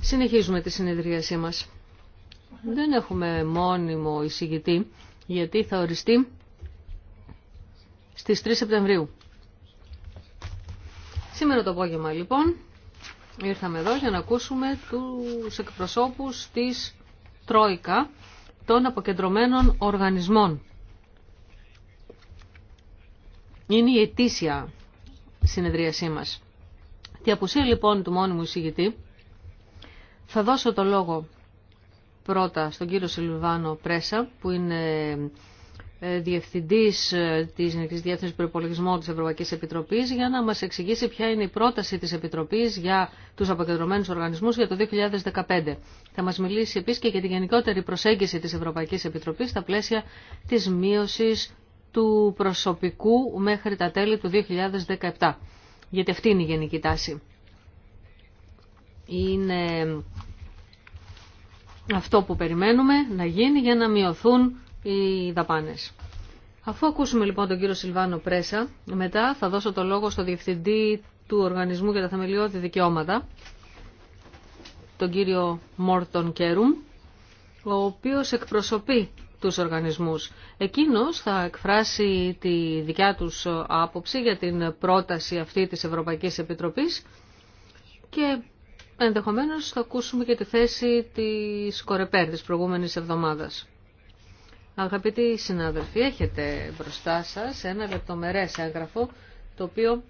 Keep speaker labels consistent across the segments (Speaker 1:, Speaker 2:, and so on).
Speaker 1: Συνεχίζουμε τη συνεδρίασή μας. Δεν έχουμε μόνιμο εισηγητή, γιατί θα οριστεί στις 3 Σεπτεμβρίου. Σήμερα το απόγευμα λοιπόν ήρθαμε εδώ για να ακούσουμε τους εκπροσώπους της Τρόικα των αποκεντρωμένων οργανισμών. Είναι η αιτήσια συνεδρίασή μας. Τη απουσία λοιπόν του μόνιμου εισηγητή θα δώσω το λόγο πρώτα στον κύριο Σιλβάνο Πρέσα που είναι ε, διευθυντής ε, της Γενικής Διεύθυνσης Προπολογισμού της Ευρωπαϊκής Επιτροπής για να μας εξηγήσει ποια είναι η πρόταση της Επιτροπής για τους αποκεντρωμένους οργανισμούς για το 2015. Θα μας μιλήσει επίσης και για την γενικότερη προσέγγιση της Ευρωπαϊκής Επιτροπής στα πλαίσια της μείωσης του προσωπικού μέχρι τα τέλη του 2017. Γιατί αυτή είναι η γενική τάση. Είναι αυτό που περιμένουμε να γίνει για να μειωθούν οι δαπάνες. Αφού ακούσουμε λοιπόν τον κύριο Σιλβάνο Πρέσα, μετά θα δώσω το λόγο στο Διευθυντή του Οργανισμού για τα Θεμελιώδη Δικαιώματα, τον κύριο Μόρτον Κέρουμ, ο οποίος εκπροσωπεί τους οργανισμούς. Εκείνος θα εκφράσει τη δικιά τους άποψη για την πρόταση αυτή της Ευρωπαϊκής Επιτροπής και ενδεχομένως θα ακούσουμε και τη θέση της Κορεπέρ της προηγούμενης εβδομάδας. Αγαπητοί συνάδελφοι, έχετε μπροστά σας ένα λεπτομερές έγγραφο το οποίο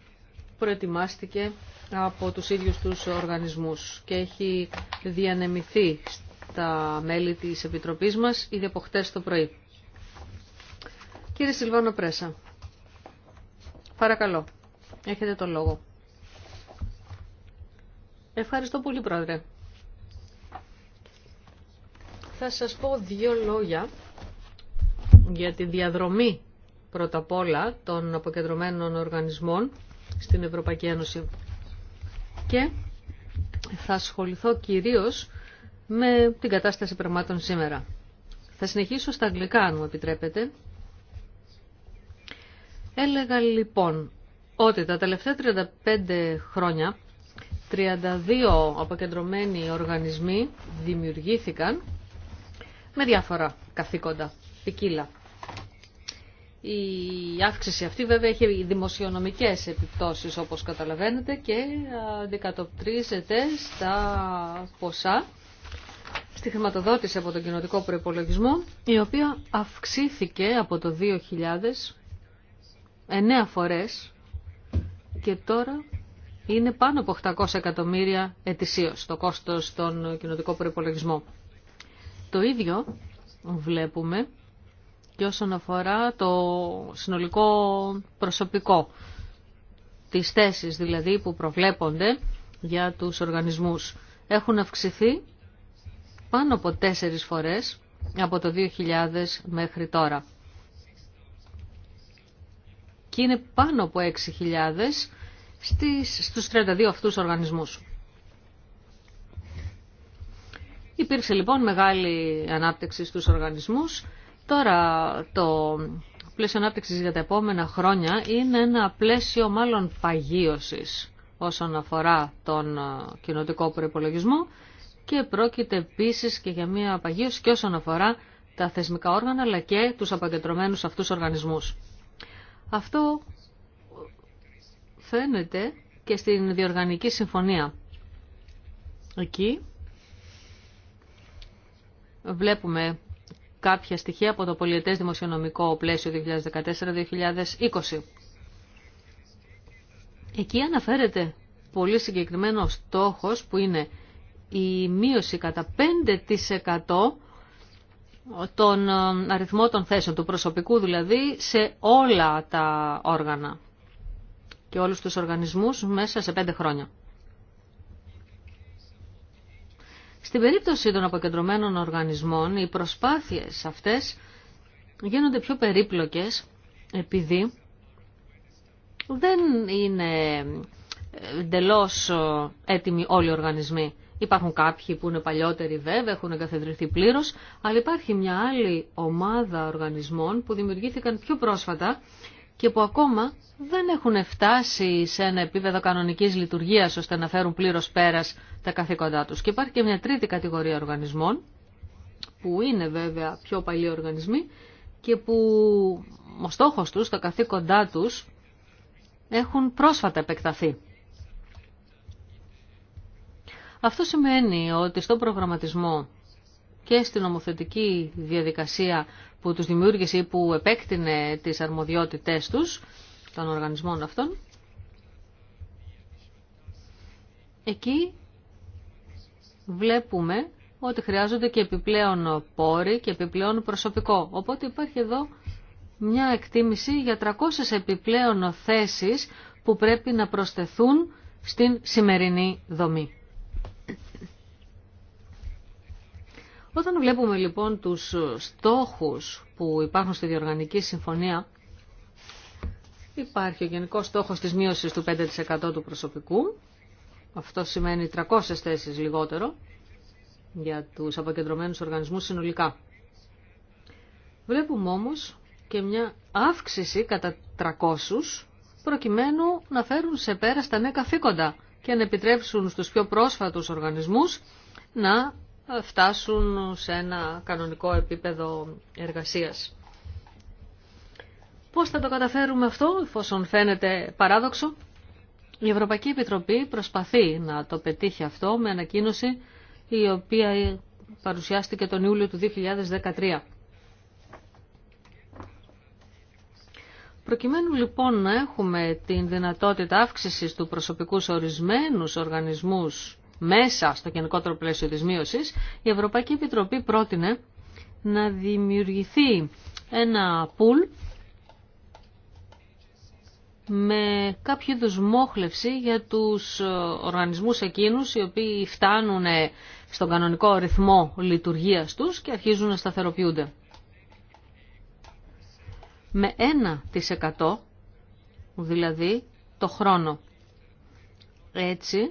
Speaker 1: προετοιμάστηκε από τους ίδιους τους οργανισμούς και έχει διανεμηθεί τα μέλη της Επιτροπής μας ήδη από το πρωί. Κύριε Σιλβάνο Πρέσα, παρακαλώ, έχετε το λόγο. Ευχαριστώ πολύ, Πρόεδρε. Θα σας πω δύο λόγια για τη διαδρομή πρώτα απ' όλα των αποκεντρωμένων οργανισμών στην Ευρωπαϊκή Ένωση. Και θα ασχοληθώ κυρίως με την κατάσταση πραγμάτων σήμερα. Θα συνεχίσω στα αγγλικά, αν μου επιτρέπετε. Έλεγα λοιπόν ότι τα τελευταία 35 χρόνια 32 αποκεντρωμένοι οργανισμοί δημιουργήθηκαν με διάφορα καθήκοντα, ποικίλα. Η αύξηση αυτή βέβαια έχει δημοσιονομικές επιπτώσεις όπως καταλαβαίνετε και αντικατοπτρίζεται στα ποσά στη χρηματοδότηση από τον κοινοτικό προπολογισμό, η οποία αυξήθηκε από το 2000 εννέα φορές και τώρα είναι πάνω από 800 εκατομμύρια ετησίως το κόστος των κοινοτικών προπολογισμό. Το ίδιο βλέπουμε και όσον αφορά το συνολικό προσωπικό, τις θέσεις δηλαδή που προβλέπονται για τους οργανισμούς. Έχουν αυξηθεί πάνω από τέσσερις φορές από το 2000 μέχρι τώρα. Και είναι πάνω από 6.000 στις, στους 32 αυτούς οργανισμούς. Υπήρξε λοιπόν μεγάλη ανάπτυξη στους οργανισμούς. Τώρα το πλαίσιο ανάπτυξη για τα επόμενα χρόνια είναι ένα πλαίσιο μάλλον παγίωσης όσον αφορά τον κοινοτικό προπολογισμό και πρόκειται επίση και για μια απαγίωση και όσον αφορά τα θεσμικά όργανα αλλά και τους απαγκεντρωμένους αυτούς οργανισμούς. Αυτό φαίνεται και στην Διοργανική Συμφωνία. Εκεί βλέπουμε κάποια στοιχεία από το πολιετές δημοσιονομικό πλαίσιο 2014-2020. Εκεί αναφέρεται πολύ συγκεκριμένο στόχος που είναι η μείωση κατά 5% τον ε, αριθμό των θέσεων, του προσωπικού δηλαδή, σε όλα τα όργανα και όλους τους οργανισμούς μέσα σε πέντε χρόνια. Στην περίπτωση των αποκεντρωμένων οργανισμών, οι προσπάθειες αυτές γίνονται πιο περίπλοκες επειδή δεν είναι ε, εντελώ ε, έτοιμοι όλοι οι οργανισμοί. Υπάρχουν κάποιοι που είναι παλιότεροι βέβαια, έχουν εγκαθιδρυθεί πλήρω, αλλά υπάρχει μια άλλη ομάδα οργανισμών που δημιουργήθηκαν πιο πρόσφατα και που ακόμα δεν έχουν φτάσει σε ένα επίπεδο κανονικής λειτουργίας ώστε να φέρουν πλήρως πέρας τα καθήκοντά τους. Και υπάρχει και μια τρίτη κατηγορία οργανισμών, που είναι βέβαια πιο παλιοί οργανισμοί και που ο στόχος τους, τα καθήκοντά τους έχουν πρόσφατα επεκταθεί. Αυτό σημαίνει ότι στον προγραμματισμό και στην ομοθετική διαδικασία που τους δημιούργησε ή που επέκτηνε τις αρμοδιότητές τους, των οργανισμών αυτών, εκεί βλέπουμε ότι χρειάζονται και επιπλέον πόροι και επιπλέον προσωπικό. Οπότε υπάρχει εδώ μια εκτίμηση για 300 επιπλέον θέσεις που πρέπει να προσθεθούν στην σημερινή δομή. Όταν βλέπουμε λοιπόν τους στόχους που υπάρχουν στη Διοργανική Συμφωνία, υπάρχει ο γενικός στόχος της μείωσης του 5% του προσωπικού, αυτό σημαίνει 300 θέσεις λιγότερο για τους αποκεντρωμένους οργανισμούς συνολικά. Βλέπουμε όμως και μια αύξηση κατά 300 προκειμένου να φέρουν σε πέρα στα νέα καθήκοντα και να επιτρέψουν στους πιο πρόσφατους οργανισμούς να φτάσουν σε ένα κανονικό επίπεδο εργασίας. Πώς θα το καταφέρουμε αυτό, εφόσον φαίνεται παράδοξο. Η Ευρωπαϊκή Επιτροπή προσπαθεί να το πετύχει αυτό με ανακοίνωση η οποία παρουσιάστηκε τον Ιούλιο του 2013. Προκειμένου λοιπόν να έχουμε την δυνατότητα αύξησης του προσωπικού σε ορισμένους οργανισμούς μέσα στο γενικότερο πλαίσιο της μείωσης, η Ευρωπαϊκή Επιτροπή πρότεινε να δημιουργηθεί ένα πουλ με κάποιο είδου μόχλευση για τους ε, οργανισμούς εκείνους οι οποίοι φτάνουν στον κανονικό ρυθμό λειτουργίας τους και αρχίζουν να σταθεροποιούνται. Με 1% δηλαδή το χρόνο. Έτσι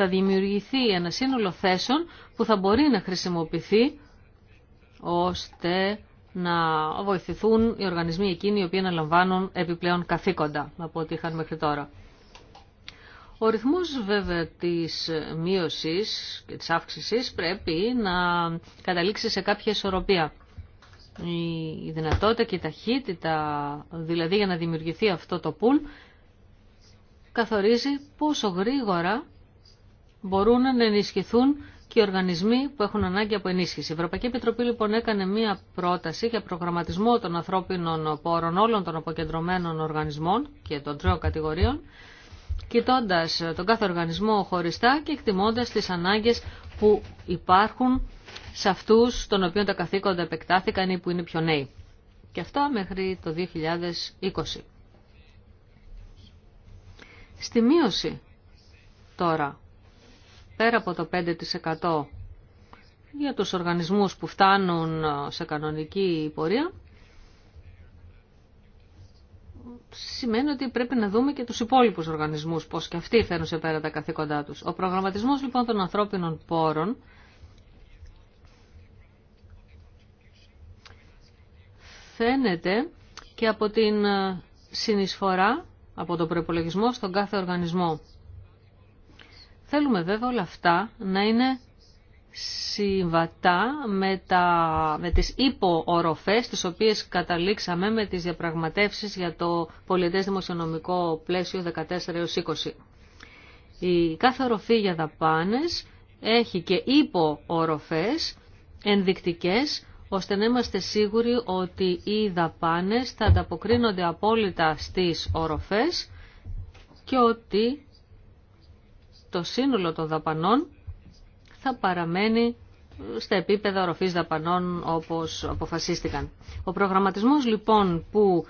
Speaker 1: θα δημιουργηθεί ένα σύνολο θέσεων που θα μπορεί να χρησιμοποιηθεί ώστε να βοηθηθούν οι οργανισμοί εκείνοι οι οποίοι αναλαμβάνουν επιπλέον καθήκοντα από ό,τι είχαν μέχρι τώρα. Ο ρυθμός βέβαια της μείωσης και της αύξησης πρέπει να καταλήξει σε κάποια ισορροπία. Η δυνατότητα και η ταχύτητα, δηλαδή για να δημιουργηθεί αυτό το πουλ, καθορίζει πόσο γρήγορα μπορούν να ενισχυθούν και οι οργανισμοί που έχουν ανάγκη από ενίσχυση. Η Ευρωπαϊκή Επιτροπή λοιπόν έκανε μία πρόταση για προγραμματισμό των ανθρώπινων πόρων όλων των αποκεντρωμένων οργανισμών και των τριών κατηγοριών, κοιτώντα τον κάθε οργανισμό χωριστά και εκτιμώντα τι ανάγκε που υπάρχουν σε αυτού των οποίων τα καθήκοντα επεκτάθηκαν ή που είναι πιο νέοι. Και αυτά μέχρι το 2020. Στη μείωση τώρα πέρα από το 5% για τους οργανισμούς που φτάνουν σε κανονική πορεία, σημαίνει ότι πρέπει να δούμε και τους υπόλοιπους οργανισμούς, πώς και αυτοί φέρνουν σε πέρα τα καθήκοντά τους. Ο προγραμματισμός λοιπόν των ανθρώπινων πόρων φαίνεται και από την συνεισφορά από τον προπολογισμό στον κάθε οργανισμό. Θέλουμε βέβαια όλα αυτά να είναι συμβατά με, τα, με τις υποοροφές τις οποίες καταλήξαμε με τις διαπραγματεύσεις για το πολιτές δημοσιονομικό πλαίσιο 14 20. Η κάθε οροφή για δαπάνες έχει και υποοροφές ενδεικτικές ώστε να είμαστε σίγουροι ότι οι δαπάνες θα ανταποκρίνονται απόλυτα στις οροφές και ότι το σύνολο των δαπανών θα παραμένει στα επίπεδα οροφής δαπανών όπως αποφασίστηκαν. Ο προγραμματισμός λοιπόν που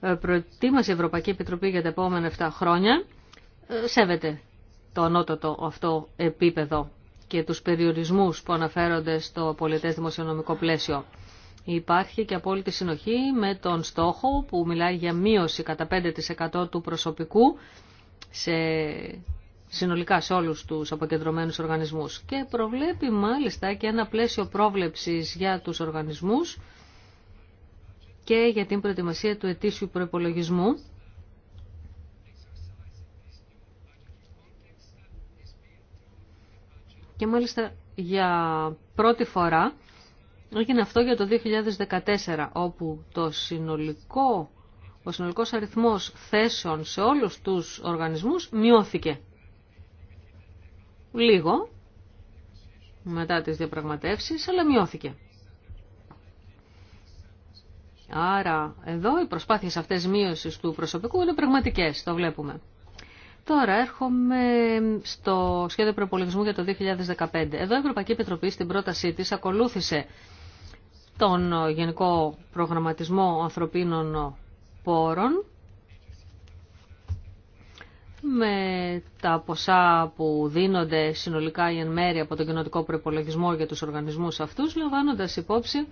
Speaker 1: ε, προετοίμασε η Ευρωπαϊκή Επιτροπή για τα επόμενα 7 χρόνια ε, σέβεται το ανώτατο αυτό επίπεδο και τους περιορισμούς που αναφέρονται στο πολιτές δημοσιονομικό πλαίσιο. Υπάρχει και απόλυτη συνοχή με τον στόχο που μιλάει για μείωση κατά 5% του προσωπικού σε συνολικά σε όλους τους αποκεντρωμένους οργανισμούς και προβλέπει μάλιστα και ένα πλαίσιο πρόβλεψης για τους οργανισμούς και για την προετοιμασία του ετήσιου προπολογισμού. Και μάλιστα για πρώτη φορά έγινε αυτό για το 2014, όπου το συνολικό, ο συνολικός αριθμός θέσεων σε όλους τους οργανισμούς μειώθηκε λίγο μετά τις διαπραγματεύσεις, αλλά μειώθηκε. Άρα εδώ οι προσπάθειες αυτές μείωσης του προσωπικού είναι πραγματικές, το βλέπουμε. Τώρα έρχομαι στο σχέδιο προπολογισμού για το 2015. Εδώ η Ευρωπαϊκή Επιτροπή στην πρότασή της ακολούθησε τον Γενικό Προγραμματισμό Ανθρωπίνων Πόρων με τα ποσά που δίνονται συνολικά ή εν μέρη από τον κοινοτικό προπολογισμό για τους οργανισμούς αυτούς, λαμβάνοντα υπόψη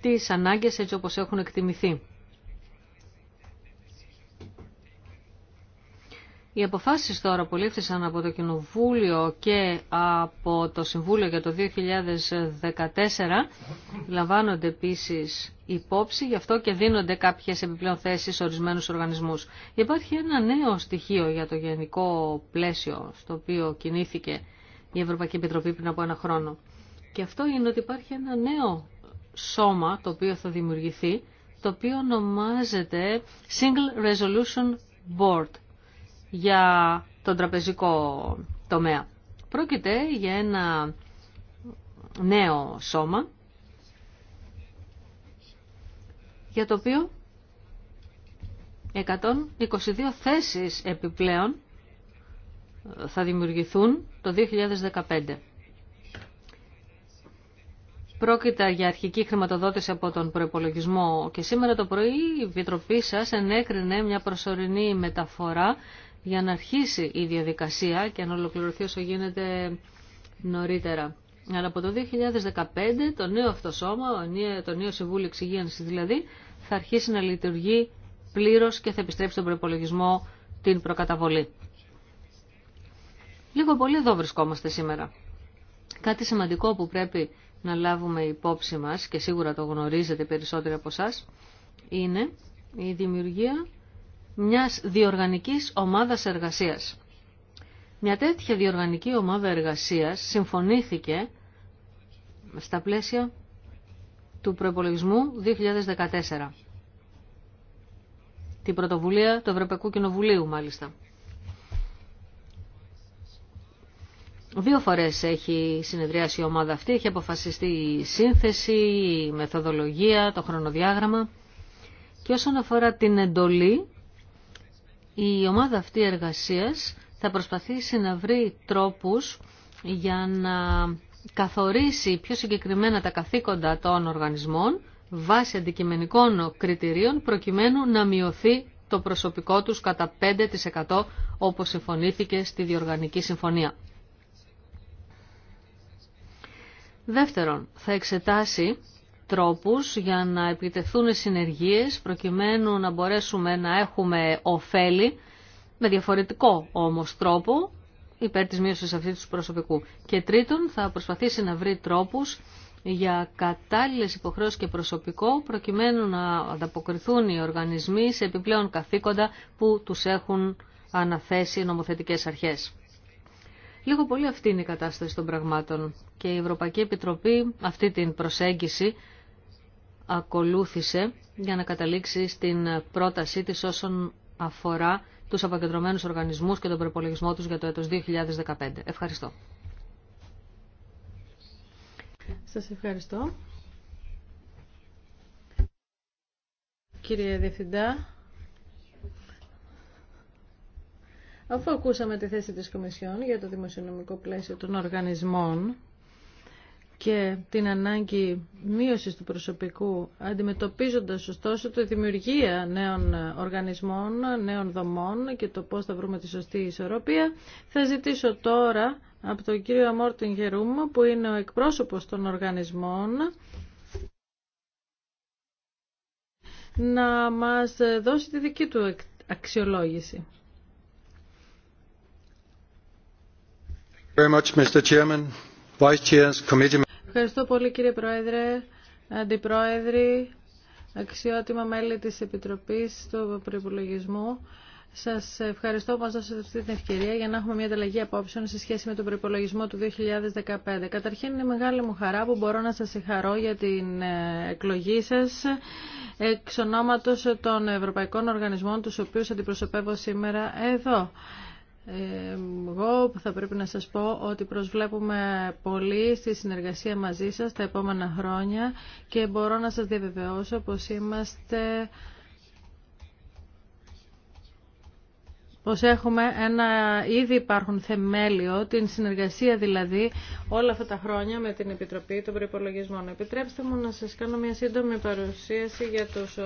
Speaker 1: τις ανάγκες έτσι όπως έχουν εκτιμηθεί. Οι αποφάσεις τώρα που λήφθησαν από το Κοινοβούλιο και από το Συμβούλιο για το 2014 λαμβάνονται επίσης υπόψη, γι' αυτό και δίνονται κάποιες επιπλέον θέσεις σε ορισμένους οργανισμούς. Υπάρχει ένα νέο στοιχείο για το γενικό πλαίσιο στο οποίο κινήθηκε η Ευρωπαϊκή Επιτροπή πριν από ένα χρόνο. Και αυτό είναι ότι υπάρχει ένα νέο σώμα το οποίο θα δημιουργηθεί, το οποίο ονομάζεται Single Resolution Board για τον τραπεζικό τομέα. Πρόκειται για ένα νέο σώμα για το οποίο 122 θέσεις επιπλέον θα δημιουργηθούν το 2015. Πρόκειται για αρχική χρηματοδότηση από τον προϋπολογισμό και σήμερα το πρωί η Επιτροπή σας ενέκρινε μια προσωρινή μεταφορά για να αρχίσει η διαδικασία και να ολοκληρωθεί όσο γίνεται νωρίτερα. Αλλά από το 2015 το νέο αυτό σώμα, το νέο Συμβούλιο Εξυγίανση δηλαδή, θα αρχίσει να λειτουργεί πλήρω και θα επιστρέψει στον προπολογισμό την προκαταβολή. Λίγο πολύ εδώ βρισκόμαστε σήμερα. Κάτι σημαντικό που πρέπει να λάβουμε υπόψη μας και σίγουρα το γνωρίζετε περισσότεροι από εσά είναι η δημιουργία μιας διοργανικής ομάδας εργασίας. Μια τέτοια διοργανική ομάδα εργασίας συμφωνήθηκε στα πλαίσια του προπολογισμού 2014. Την πρωτοβουλία του Ευρωπαϊκού Κοινοβουλίου μάλιστα. Δύο φορές έχει συνεδριάσει η ομάδα αυτή, έχει αποφασιστεί η σύνθεση, η μεθοδολογία, το χρονοδιάγραμμα. Και όσον αφορά την εντολή, η ομάδα αυτή εργασίας θα προσπαθήσει να βρει τρόπους για να καθορίσει πιο συγκεκριμένα τα καθήκοντα των οργανισμών βάσει αντικειμενικών κριτηρίων προκειμένου να μειωθεί το προσωπικό τους κατά 5% όπως συμφωνήθηκε στη Διοργανική Συμφωνία. Δεύτερον, θα εξετάσει τρόπους για να επιτεθούν συνεργίες προκειμένου να μπορέσουμε να έχουμε ωφέλη με διαφορετικό όμως τρόπο υπέρ της μείωσης αυτής του προσωπικού. Και τρίτον θα προσπαθήσει να βρει τρόπους για κατάλληλες υποχρεώσεις και προσωπικό προκειμένου να ανταποκριθούν οι οργανισμοί σε επιπλέον καθήκοντα που τους έχουν αναθέσει νομοθετικές αρχές. Λίγο πολύ αυτή είναι η κατάσταση των πραγμάτων και η Ευρωπαϊκή Επιτροπή αυτή την προσέγγιση ακολούθησε για να καταλήξει στην πρότασή της όσον αφορά τους αποκεντρωμένους οργανισμούς και τον προπολογισμό τους για το έτος 2015. Ευχαριστώ.
Speaker 2: Σας ευχαριστώ. Κύριε Διευθυντά, αφού ακούσαμε τη θέση της Κομισιόν για το δημοσιονομικό πλαίσιο των οργανισμών, και την ανάγκη μείωσης του προσωπικού, αντιμετωπίζοντας ωστόσο τη δημιουργία νέων οργανισμών, νέων δομών και το πώς θα βρούμε τη σωστή ισορροπία, θα ζητήσω τώρα από τον κύριο Μόρτιν Γερούμ, που είναι ο εκπρόσωπος των οργανισμών, να μας δώσει τη δική του αξιολόγηση. Very much, Mr. Chairman. Vice Chairs, Ευχαριστώ πολύ κύριε Πρόεδρε, Αντιπρόεδροι, αξιότιμα μέλη της Επιτροπής του Προϋπολογισμού. Σας ευχαριστώ που μας δώσατε αυτή την ευκαιρία για να έχουμε μια ανταλλαγή απόψεων σε σχέση με τον Προϋπολογισμό του 2015. Καταρχήν είναι μεγάλη μου χαρά που μπορώ να σας συγχαρώ για την ε, εκλογή σας εξ ονόματος των Ευρωπαϊκών Οργανισμών τους οποίους αντιπροσωπεύω σήμερα εδώ. Εγώ θα πρέπει να σας πω ότι προσβλέπουμε πολύ στη συνεργασία μαζί σας τα επόμενα χρόνια και μπορώ να σας διαβεβαιώσω πως είμαστε πως έχουμε ένα ήδη υπάρχουν θεμέλιο, την συνεργασία δηλαδή όλα αυτά τα χρόνια με την Επιτροπή των Προπολογισμών. Επιτρέψτε μου να σας κάνω μια σύντομη παρουσίαση για τους ε,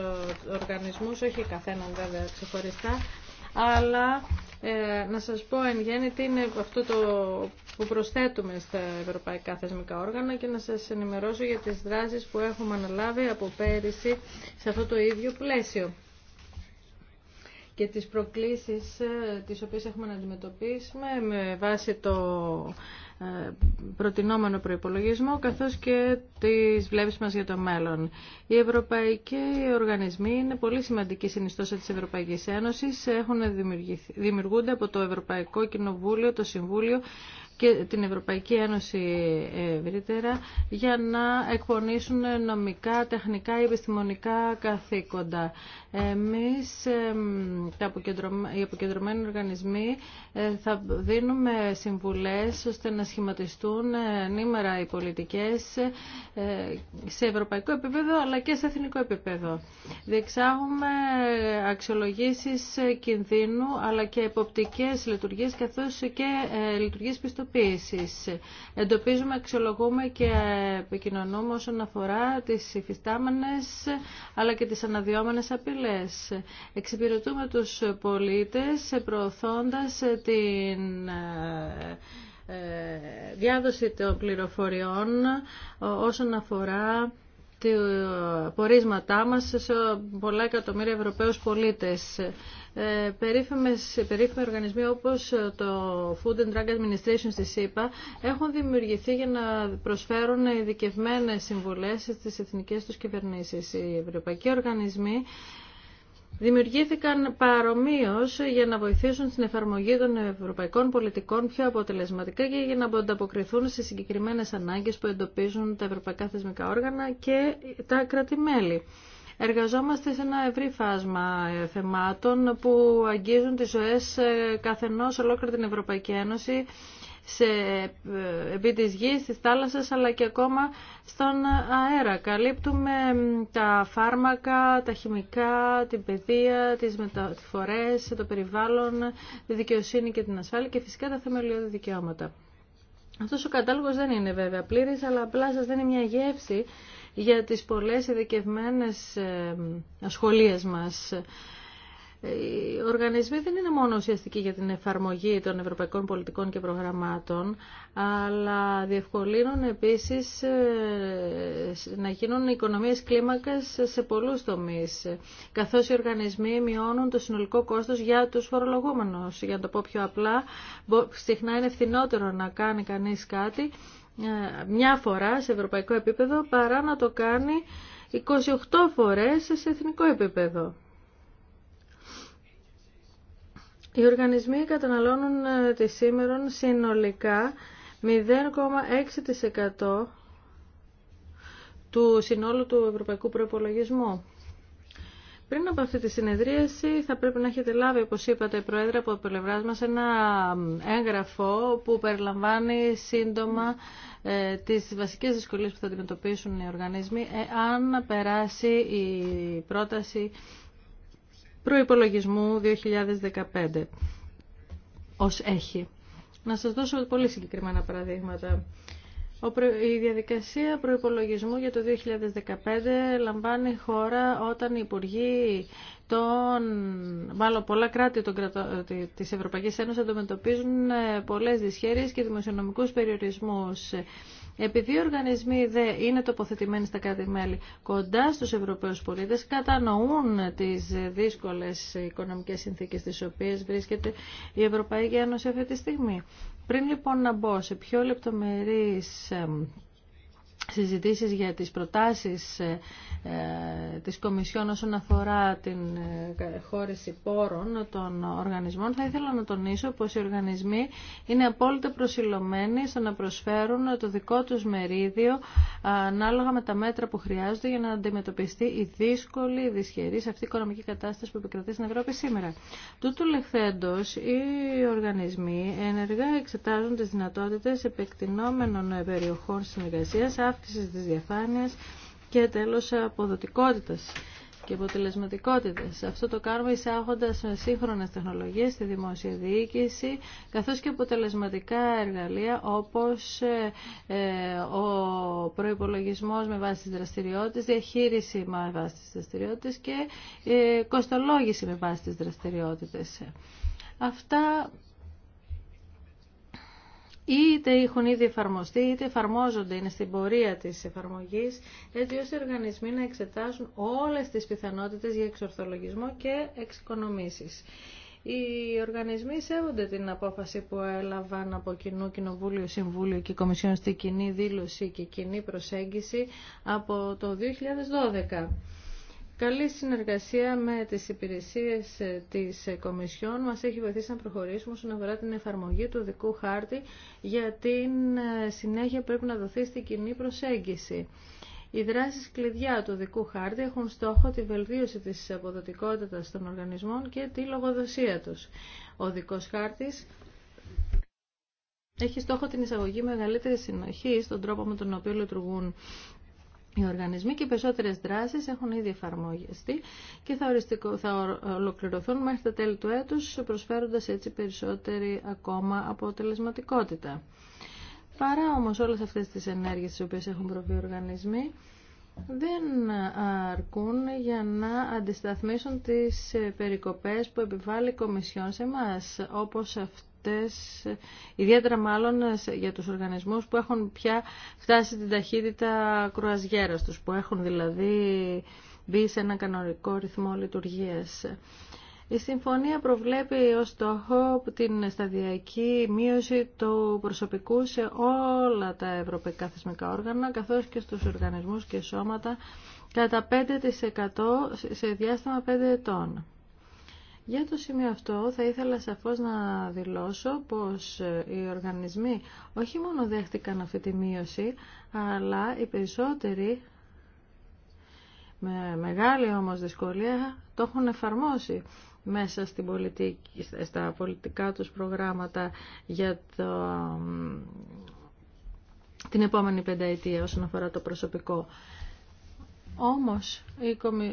Speaker 2: οργανισμούς, όχι καθέναν βέβαια ξεχωριστά, αλλά ε, να σας πω εν γέννη τι είναι αυτό το που προσθέτουμε στα ευρωπαϊκά θεσμικά όργανα και να σας ενημερώσω για τις δράσεις που έχουμε αναλάβει από πέρυσι σε αυτό το ίδιο πλαίσιο και τις προκλήσεις ε, τις οποίες έχουμε να αντιμετωπίσουμε με βάση το ε, προτινόμενο προϋπολογισμό καθώς και τις βλέψεις μας για το μέλλον. Οι ευρωπαϊκοί οργανισμοί είναι πολύ σημαντικοί συνιστόσα της Ευρωπαϊκής Ένωσης, έχουν δημιουργούνται από το Ευρωπαϊκό Κοινοβούλιο, το Συμβούλιο και την Ευρωπαϊκή Ένωση ευρύτερα για να εκπονήσουν νομικά, τεχνικά ή επιστημονικά καθήκοντα. Εμείς, οι αποκεντρωμένοι οργανισμοί, ε, θα δίνουμε συμβουλές ώστε να σχηματιστούν ε, νήμερα οι πολιτικές ε, σε ευρωπαϊκό επίπεδο αλλά και σε εθνικό επίπεδο. Διεξάγουμε αξιολογήσεις κινδύνου αλλά και εποπτικές λειτουργίες καθώς και λειτουργίες πιστοποίησης. Εντοπίζουμε, αξιολογούμε και επικοινωνούμε όσον αφορά τις υφιστάμενες αλλά και τις αναδυόμενες απειλές πολλές. Εξυπηρετούμε τους πολίτες προωθώντας την ε, ε, διάδοση των πληροφοριών ε, όσον αφορά τα πορίσματά μας σε πολλά εκατομμύρια Ευρωπαίους πολίτες. οργανισμοί όπως το Food and Drug Administration στη ΣΥΠΑ έχουν δημιουργηθεί για να προσφέρουν ειδικευμένες συμβουλές στις εθνικές τους κυβερνήσεις. Οι ευρωπαϊκοί οργανισμοί δημιουργήθηκαν παρομοίω για να βοηθήσουν στην εφαρμογή των ευρωπαϊκών πολιτικών πιο αποτελεσματικά και για να ανταποκριθούν σε συγκεκριμένες ανάγκες που εντοπίζουν τα ευρωπαϊκά θεσμικά όργανα και τα κράτη-μέλη. Εργαζόμαστε σε ένα ευρύ φάσμα ε, θεμάτων που αγγίζουν τις ζωές ε, καθενός ολόκληρη την Ευρωπαϊκή Ένωση σε, ε, επί της γης, στις θάλασσες αλλά και ακόμα στον αέρα. Καλύπτουμε τα φάρμακα, τα χημικά, την παιδεία, τις μεταφορές, το περιβάλλον, τη δικαιοσύνη και την ασφάλεια και φυσικά τα θεμελιώδη δικαιώματα. Αυτός ο κατάλογος δεν είναι βέβαια πλήρης, αλλά απλά σας δίνει μια γεύση για τις πολλές ειδικευμένε ε, ασχολίες μας οι οργανισμοί δεν είναι μόνο ουσιαστικοί για την εφαρμογή των ευρωπαϊκών πολιτικών και προγραμμάτων, αλλά διευκολύνουν επίσης ε, να γίνουν οικονομίες κλίμακας σε πολλούς τομείς, καθώς οι οργανισμοί μειώνουν το συνολικό κόστος για τους φορολογούμενους. Για να το πω πιο απλά, συχνά είναι φθηνότερο να κάνει κανείς κάτι ε, μια φορά σε ευρωπαϊκό επίπεδο παρά να το κάνει 28 φορές σε εθνικό επίπεδο. Οι οργανισμοί καταναλώνουν ε, τη σήμερα συνολικά 0,6% του συνόλου του ευρωπαϊκού Προπολογισμού. Πριν από αυτή τη συνεδρίαση θα πρέπει να έχετε λάβει, όπως είπατε, Πρόεδρε, από πλευρά μας ένα έγγραφο που περιλαμβάνει σύντομα ε, τις βασικές δυσκολίες που θα αντιμετωπίσουν οι οργανισμοί αν περάσει η πρόταση προϋπολογισμού 2015 ως έχει. Να σας δώσω πολύ συγκεκριμένα παραδείγματα. Η διαδικασία προϋπολογισμού για το 2015 λαμβάνει χώρα όταν οι υπουργοί των, μάλλον πολλά κράτη των κρατώ, της Ευρωπαϊκής Ένωσης αντιμετωπίζουν ε, πολλές δυσχέρειες και δημοσιονομικούς περιορισμούς. Επειδή οι οργανισμοί δεν είναι τοποθετημένοι στα κράτη-μέλη κοντά στους Ευρωπαίους πολίτες, κατανοούν τις δύσκολες οικονομικές συνθήκες στις οποίες βρίσκεται η Ευρωπαϊκή Ένωση αυτή τη στιγμή. Πριν λοιπόν να μπω σε πιο λεπτομερείς συζητήσεις για τις προτάσεις ε, ε, της Κομισιόν όσον αφορά την ε, χώρεση πόρων των οργανισμών, θα ήθελα να τονίσω πως οι οργανισμοί είναι απόλυτα προσιλωμένοι στο να προσφέρουν το δικό τους μερίδιο ανάλογα με τα μέτρα που χρειάζονται για να αντιμετωπιστεί η δύσκολη, η δυσχερή σε αυτή η οικονομική κατάσταση που επικρατεί στην Ευρώπη σήμερα. Τούτου λεχθέντος, οι οργανισμοί ενεργά εξετάζουν τις δυνατότητες επεκτηνόμενων περιοχών συνεργασία αύξησης της διαφάνειας και τέλος αποδοτικότητας και αποτελεσματικότητα. Αυτό το κάνουμε εισάγοντα σύγχρονε τεχνολογίε στη δημόσια διοίκηση, καθώ και αποτελεσματικά εργαλεία όπω ε, ε, ο προπολογισμό με βάση τι δραστηριότητε, διαχείριση με βάση τι δραστηριότητε και ε, κοστολόγηση με βάση τι δραστηριότητε. Αυτά είτε έχουν ήδη εφαρμοστεί είτε εφαρμόζονται, είναι στην πορεία της εφαρμογής, έτσι ώστε οι οργανισμοί να εξετάσουν όλες τις πιθανότητες για εξορθολογισμό και εξοικονομήσεις. Οι οργανισμοί σέβονται την απόφαση που έλαβαν από κοινού Κοινοβούλιο, Συμβούλιο και Κομισιόν στη κοινή δήλωση και κοινή προσέγγιση από το 2012 καλή συνεργασία με τις υπηρεσίες ε, της ε, Κομισιόν μας έχει βοηθήσει να προχωρήσουμε όσον αφορά την εφαρμογή του δικού χάρτη για την ε, συνέχεια πρέπει να δοθεί στην κοινή προσέγγιση. Οι δράσεις κλειδιά του δικού χάρτη έχουν στόχο τη βελτίωση της αποδοτικότητας των οργανισμών και τη λογοδοσία τους. Ο δικός χάρτης έχει στόχο την εισαγωγή μεγαλύτερη συνοχή στον τρόπο με τον οποίο λειτουργούν οι οργανισμοί και οι περισσότερες δράσεις έχουν ήδη εφαρμογιστεί και θα, οριστικό, θα ολοκληρωθούν μέχρι τα τέλη του έτους, προσφέροντας έτσι περισσότερη ακόμα αποτελεσματικότητα. Παρά όμως όλες αυτές τις ενέργειες τις οποίες έχουν προβεί οι οργανισμοί, δεν αρκούν για να αντισταθμίσουν τις περικοπές που επιβάλλει η Κομισιόν σε μας, όπως αυτές, ιδιαίτερα μάλλον για τους οργανισμούς που έχουν πια φτάσει την ταχύτητα κρουαζιέρας τους, που έχουν δηλαδή μπει σε ένα κανονικό ρυθμό λειτουργίας. Η συμφωνία προβλέπει ως στόχο την σταδιακή μείωση του προσωπικού σε όλα τα ευρωπαϊκά θεσμικά όργανα, καθώς και στους οργανισμούς και σώματα, κατά 5% σε διάστημα 5 ετών. Για το σημείο αυτό θα ήθελα σαφώς να δηλώσω πως ε, οι οργανισμοί όχι μόνο δέχτηκαν αυτή τη μείωση, αλλά οι περισσότεροι με μεγάλη όμως δυσκολία το έχουν εφαρμόσει μέσα στην πολιτική, στα πολιτικά τους προγράμματα για το, την επόμενη πενταετία όσον αφορά το προσωπικό. Όμως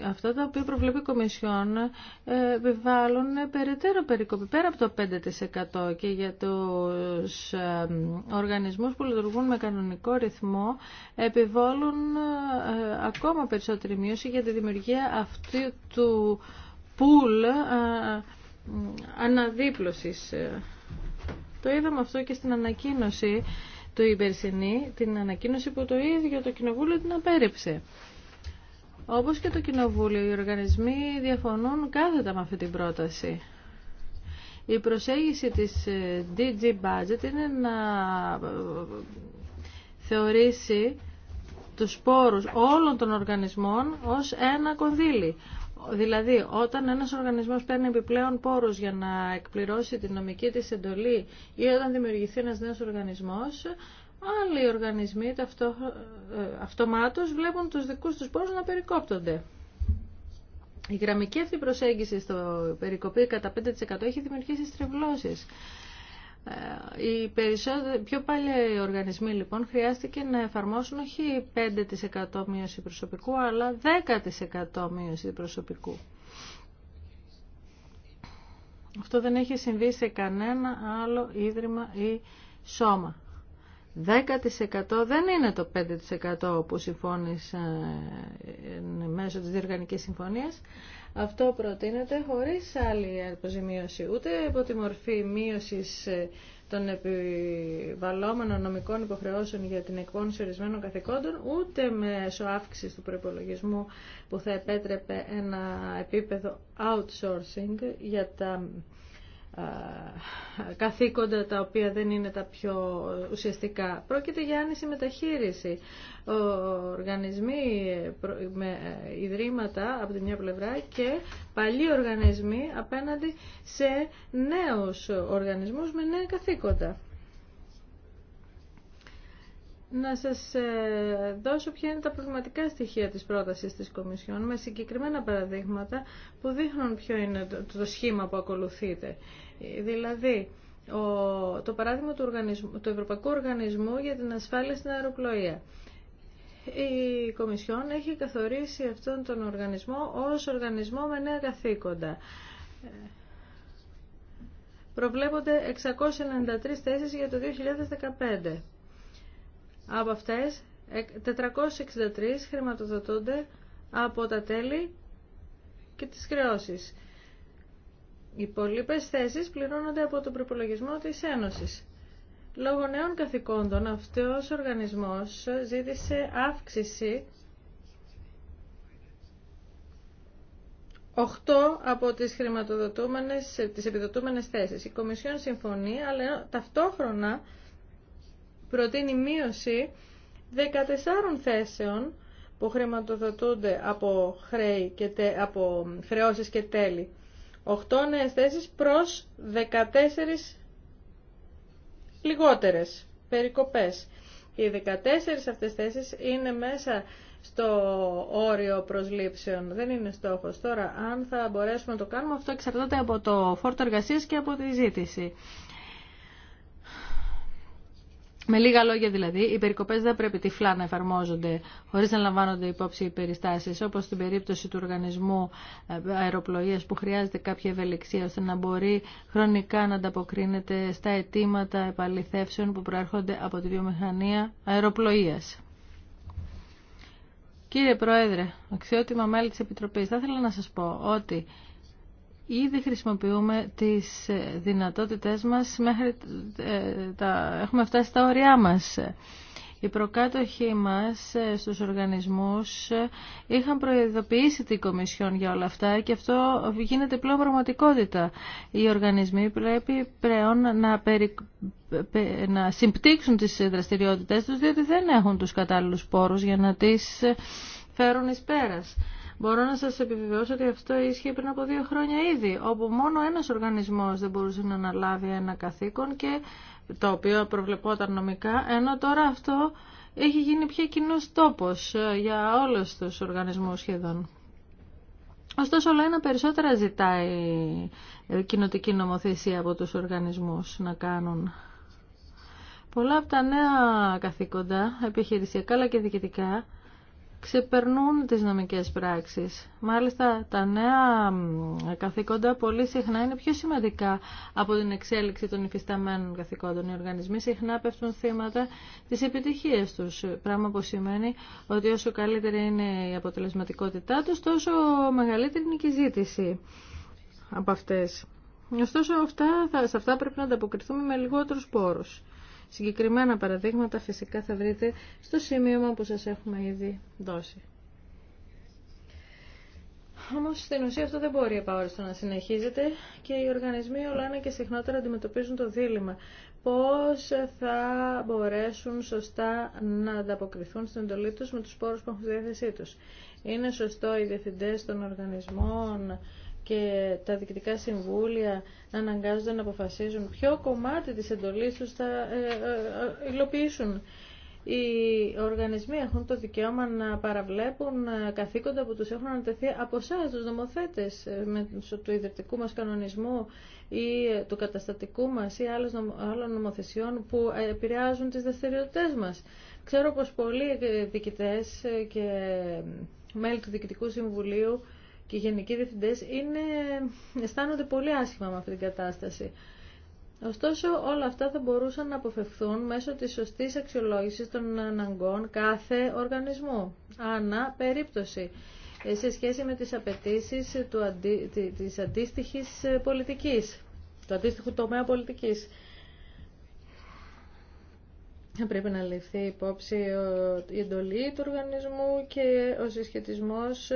Speaker 2: αυτά τα οποία προβλέπει η Κομισιόν ε, επιβάλλουν περαιτέρω περικοπή πέρα από το 5% και για τους ε, οργανισμούς που λειτουργούν με κανονικό ρυθμό επιβάλλουν ε, ακόμα περισσότερη μείωση για τη δημιουργία αυτού του πουλ αναδίπλωσης. Το είδαμε αυτό και στην ανακοίνωση του Ιμπερσινή, την ανακοίνωση που το ίδιο το Κοινοβούλιο την απέρριψε. Όπως και το Κοινοβούλιο, οι οργανισμοί διαφωνούν κάθετα με αυτή την πρόταση. Η προσέγγιση της ε, DG Budget είναι να ε, θεωρήσει τους πόρους όλων των οργανισμών ως ένα κονδύλι. Δηλαδή, όταν ένας οργανισμός παίρνει επιπλέον πόρους για να εκπληρώσει την νομική της εντολή ή όταν δημιουργηθεί ένας νέος οργανισμός, άλλοι οργανισμοί ταυτό, ε, αυτομάτως βλέπουν τους δικούς τους πόρους να περικόπτονται. Η γραμμική αυτή προσέγγιση στο περικοπή κατά 5% έχει δημιουργήσει στρεβλώσεις. Ε, οι περισσότεροι, πιο παλιοί οργανισμοί λοιπόν χρειάστηκε να εφαρμόσουν όχι 5% μείωση προσωπικού αλλά 10% μείωση προσωπικού. Αυτό δεν έχει συμβεί σε κανένα άλλο ίδρυμα ή σώμα. 10% δεν είναι το 5% που συμφώνησαν ε, ε, μέσω της διοργανικής συμφωνίας. Αυτό προτείνεται χωρίς άλλη αποζημίωση, ούτε από τη μορφή μείωσης ε, των επιβαλλόμενων νομικών υποχρεώσεων για την εκπόνηση ορισμένων καθηκόντων, ούτε μέσω αύξηση του προπολογισμού που θα επέτρεπε ένα επίπεδο outsourcing για τα ε, καθήκοντα τα οποία δεν είναι τα πιο ουσιαστικά. Πρόκειται για άνηση μεταχείριση. Οργανισμοί με ε, ιδρύματα από τη μια πλευρά και παλιοί οργανισμοί απέναντι σε νέους οργανισμούς με νέα καθήκοντα να σας ε, δώσω ποια είναι τα πραγματικά στοιχεία της πρότασης της Κομισιόν με συγκεκριμένα παραδείγματα που δείχνουν ποιο είναι το σχήμα που ακολουθείτε. Δηλαδή, το παράδειγμα του, του Ευρωπαϊκού Οργανισμού για την Ασφάλεια στην Αεροπλοεία. Η Κομισιόν έχει καθορίσει αυτόν τον οργανισμό ως οργανισμό με νέα καθήκοντα. Προβλέπονται 693 θέσεις για το 2015. Από αυτές, 463 χρηματοδοτούνται από τα τέλη και τις χρεώσεις. Οι υπόλοιπε θέσεις πληρώνονται από τον προπολογισμό της Ένωσης. Λόγω νέων καθηκόντων, αυτός ο οργανισμός ζήτησε αύξηση 8 από τις χρηματοδοτούμενες, τις επιδοτούμενες θέσεις. Η Κομισιόν συμφωνεί, αλλά ταυτόχρονα προτείνει μείωση 14 θέσεων που χρηματοδοτούνται από, χρέη και τε, από χρεώσεις και τέλη. 8 νέες θέσεις προς 14 λιγότερες περικοπές. Οι 14 αυτές θέσεις είναι μέσα στο όριο προσλήψεων. Δεν είναι στόχος. Τώρα, αν θα μπορέσουμε να το κάνουμε, αυτό εξαρτάται από το φόρτο εργασίας και από τη ζήτηση. Με λίγα λόγια δηλαδή, οι περικοπέ δεν πρέπει τυφλά να εφαρμόζονται χωρί να λαμβάνονται υπόψη οι περιστάσει, όπω στην περίπτωση του οργανισμού ε, αεροπλοεία που χρειάζεται κάποια ευελιξία ώστε να μπορεί χρονικά να ανταποκρίνεται στα αιτήματα επαληθεύσεων που προέρχονται από τη βιομηχανία αεροπλοεία. Κύριε Πρόεδρε, αξιότιμα μέλη τη Επιτροπή, θα ήθελα να σα πω ότι Ήδη χρησιμοποιούμε τις ε, δυνατότητές μας μέχρι ε, τα... έχουμε φτάσει στα όρια μας. Οι προκάτοχοί μας ε, στους οργανισμούς είχαν προειδοποιήσει την Κομισιόν για όλα αυτά και αυτό γίνεται πλέον πραγματικότητα. Οι οργανισμοί πρέπει πλέον να, να συμπτύξουν τις δραστηριότητές τους διότι δεν έχουν τους κατάλληλους πόρους για να τις φέρουν εις πέρας. Μπορώ να σας επιβεβαιώσω ότι αυτό ίσχυε πριν από δύο χρόνια ήδη, όπου μόνο ένας οργανισμός δεν μπορούσε να αναλάβει ένα καθήκον και το οποίο προβλεπόταν νομικά, ενώ τώρα αυτό έχει γίνει πια κοινό τόπος ε, για όλους τους οργανισμούς σχεδόν. Ωστόσο, όλα ένα περισσότερα ζητάει ε, κοινοτική νομοθεσία από τους οργανισμούς να κάνουν. Πολλά από τα νέα καθήκοντα, επιχειρησιακά αλλά και διοικητικά, ξεπερνούν τις νομικές πράξεις. Μάλιστα τα νέα καθήκοντα πολύ συχνά είναι πιο σημαντικά από την εξέλιξη των υφισταμένων καθηκόντων. Οι οργανισμοί συχνά πέφτουν θύματα της επιτυχίας τους, πράγμα που σημαίνει ότι όσο καλύτερη είναι η αποτελεσματικότητά τους, τόσο μεγαλύτερη είναι η ζήτηση από αυτές. Ωστόσο, αυτά, σε αυτά πρέπει να ανταποκριθούμε με λιγότερους πόρους. Συγκεκριμένα παραδείγματα φυσικά θα βρείτε στο σημείωμα που σας έχουμε ήδη δώσει. Όμω στην ουσία αυτό δεν μπορεί επαόριστο να συνεχίζεται και οι οργανισμοί όλα ένα και συχνότερα αντιμετωπίζουν το δίλημα πώς θα μπορέσουν σωστά να ανταποκριθούν στην εντολή τους με τους πόρους που έχουν στη διάθεσή τους. Είναι σωστό οι διευθυντές των οργανισμών και τα διοικητικά συμβούλια να αναγκάζονται να αποφασίζουν ποιο κομμάτι της εντολής τους θα ε, ε, ε, υλοποιήσουν. Οι οργανισμοί έχουν το δικαίωμα να παραβλέπουν καθήκοντα που τους έχουν ανατεθεί από εσά, τους νομοθέτες, του ιδρυτικού μας κανονισμού ή του καταστατικού μας ή άλλων νομοθεσιών που επηρεάζουν τις δραστηριότητε μας. Ξέρω πως πολλοί διοικητές και μέλη του Διοικητικού Συμβουλίου και οι γενικοί διευθυντέ είναι, αισθάνονται πολύ άσχημα με αυτή την κατάσταση. Ωστόσο, όλα αυτά θα μπορούσαν να αποφευθούν μέσω της σωστής αξιολόγησης των αναγκών κάθε οργανισμού, ανά περίπτωση, ε, σε σχέση με τις απαιτήσεις του αντι, της αντίστοιχης ε, πολιτικής, του αντίστοιχου τομέα πολιτικής. πρέπει να ληφθεί υπόψη η εντολή του οργανισμού και ο συσχετισμός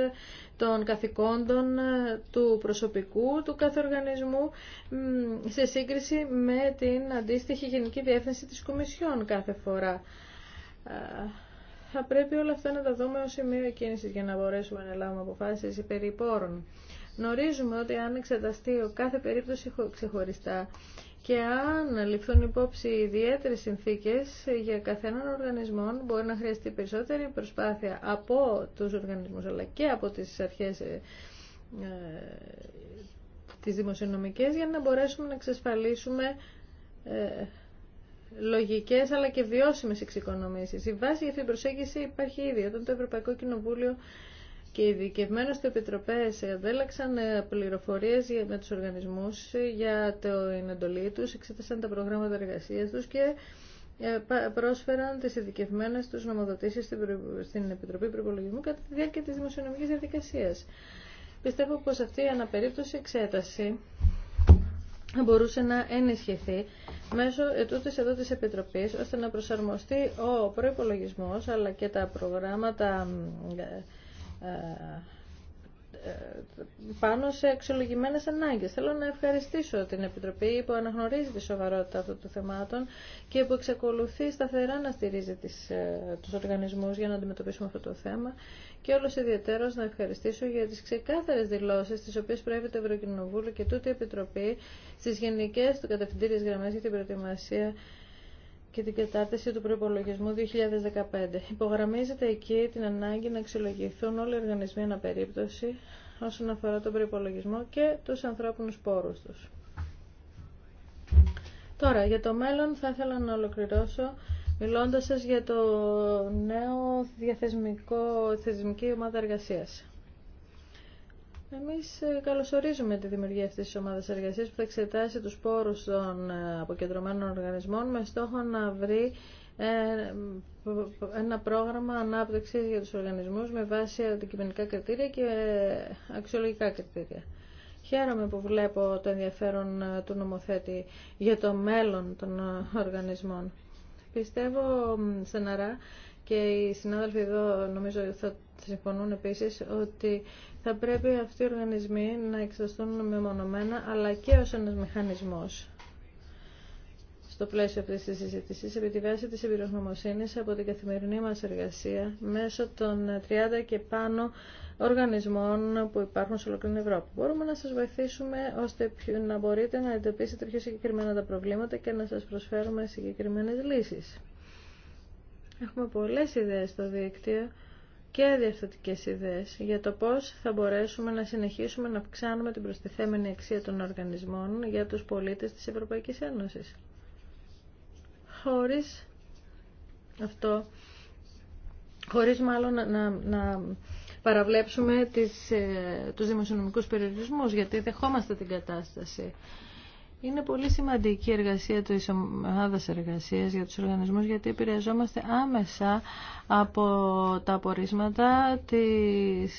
Speaker 2: των καθηκόντων ε, του προσωπικού του κάθε οργανισμού σε σύγκριση με την αντίστοιχη Γενική Διεύθυνση της Κομισιόν κάθε φορά. Ε, θα πρέπει όλα αυτά να τα δούμε ως σημείο κίνησης για να μπορέσουμε να λάβουμε αποφάσεις περί Γνωρίζουμε ότι αν εξεταστεί ο κάθε περίπτωση ξεχωριστά, και αν ληφθούν υπόψη ιδιαίτερες συνθήκες για καθέναν οργανισμό μπορεί να χρειαστεί περισσότερη προσπάθεια από τους οργανισμούς αλλά και από τις αρχές ε, τις για να μπορέσουμε να εξασφαλίσουμε ε, λογικές αλλά και βιώσιμες εξοικονομήσεις. Η βάση για αυτή την προσέγγιση υπάρχει ήδη όταν το Ευρωπαϊκό Κοινοβούλιο και οι ειδικευμένες του επιτροπές αντέλαξαν ε, πληροφορίε με του οργανισμού για την εντολή του, εξέτασαν τα προγράμματα εργασία του και ε, πρόσφεραν τι ειδικευμένε του νομοδοτήσει στην Επιτροπή Προπολογισμού κατά τη διάρκεια τη δημοσιονομική διαδικασία. Πιστεύω πω αυτή η αναπερίπτωση εξέταση μπορούσε να ενισχυθεί μέσω ετούτη εδώ τη επιτροπή, ώστε να προσαρμοστεί ο προπολογισμό, αλλά και τα προγράμματα ε, ε, ε, πάνω σε εξολογημένε ανάγκε. Θέλω να ευχαριστήσω την Επιτροπή που αναγνωρίζει τη σοβαρότητα αυτών των θεμάτων και που εξακολουθεί σταθερά να στηρίζει τις, ε, τους οργανισμούς για να αντιμετωπίσουμε αυτό το θέμα και όλο ιδιαίτερο να ευχαριστήσω για τις ξεκάθαρες δηλώσεις τις οποίες προέβη το Ευρωκοινοβούλιο και τούτη η Επιτροπή στις γενικές του κατευθυντήριες γραμμές για την προετοιμασία και την κατάρτιση του προπολογισμού 2015. Υπογραμμίζεται εκεί την ανάγκη να αξιολογηθούν όλοι οι οργανισμοί αναπερίπτωση όσον αφορά τον προπολογισμό και τους ανθρώπινους πόρους τους. Τώρα, για το μέλλον θα ήθελα να ολοκληρώσω μιλώντας σας για το νέο διαθεσμικό, θεσμική ομάδα εργασίας. Εμείς ε, καλωσορίζουμε τη δημιουργία αυτής της ομάδας εργασίας που θα εξετάσει τους πόρους των ε, αποκεντρωμένων οργανισμών με στόχο να βρει ε, ένα πρόγραμμα ανάπτυξης για τους οργανισμούς με βάση αντικειμενικά κριτήρια και αξιολογικά κριτήρια. Χαίρομαι που βλέπω το ενδιαφέρον του νομοθέτη για το μέλλον των οργανισμών. Πιστεύω στεναρά και οι συνάδελφοι εδώ νομίζω θα συμφωνούν επίσης ότι θα πρέπει αυτοί οι οργανισμοί να εξεταστούν μεμονωμένα αλλά και ως ένας μηχανισμός στο πλαίσιο αυτής της συζήτησης επί τη βάση της εμπειρογνωμοσύνης από την καθημερινή μας εργασία μέσω των 30 και πάνω οργανισμών που υπάρχουν σε ολόκληρη Ευρώπη. Μπορούμε να σας βοηθήσουμε ώστε να μπορείτε να εντοπίσετε πιο συγκεκριμένα τα προβλήματα και να σας προσφέρουμε συγκεκριμένες λύσεις. Έχουμε πολλές ιδέες στο δίκτυο και διαφθορτικές ιδέες για το πώς θα μπορέσουμε να συνεχίσουμε να αυξάνουμε την προστιθέμενη αξία των οργανισμών για τους πολίτες της Ευρωπαϊκής Ένωσης. Χωρίς αυτό, χωρίς μάλλον να, να, να παραβλέψουμε τις, ε, τους δημοσιονομικούς περιορισμούς, γιατί δεχόμαστε την κατάσταση. Είναι πολύ σημαντική η εργασία τη ομάδα εργασία για τους οργανισμούς γιατί επηρεαζόμαστε άμεσα από τα απορίσματα της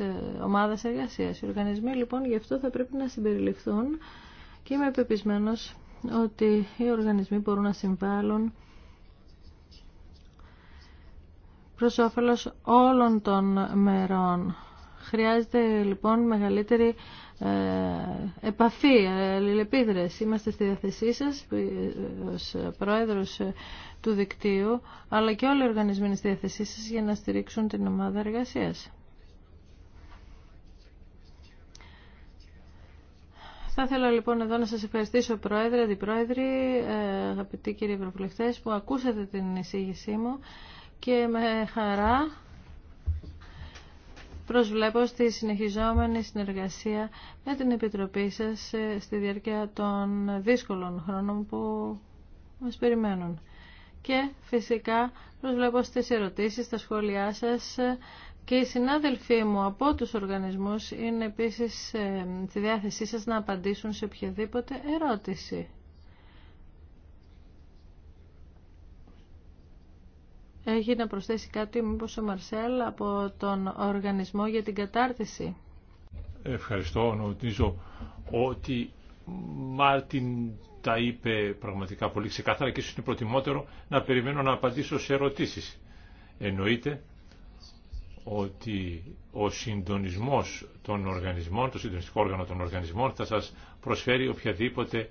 Speaker 2: ε, ομάδας εργασία. Οι οργανισμοί λοιπόν γι' αυτό θα πρέπει να συμπεριληφθούν και είμαι πεπισμένος ότι οι οργανισμοί μπορούν να συμβάλλουν προς όφελος όλων των μερών. Χρειάζεται λοιπόν μεγαλύτερη ε, επαφή, ε, αλληλεπίδραση. Είμαστε στη διαθεσή σας ε, ως πρόεδρος του δικτύου, αλλά και όλοι οι οργανισμοί είναι στη διαθεσή σας για να στηρίξουν την ομάδα εργασίας. Θα ήθελα λοιπόν εδώ να σας ευχαριστήσω Πρόεδρε, Αντιπρόεδροι, αγαπητοί κύριοι Ευρωβουλευτές που ακούσατε την εισήγησή μου και με χαρά προσβλέπω στη συνεχιζόμενη συνεργασία με την Επιτροπή σας ε, στη διάρκεια των δύσκολων χρόνων που μας περιμένουν. Και φυσικά προσβλέπω στις ερωτήσεις, στα σχόλιά σας και οι συνάδελφοί μου από τους οργανισμούς είναι επίσης ε, στη διάθεσή σας να απαντήσουν σε οποιαδήποτε ερώτηση. έχει να προσθέσει κάτι μήπως ο Μαρσέλ από τον Οργανισμό για την Κατάρτιση.
Speaker 3: Ευχαριστώ. Νομίζω ότι Μάρτιν τα είπε πραγματικά πολύ ξεκάθαρα και ίσως είναι προτιμότερο να περιμένω να απαντήσω σε ερωτήσεις. Εννοείται ότι ο συντονισμός των οργανισμών, το συντονιστικό όργανο των οργανισμών θα σας προσφέρει οποιαδήποτε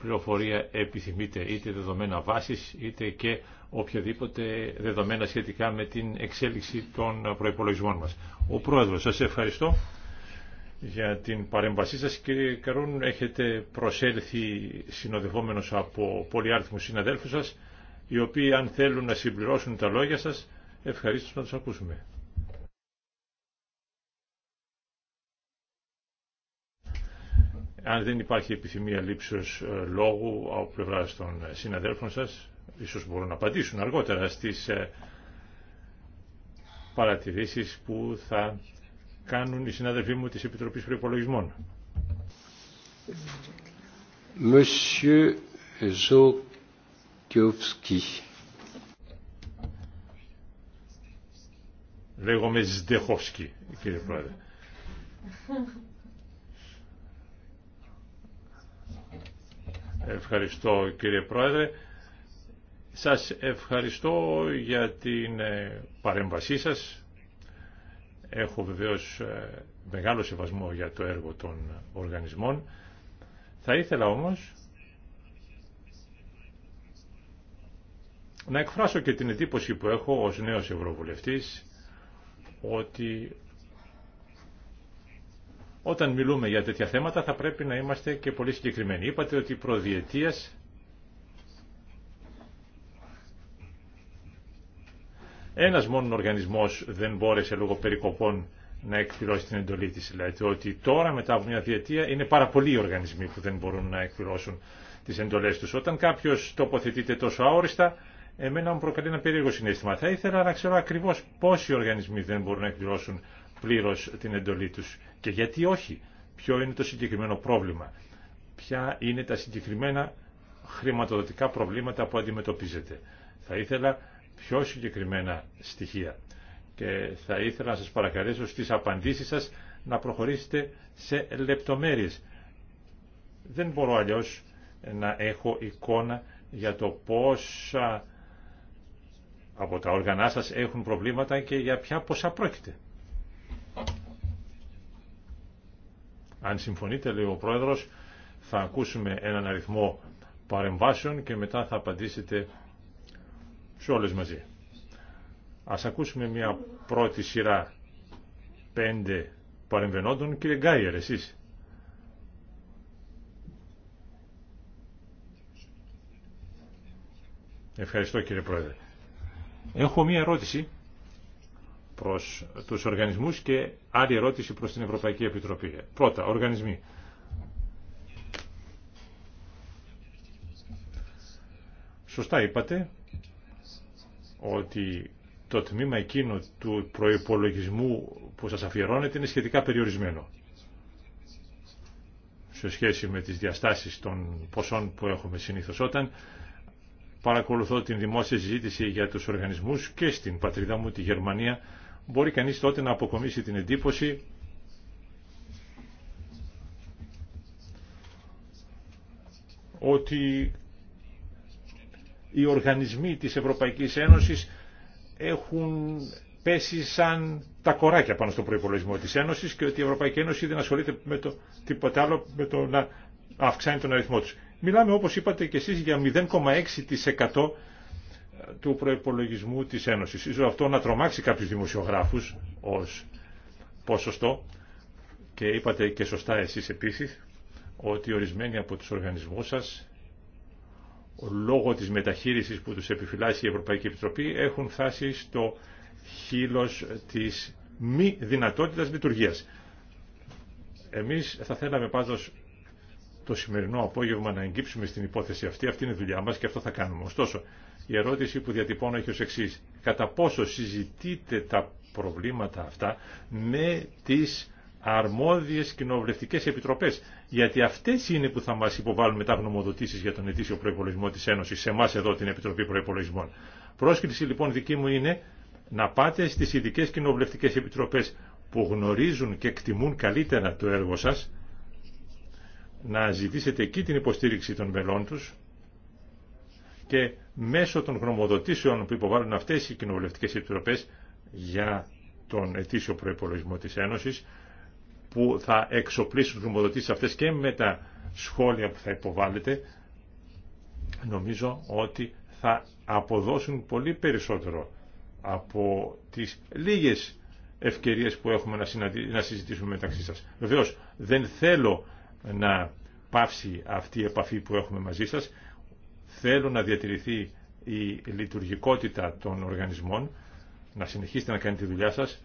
Speaker 3: πληροφορία επιθυμείτε, είτε δεδομένα βάσης, είτε και οποιαδήποτε δεδομένα σχετικά με την εξέλιξη των προϋπολογισμών μας. Ο Πρόεδρος, σας ευχαριστώ για την παρέμβασή σας. Κύριε Καρούν, έχετε προσέλθει συνοδευόμενος από πολυάριθμους συναδέλφους σας, οι οποίοι αν θέλουν να συμπληρώσουν τα λόγια σας, ευχαριστώ να τους ακούσουμε. Αν δεν υπάρχει επιθυμία λήψεως ε, λόγου από πλευρά των συναδέλφων σας, ίσως μπορούν να απαντήσουν αργότερα στις ε, παρατηρήσεις που θα κάνουν οι συναδελφοί μου της Επιτροπής Προϋπολογισμών. Monsieur Λέγομαι Ζδεχόσκι, κύριε Πρόεδρε. Ευχαριστώ κύριε Πρόεδρε. Σας ευχαριστώ για την ε, παρέμβασή σας. Έχω βεβαίως ε, μεγάλο σεβασμό για το έργο των οργανισμών. Θα ήθελα όμως να εκφράσω και την εντύπωση που έχω ως νέος Ευρωβουλευτής ότι όταν μιλούμε για τέτοια θέματα θα πρέπει να είμαστε και πολύ συγκεκριμένοι. Είπατε ότι προδιετίας Ένας μόνο οργανισμός δεν μπόρεσε λόγω περικοπών να εκπληρώσει την εντολή της. Δηλαδή ότι τώρα μετά από μια διετία είναι πάρα πολλοί οι οργανισμοί που δεν μπορούν να εκπληρώσουν τις εντολές τους. Όταν κάποιος τοποθετείται τόσο αόριστα, εμένα μου προκαλεί ένα περίεργο συνέστημα. Θα ήθελα να ξέρω ακριβώς πόσοι οργανισμοί δεν μπορούν να εκπληρώσουν πλήρως την εντολή τους και γιατί όχι. Ποιο είναι το συγκεκριμένο πρόβλημα. Ποια είναι τα συγκεκριμένα χρηματοδοτικά προβλήματα που αντιμετωπίζετε. Θα ήθελα πιο συγκεκριμένα στοιχεία. Και θα ήθελα να σας παρακαλέσω στις απαντήσεις σας να προχωρήσετε σε λεπτομέρειες. Δεν μπορώ αλλιώς να έχω εικόνα για το πόσα από τα όργανά σας έχουν προβλήματα και για ποια πόσα πρόκειται. Αν συμφωνείτε, λέει ο Πρόεδρος, θα ακούσουμε έναν αριθμό παρεμβάσεων και μετά θα απαντήσετε σε όλες μαζί. Ας ακούσουμε μια πρώτη σειρά πέντε παρεμβενόντων. Κύριε Γκάιερ, εσείς. Ευχαριστώ κύριε Πρόεδρε. Έχω μία ερώτηση προς τους οργανισμούς και άλλη ερώτηση προς την Ευρωπαϊκή Επιτροπή. Πρώτα, οργανισμοί. Σωστά είπατε ότι το τμήμα εκείνο του προϋπολογισμού που σας αφιερώνεται είναι σχετικά περιορισμένο σε σχέση με τις διαστάσεις των ποσών που έχουμε συνήθως όταν παρακολουθώ την δημόσια συζήτηση για τους οργανισμούς και στην πατρίδα μου, τη Γερμανία, μπορεί κανείς τότε να αποκομίσει την εντύπωση ότι οι οργανισμοί της Ευρωπαϊκής Ένωσης έχουν πέσει σαν τα κοράκια πάνω στον προϋπολογισμό της Ένωσης και ότι η Ευρωπαϊκή Ένωση δεν ασχολείται με το τίποτα άλλο με το να αυξάνει τον αριθμό τους. Μιλάμε όπως είπατε και εσείς για 0,6% του προϋπολογισμού της Ένωσης. Ίσως αυτό να τρομάξει κάποιους δημοσιογράφους ως ποσοστό και είπατε και σωστά εσείς επίσης ότι ορισμένοι από τους οργανισμούς σας λόγω της μεταχείρισης που τους επιφυλάσσει η Ευρωπαϊκή Επιτροπή έχουν φτάσει στο χείλος της μη δυνατότητας λειτουργίας. Εμείς θα θέλαμε πάντως το σημερινό απόγευμα να εγκύψουμε στην υπόθεση αυτή. Αυτή είναι η δουλειά μας και αυτό θα κάνουμε. Ωστόσο, η ερώτηση που διατυπώνω έχει ως εξής. Κατά πόσο συζητείτε τα προβλήματα αυτά με τις αρμόδιες κοινοβουλευτικές επιτροπές, γιατί αυτές είναι που θα μας υποβάλουν μετά γνωμοδοτήσεις για τον ετήσιο προϋπολογισμό της Ένωσης, σε εμά εδώ την Επιτροπή Προϋπολογισμών. Πρόσκληση λοιπόν δική μου είναι να πάτε στις ειδικές κοινοβουλευτικές επιτροπές που γνωρίζουν και εκτιμούν καλύτερα το έργο σας, να ζητήσετε εκεί την υποστήριξη των μελών τους και μέσω των γνωμοδοτήσεων που υποβάλλουν αυτές οι κοινοβουλευτικέ επιτροπές για τον ετήσιο προϋπολογισμό της Ένωσης που θα εξοπλίσουν νομοδοτήσεις αυτές και με τα σχόλια που θα υποβάλλετε, νομίζω ότι θα αποδώσουν πολύ περισσότερο από τις λίγες ευκαιρίες που έχουμε να, να συζητήσουμε μεταξύ σας. Βεβαίως δεν θέλω να πάυσει αυτή η επαφή που έχουμε μαζί σας. Θέλω να διατηρηθεί η λειτουργικότητα των οργανισμών, να συνεχίσετε να κάνετε τη δουλειά σας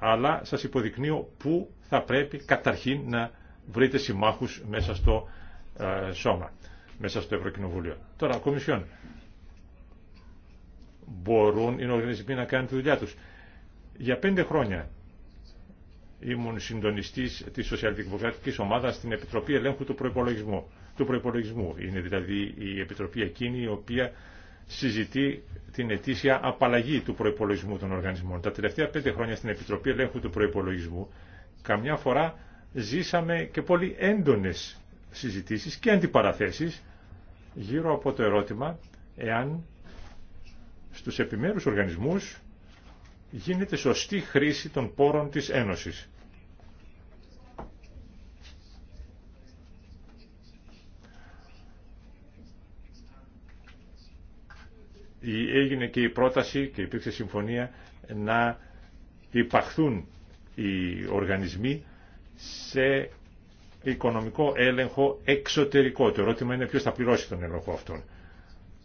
Speaker 3: αλλά σας υποδεικνύω πού θα πρέπει καταρχήν να βρείτε συμμάχους μέσα στο ε, σώμα, μέσα στο Ευρωκοινοβούλιο. Τώρα, Κομισιόν, μπορούν οι οργανισμοί να κάνουν τη δουλειά τους. Για πέντε χρόνια ήμουν συντονιστής της Σοσιαλδημοκρατικής Ομάδας στην Επιτροπή Ελέγχου του Προϋπολογισμού. Του προϋπολογισμού. Είναι δηλαδή η Επιτροπή εκείνη η οποία συζητεί την ετήσια απαλλαγή του προπολογισμού των οργανισμών. Τα τελευταία πέντε χρόνια στην Επιτροπή Ελέγχου του Προπολογισμού, καμιά φορά ζήσαμε και πολύ έντονε συζητήσει και αντιπαραθέσει γύρω από το ερώτημα εάν στους επιμέρους οργανισμούς γίνεται σωστή χρήση των πόρων της Ένωσης. έγινε και η πρόταση και υπήρξε συμφωνία να υπαχθούν οι οργανισμοί σε οικονομικό έλεγχο εξωτερικό. Το ερώτημα είναι ποιος θα πληρώσει τον έλεγχο αυτόν.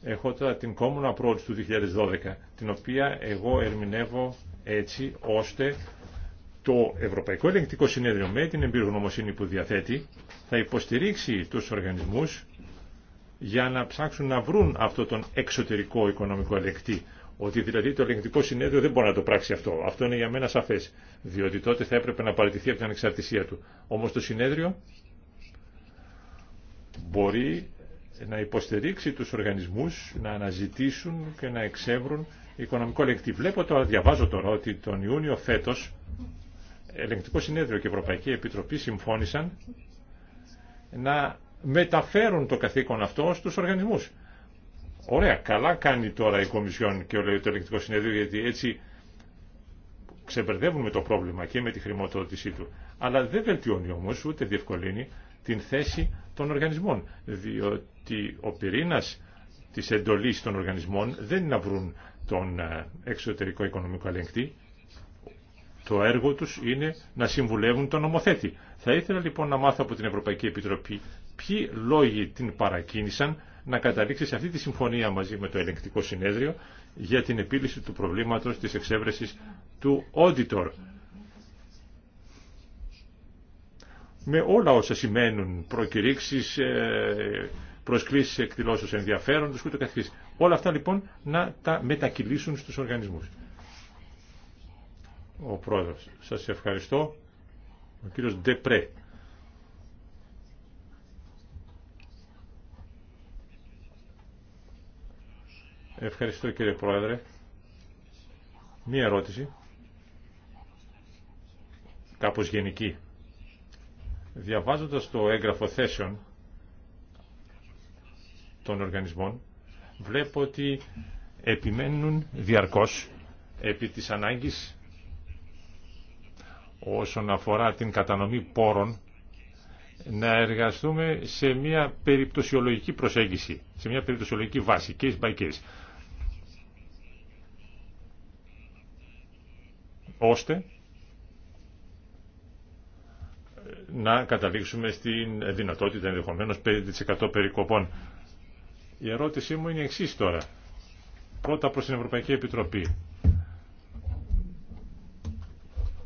Speaker 3: Έχω τώρα την Common Approach του 2012, την οποία εγώ ερμηνεύω έτσι ώστε το Ευρωπαϊκό Ελεγκτικό Συνέδριο με την εμπειρογνωμοσύνη που διαθέτει θα υποστηρίξει τους οργανισμούς για να ψάξουν να βρουν αυτό τον εξωτερικό οικονομικό ελεκτή Ότι δηλαδή το ελεγκτικό συνέδριο δεν μπορεί να το πράξει αυτό. Αυτό είναι για μένα σαφέ. Διότι τότε θα έπρεπε να παραιτηθεί από την ανεξαρτησία του. Όμω το συνέδριο μπορεί να υποστηρίξει τους οργανισμούς να αναζητήσουν και να εξεύρουν οικονομικό ελεγκτή. Βλέπω τώρα, διαβάζω τώρα ότι τον Ιούνιο Φέτο, Ελεγκτικό Συνέδριο και Ευρωπαϊκή Επιτροπή συμφώνησαν να μεταφέρουν το καθήκον αυτό στους οργανισμούς. Ωραία, καλά κάνει τώρα η Κομισιόν και το Ελεκτικό Συνέδριο γιατί έτσι ξεμπερδεύουν το πρόβλημα και με τη χρηματοδότησή του. Αλλά δεν βελτιώνει όμω ούτε διευκολύνει την θέση των οργανισμών. Διότι ο πυρήνα τη εντολής των οργανισμών δεν είναι να βρουν τον ε, εξωτερικό οικονομικό ελεγκτή. Το έργο του είναι να συμβουλεύουν τον νομοθέτη. Θα ήθελα λοιπόν να μάθω από την Ευρωπαϊκή Επιτροπή ποιοι λόγοι την παρακίνησαν να καταλήξει σε αυτή τη συμφωνία μαζί με το ελεγκτικό συνέδριο για την επίλυση του προβλήματος της εξέβρεσης του auditor. Με όλα όσα σημαίνουν προκηρύξεις, ε, προσκλήσεις εκδηλώσεως ενδιαφέροντος και Όλα αυτά λοιπόν να τα μετακυλήσουν στους οργανισμούς. Ο πρόεδρος, σας ευχαριστώ. Ο κύριος Ντεπρέ. Ευχαριστώ κύριε Πρόεδρε. Μία ερώτηση, κάπως γενική. Διαβάζοντας το έγγραφο θέσεων των οργανισμών, βλέπω ότι επιμένουν διαρκώς επί της ανάγκης όσον αφορά την κατανομή πόρων να εργαστούμε σε μια περιπτωσιολογική προσέγγιση, σε μια περιπτωσιολογική βάση, case by case. ώστε να καταλήξουμε στην δυνατότητα ενδεχομένω 5% περικοπών. Η ερώτησή μου είναι εξή τώρα. Πρώτα προς την Ευρωπαϊκή Επιτροπή.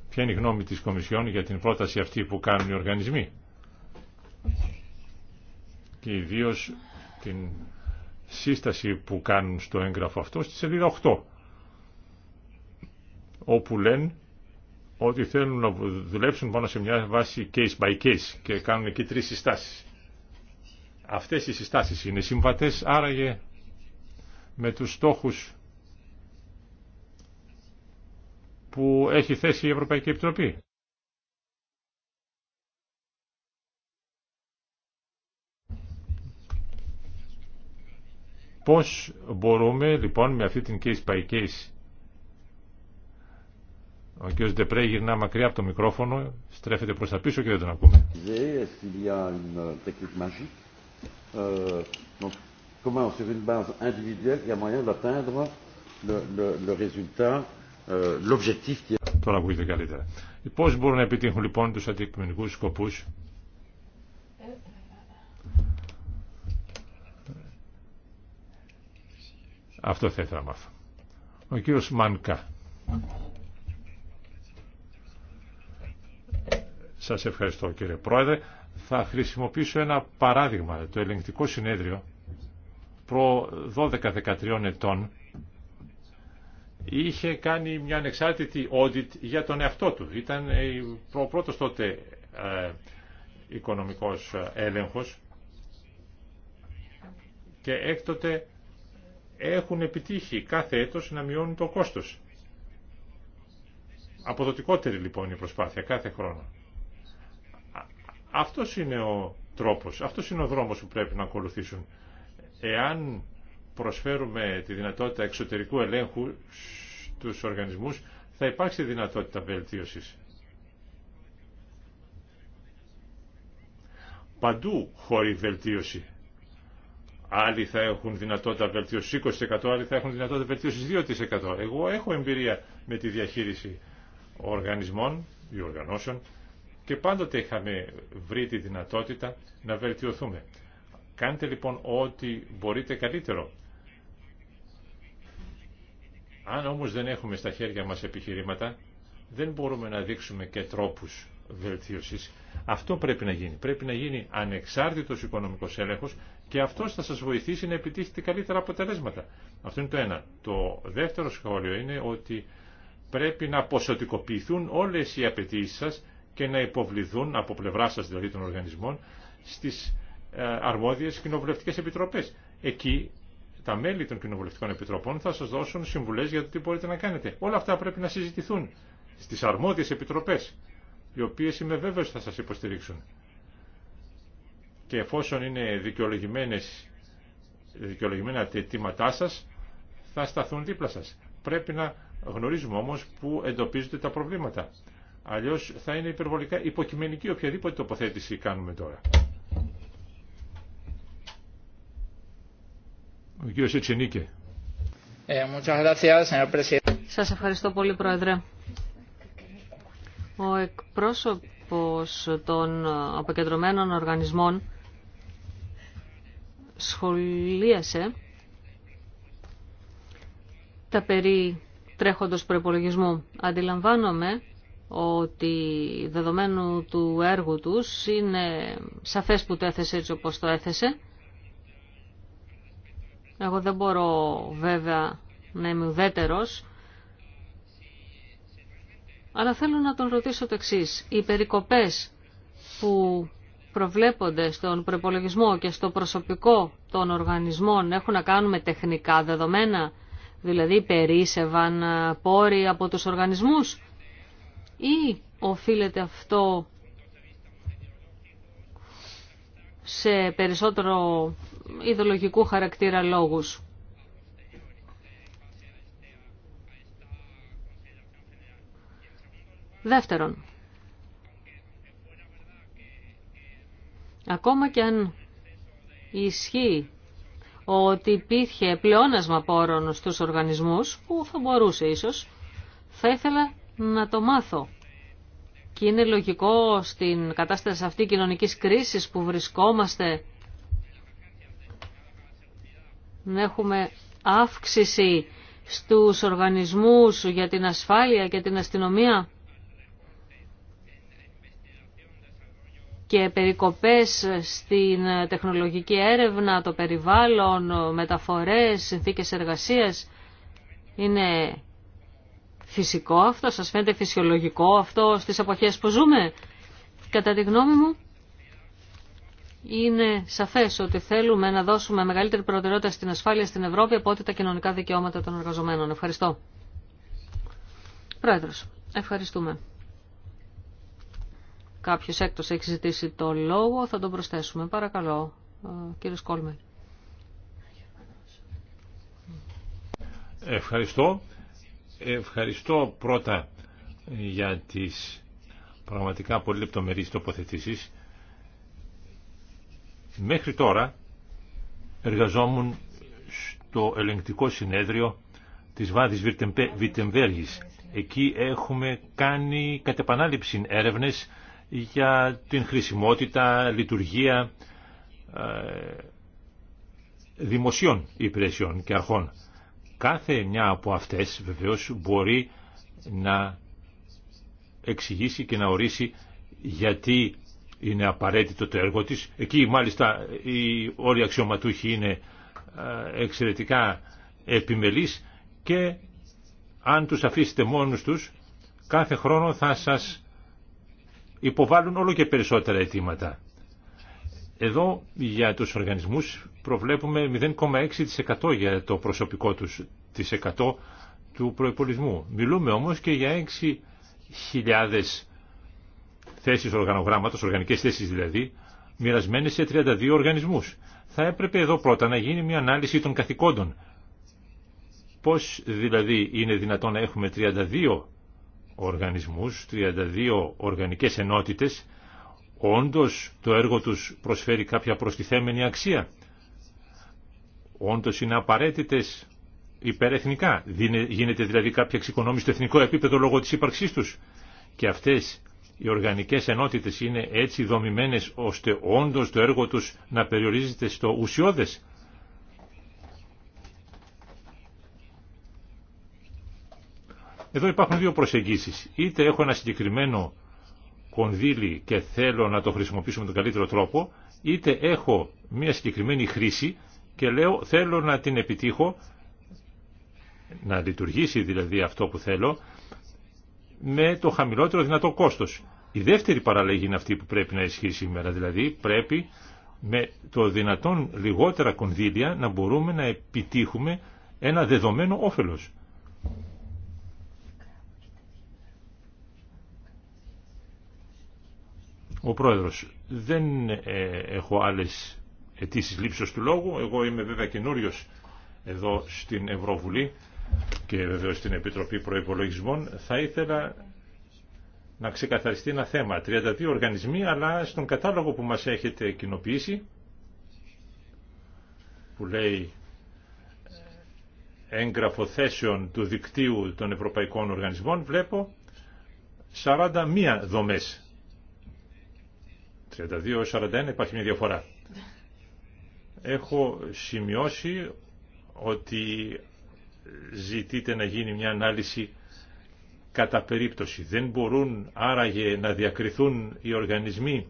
Speaker 3: Ποια είναι η γνώμη της Κομισιόν για την πρόταση αυτή που κάνουν οι οργανισμοί. Και ιδίω την σύσταση που κάνουν στο έγγραφο αυτό στη σελίδα 8 όπου λένε ότι θέλουν να δουλέψουν πάνω σε μια βάση case by case και κάνουν εκεί τρεις συστάσεις. Αυτές οι συστάσεις είναι συμβατές, άραγε με τους στόχους που έχει θέσει η Ευρωπαϊκή Επιτροπή. Πώς μπορούμε λοιπόν με αυτή την case by case ο κ. Ντεπρέ γυρνά μακριά από το μικρόφωνο, στρέφεται προς τα πίσω και δεν τον ακούμε. Τώρα ακούγεται καλύτερα. Πώ μπορούν να επιτύχουν λοιπόν του αντικειμενικού σκοπού, Αυτό θα ήθελα να μάθω. Ο κύριος Μάνκα. Σας ευχαριστώ κύριε Πρόεδρε. Θα χρησιμοποιήσω ένα παράδειγμα. Το ελεγκτικό συνέδριο προ 12-13 ετών είχε κάνει μια ανεξάρτητη audit για τον εαυτό του. Ήταν ο πρώτος τότε ε, οικονομικός ε, έλεγχος και έκτοτε έχουν επιτύχει κάθε έτος να μειώνουν το κόστος. Αποδοτικότερη λοιπόν η προσπάθεια κάθε χρόνο. Αυτός είναι ο τρόπος, αυτός είναι ο δρόμος που πρέπει να ακολουθήσουν. Εάν προσφέρουμε τη δυνατότητα εξωτερικού ελέγχου στους οργανισμούς, θα υπάρξει δυνατότητα βελτίωσης. Παντού χωρί βελτίωση. Άλλοι θα έχουν δυνατότητα βελτίωση 20%, άλλοι θα έχουν δυνατότητα βελτίωση 2%. Εγώ έχω εμπειρία με τη διαχείριση οργανισμών ή οργανώσεων και πάντοτε είχαμε βρει τη δυνατότητα να βελτιωθούμε. Κάντε λοιπόν ό,τι μπορείτε καλύτερο. Αν όμως δεν έχουμε στα χέρια μας επιχειρήματα, δεν μπορούμε να δείξουμε και τρόπους βελτίωσης. Αυτό πρέπει να γίνει. Πρέπει να γίνει ανεξάρτητος οικονομικός έλεγχος και αυτός θα σας βοηθήσει να επιτύχετε καλύτερα αποτελέσματα. Αυτό είναι το ένα. Το δεύτερο σχόλιο είναι ότι πρέπει να ποσοτικοποιηθούν όλες οι απαιτήσει σας και να υποβληθούν από πλευρά σας δηλαδή των οργανισμών στις ε, αρμόδιες κοινοβουλευτικές επιτροπές. Εκεί τα μέλη των κοινοβουλευτικών επιτροπών θα σας δώσουν συμβουλές για το τι μπορείτε να κάνετε. Όλα αυτά πρέπει να συζητηθούν στις αρμόδιες επιτροπές, οι οποίες είμαι βέβαιος θα σας υποστηρίξουν. Και εφόσον είναι δικαιολογημένα τα αιτήματά σας, θα σταθούν δίπλα σας. Πρέπει να γνωρίζουμε όμως πού εντοπίζονται τα προβλήματα. Αλλιώς θα είναι υπερβολικά υποκειμενική οποιαδήποτε τοποθέτηση κάνουμε τώρα. Ο κύριος ε,
Speaker 1: Σας ευχαριστώ πολύ, Πρόεδρε. Ο εκπρόσωπος των αποκεντρωμένων οργανισμών σχολίασε τα περί τρέχοντος προπολογισμού. Αντιλαμβάνομαι ότι δεδομένου του έργου τους είναι σαφές που το έθεσε έτσι όπως το έθεσε. Εγώ δεν μπορώ βέβαια να είμαι ουδέτερος, αλλά θέλω να τον ρωτήσω το εξή. Οι περικοπές που προβλέπονται στον προπολογισμό και στο προσωπικό των οργανισμών έχουν να κάνουν με τεχνικά δεδομένα, δηλαδή περίσευαν πόροι από τους οργανισμούς ή οφείλεται αυτό σε περισσότερο ιδεολογικού χαρακτήρα λόγους. Δεύτερον, ακόμα και αν ισχύει ότι υπήρχε πλεόνασμα πόρων στους οργανισμούς, που θα μπορούσε ίσως, θα ήθελα να το μάθω. Και είναι λογικό στην κατάσταση αυτή κοινωνικής κρίσης που βρισκόμαστε να έχουμε αύξηση στους οργανισμούς για την ασφάλεια και την αστυνομία και περικοπές στην τεχνολογική έρευνα, το περιβάλλον, μεταφορές, συνθήκες εργασίας είναι φυσικό αυτό, σας φαίνεται φυσιολογικό αυτό στις εποχές που ζούμε. Κατά τη γνώμη μου είναι σαφές ότι θέλουμε να δώσουμε μεγαλύτερη προτεραιότητα στην ασφάλεια στην Ευρώπη από ό,τι τα κοινωνικά δικαιώματα των εργαζομένων. Ευχαριστώ. Πρόεδρος, ευχαριστούμε. Κάποιος έκτος έχει ζητήσει το λόγο, θα τον προσθέσουμε. Παρακαλώ, ε, κύριε Σκόλμελ.
Speaker 3: Ευχαριστώ. Ευχαριστώ πρώτα για τις πραγματικά πολύ λεπτομερείς τοποθετήσεις. Μέχρι τώρα εργαζόμουν στο ελεγκτικό συνέδριο της Βάδης Βιτεμβέργης. Εκεί έχουμε κάνει κατ' επανάληψη έρευνες για την χρησιμότητα, λειτουργία ε, δημοσίων υπηρεσιών και αρχών. Κάθε μια από αυτές βεβαίως μπορεί να εξηγήσει και να ορίσει γιατί είναι απαραίτητο το έργο της. Εκεί μάλιστα οι όλοι οι αξιωματούχοι είναι ε, εξαιρετικά επιμελείς και αν τους αφήσετε μόνους τους κάθε χρόνο θα σας υποβάλουν όλο και περισσότερα αιτήματα. Εδώ για τους οργανισμούς προβλέπουμε 0,6% για το προσωπικό τους, της 100 του προϋπολισμού. Μιλούμε όμως και για 6.000 θέσεις οργανογράμματος, οργανικές θέσεις δηλαδή, μοιρασμένες σε 32 οργανισμούς. Θα έπρεπε εδώ πρώτα να γίνει μια ανάλυση των καθηκόντων. Πώς δηλαδή είναι δυνατόν να έχουμε 32 οργανισμούς, 32 οργανικές ενότητες, Όντως το έργο τους προσφέρει κάποια προστιθέμενη αξία. Όντως είναι απαραίτητες υπερεθνικά. Γίνεται δηλαδή κάποια εξοικονόμηση στο εθνικό επίπεδο λόγω της ύπαρξής τους. Και αυτές οι οργανικές ενότητες είναι έτσι δομημένες ώστε όντως το έργο τους να περιορίζεται στο ουσιώδες. Εδώ υπάρχουν δύο προσεγγίσεις. Είτε έχω ένα συγκεκριμένο κονδύλι και θέλω να το χρησιμοποιήσω με τον καλύτερο τρόπο, είτε έχω μια συγκεκριμένη χρήση και λέω θέλω να την επιτύχω, να λειτουργήσει δηλαδή αυτό που θέλω, με το χαμηλότερο δυνατό κόστος. Η δεύτερη παραλέγη είναι αυτή που πρέπει να ισχύει σήμερα, δηλαδή πρέπει με το δυνατόν λιγότερα κονδύλια να μπορούμε να επιτύχουμε ένα δεδομένο όφελος. Ο Πρόεδρος, δεν ε, έχω άλλες αιτήσει λήψεως του λόγου. Εγώ είμαι βέβαια καινούριο εδώ στην Ευρωβουλή και βέβαια στην Επιτροπή Προϋπολογισμών. Θα ήθελα να ξεκαθαριστεί ένα θέμα. 32 οργανισμοί, αλλά στον κατάλογο που μας έχετε κοινοποιήσει, που λέει ε, έγγραφο θέσεων του δικτύου των Ευρωπαϊκών Οργανισμών, βλέπω 41 δομές. 32-41 υπάρχει μια διαφορά. Έχω σημειώσει ότι ζητείτε να γίνει μια ανάλυση κατά περίπτωση. Δεν μπορούν άραγε να διακριθούν οι οργανισμοί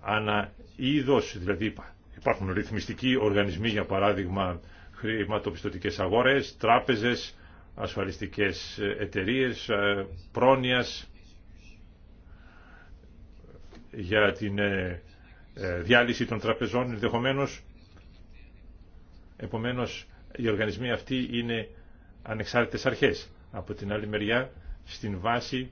Speaker 3: ανα είδος, δηλαδή υπάρχουν ρυθμιστικοί οργανισμοί, για παράδειγμα χρηματοπιστωτικές αγορές, τράπεζες, ασφαλιστικές εταιρείες, ε, πρόνοιας, για την ε, ε, διάλυση των τραπεζών ενδεχομένω. Επομένως, οι οργανισμοί αυτοί είναι ανεξάρτητες αρχές. Από την άλλη μεριά, στην βάση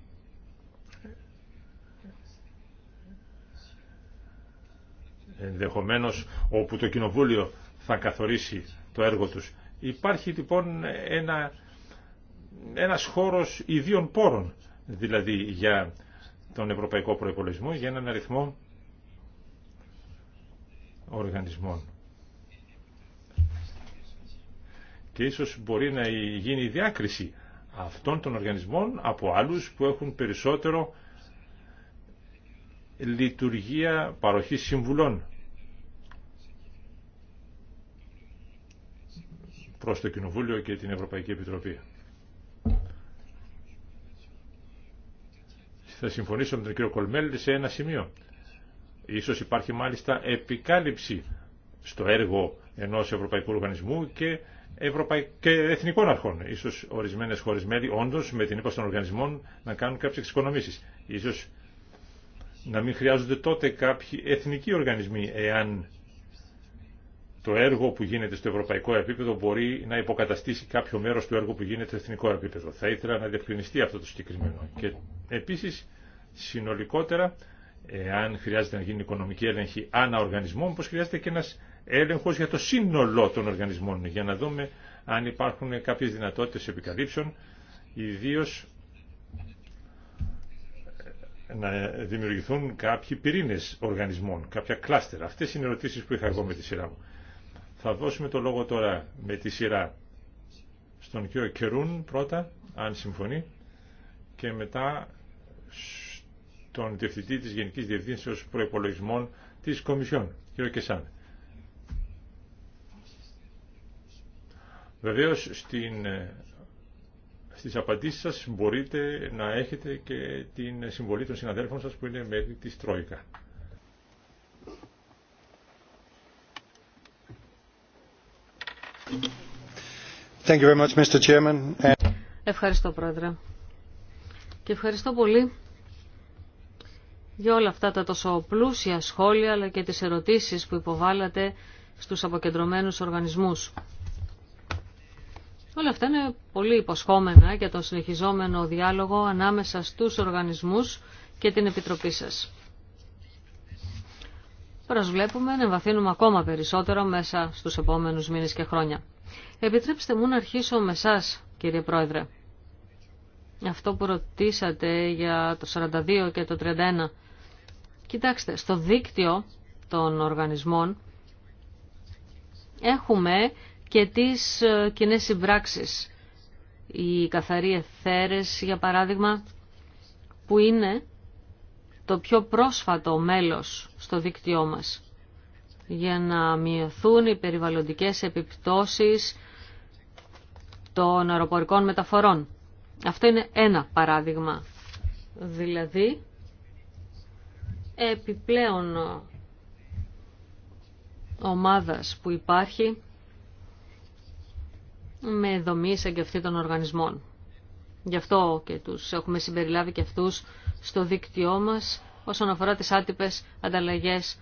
Speaker 3: ενδεχομένως όπου το Κοινοβούλιο θα καθορίσει το έργο τους. Υπάρχει λοιπόν ένα, ένας χώρος ιδίων πόρων, δηλαδή για τον Ευρωπαϊκό Προϋπολογισμό για έναν αριθμό οργανισμών. Και ίσως μπορεί να γίνει η διάκριση αυτών των οργανισμών από άλλους που έχουν περισσότερο λειτουργία παροχή συμβουλών προς το Κοινοβούλιο και την Ευρωπαϊκή Επιτροπή. Θα συμφωνήσω με τον κύριο Κολμέλ σε ένα σημείο. Ίσως υπάρχει μάλιστα επικάλυψη στο έργο ενός ευρωπαϊκού οργανισμού και, και εθνικών αρχών. Ίσως ορισμένες χώρες μέλη όντως με την ύπαρξη των οργανισμών να κάνουν κάποιες εξοικονομήσεις. Ίσως να μην χρειάζονται τότε κάποιοι εθνικοί οργανισμοί εάν το έργο που γίνεται στο ευρωπαϊκό επίπεδο μπορεί να υποκαταστήσει κάποιο μέρος του έργου που γίνεται στο εθνικό επίπεδο. Θα ήθελα να διευκρινιστεί αυτό το συγκεκριμένο. Και επίσης, συνολικότερα, αν χρειάζεται να γίνει οικονομική έλεγχη ανά οργανισμό, πως χρειάζεται και ένας έλεγχος για το σύνολο των οργανισμών, για να δούμε αν υπάρχουν κάποιες δυνατότητες επικαλύψεων, ιδίω να δημιουργηθούν κάποιοι πυρήνες οργανισμών, κάποια κλάστερ. Αυτές είναι οι ερωτήσεις που είχα εγώ με τη σειρά μου. Θα δώσουμε το λόγο τώρα με τη σειρά στον κύριο Κερούν πρώτα, αν συμφωνεί, και μετά στον Διευθυντή της Γενικής Διευθύνσεως Προϋπολογισμών της Κομισιόν, κύριο Κεσάν. Βεβαίως στην, στις απαντήσεις σας μπορείτε να έχετε και την συμβολή των συναδέλφων σας που είναι μέλη της Τρόικα.
Speaker 1: Ευχαριστώ, Πρόεδρε. Και ευχαριστώ πολύ για όλα αυτά τα τόσο πλούσια σχόλια, αλλά και τις ερωτήσεις που υποβάλλατε στους αποκεντρωμένους οργανισμούς. Όλα αυτά είναι πολύ υποσχόμενα για τον συνεχιζόμενο διάλογο ανάμεσα στους οργανισμούς και την Επιτροπή σας προσβλέπουμε να βαθύνουμε ακόμα περισσότερο μέσα στους επόμενους μήνες και χρόνια. Επιτρέψτε μου να αρχίσω με εσά, κύριε Πρόεδρε. Αυτό που ρωτήσατε για το 42 και το 31. Κοιτάξτε, στο δίκτυο των οργανισμών έχουμε και τις ε, κοινέ συμπράξεις. Η καθαρή εθέρες, για παράδειγμα, που είναι το πιο πρόσφατο μέλος στο δίκτυό μας για να μειωθούν οι περιβαλλοντικές επιπτώσεις των αεροπορικών μεταφορών. Αυτό είναι ένα παράδειγμα. Δηλαδή, επιπλέον ομάδας που υπάρχει με δομή σε των οργανισμών. Γι' αυτό και τους έχουμε συμπεριλάβει και αυτούς στο δίκτυό μας όσον αφορά τις άτυπες ανταλλαγές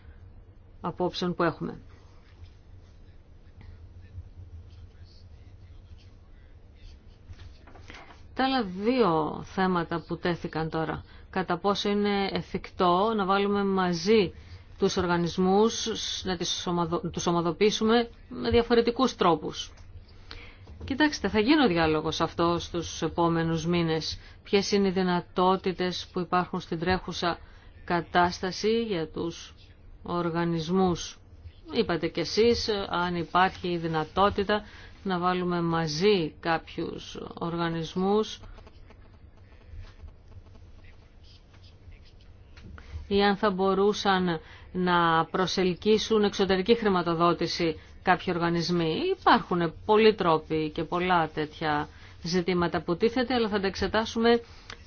Speaker 1: απόψεων που έχουμε. Τα άλλα δύο θέματα που τέθηκαν τώρα. Κατά πόσο είναι εφικτό να βάλουμε μαζί τους οργανισμούς, να τους ομαδοποιήσουμε με διαφορετικούς τρόπους. Κοιτάξτε, θα γίνει ο διάλογος αυτό στους επόμενους μήνες. Ποιες είναι οι δυνατότητες που υπάρχουν στην τρέχουσα κατάσταση για τους οργανισμούς. Είπατε κι εσείς αν υπάρχει η δυνατότητα να βάλουμε μαζί κάποιους οργανισμούς ή αν θα μπορούσαν να προσελκύσουν εξωτερική χρηματοδότηση κάποιοι οργανισμοί. Υπάρχουν πολλοί τρόποι και πολλά τέτοια ζητήματα που τίθεται, αλλά θα τα εξετάσουμε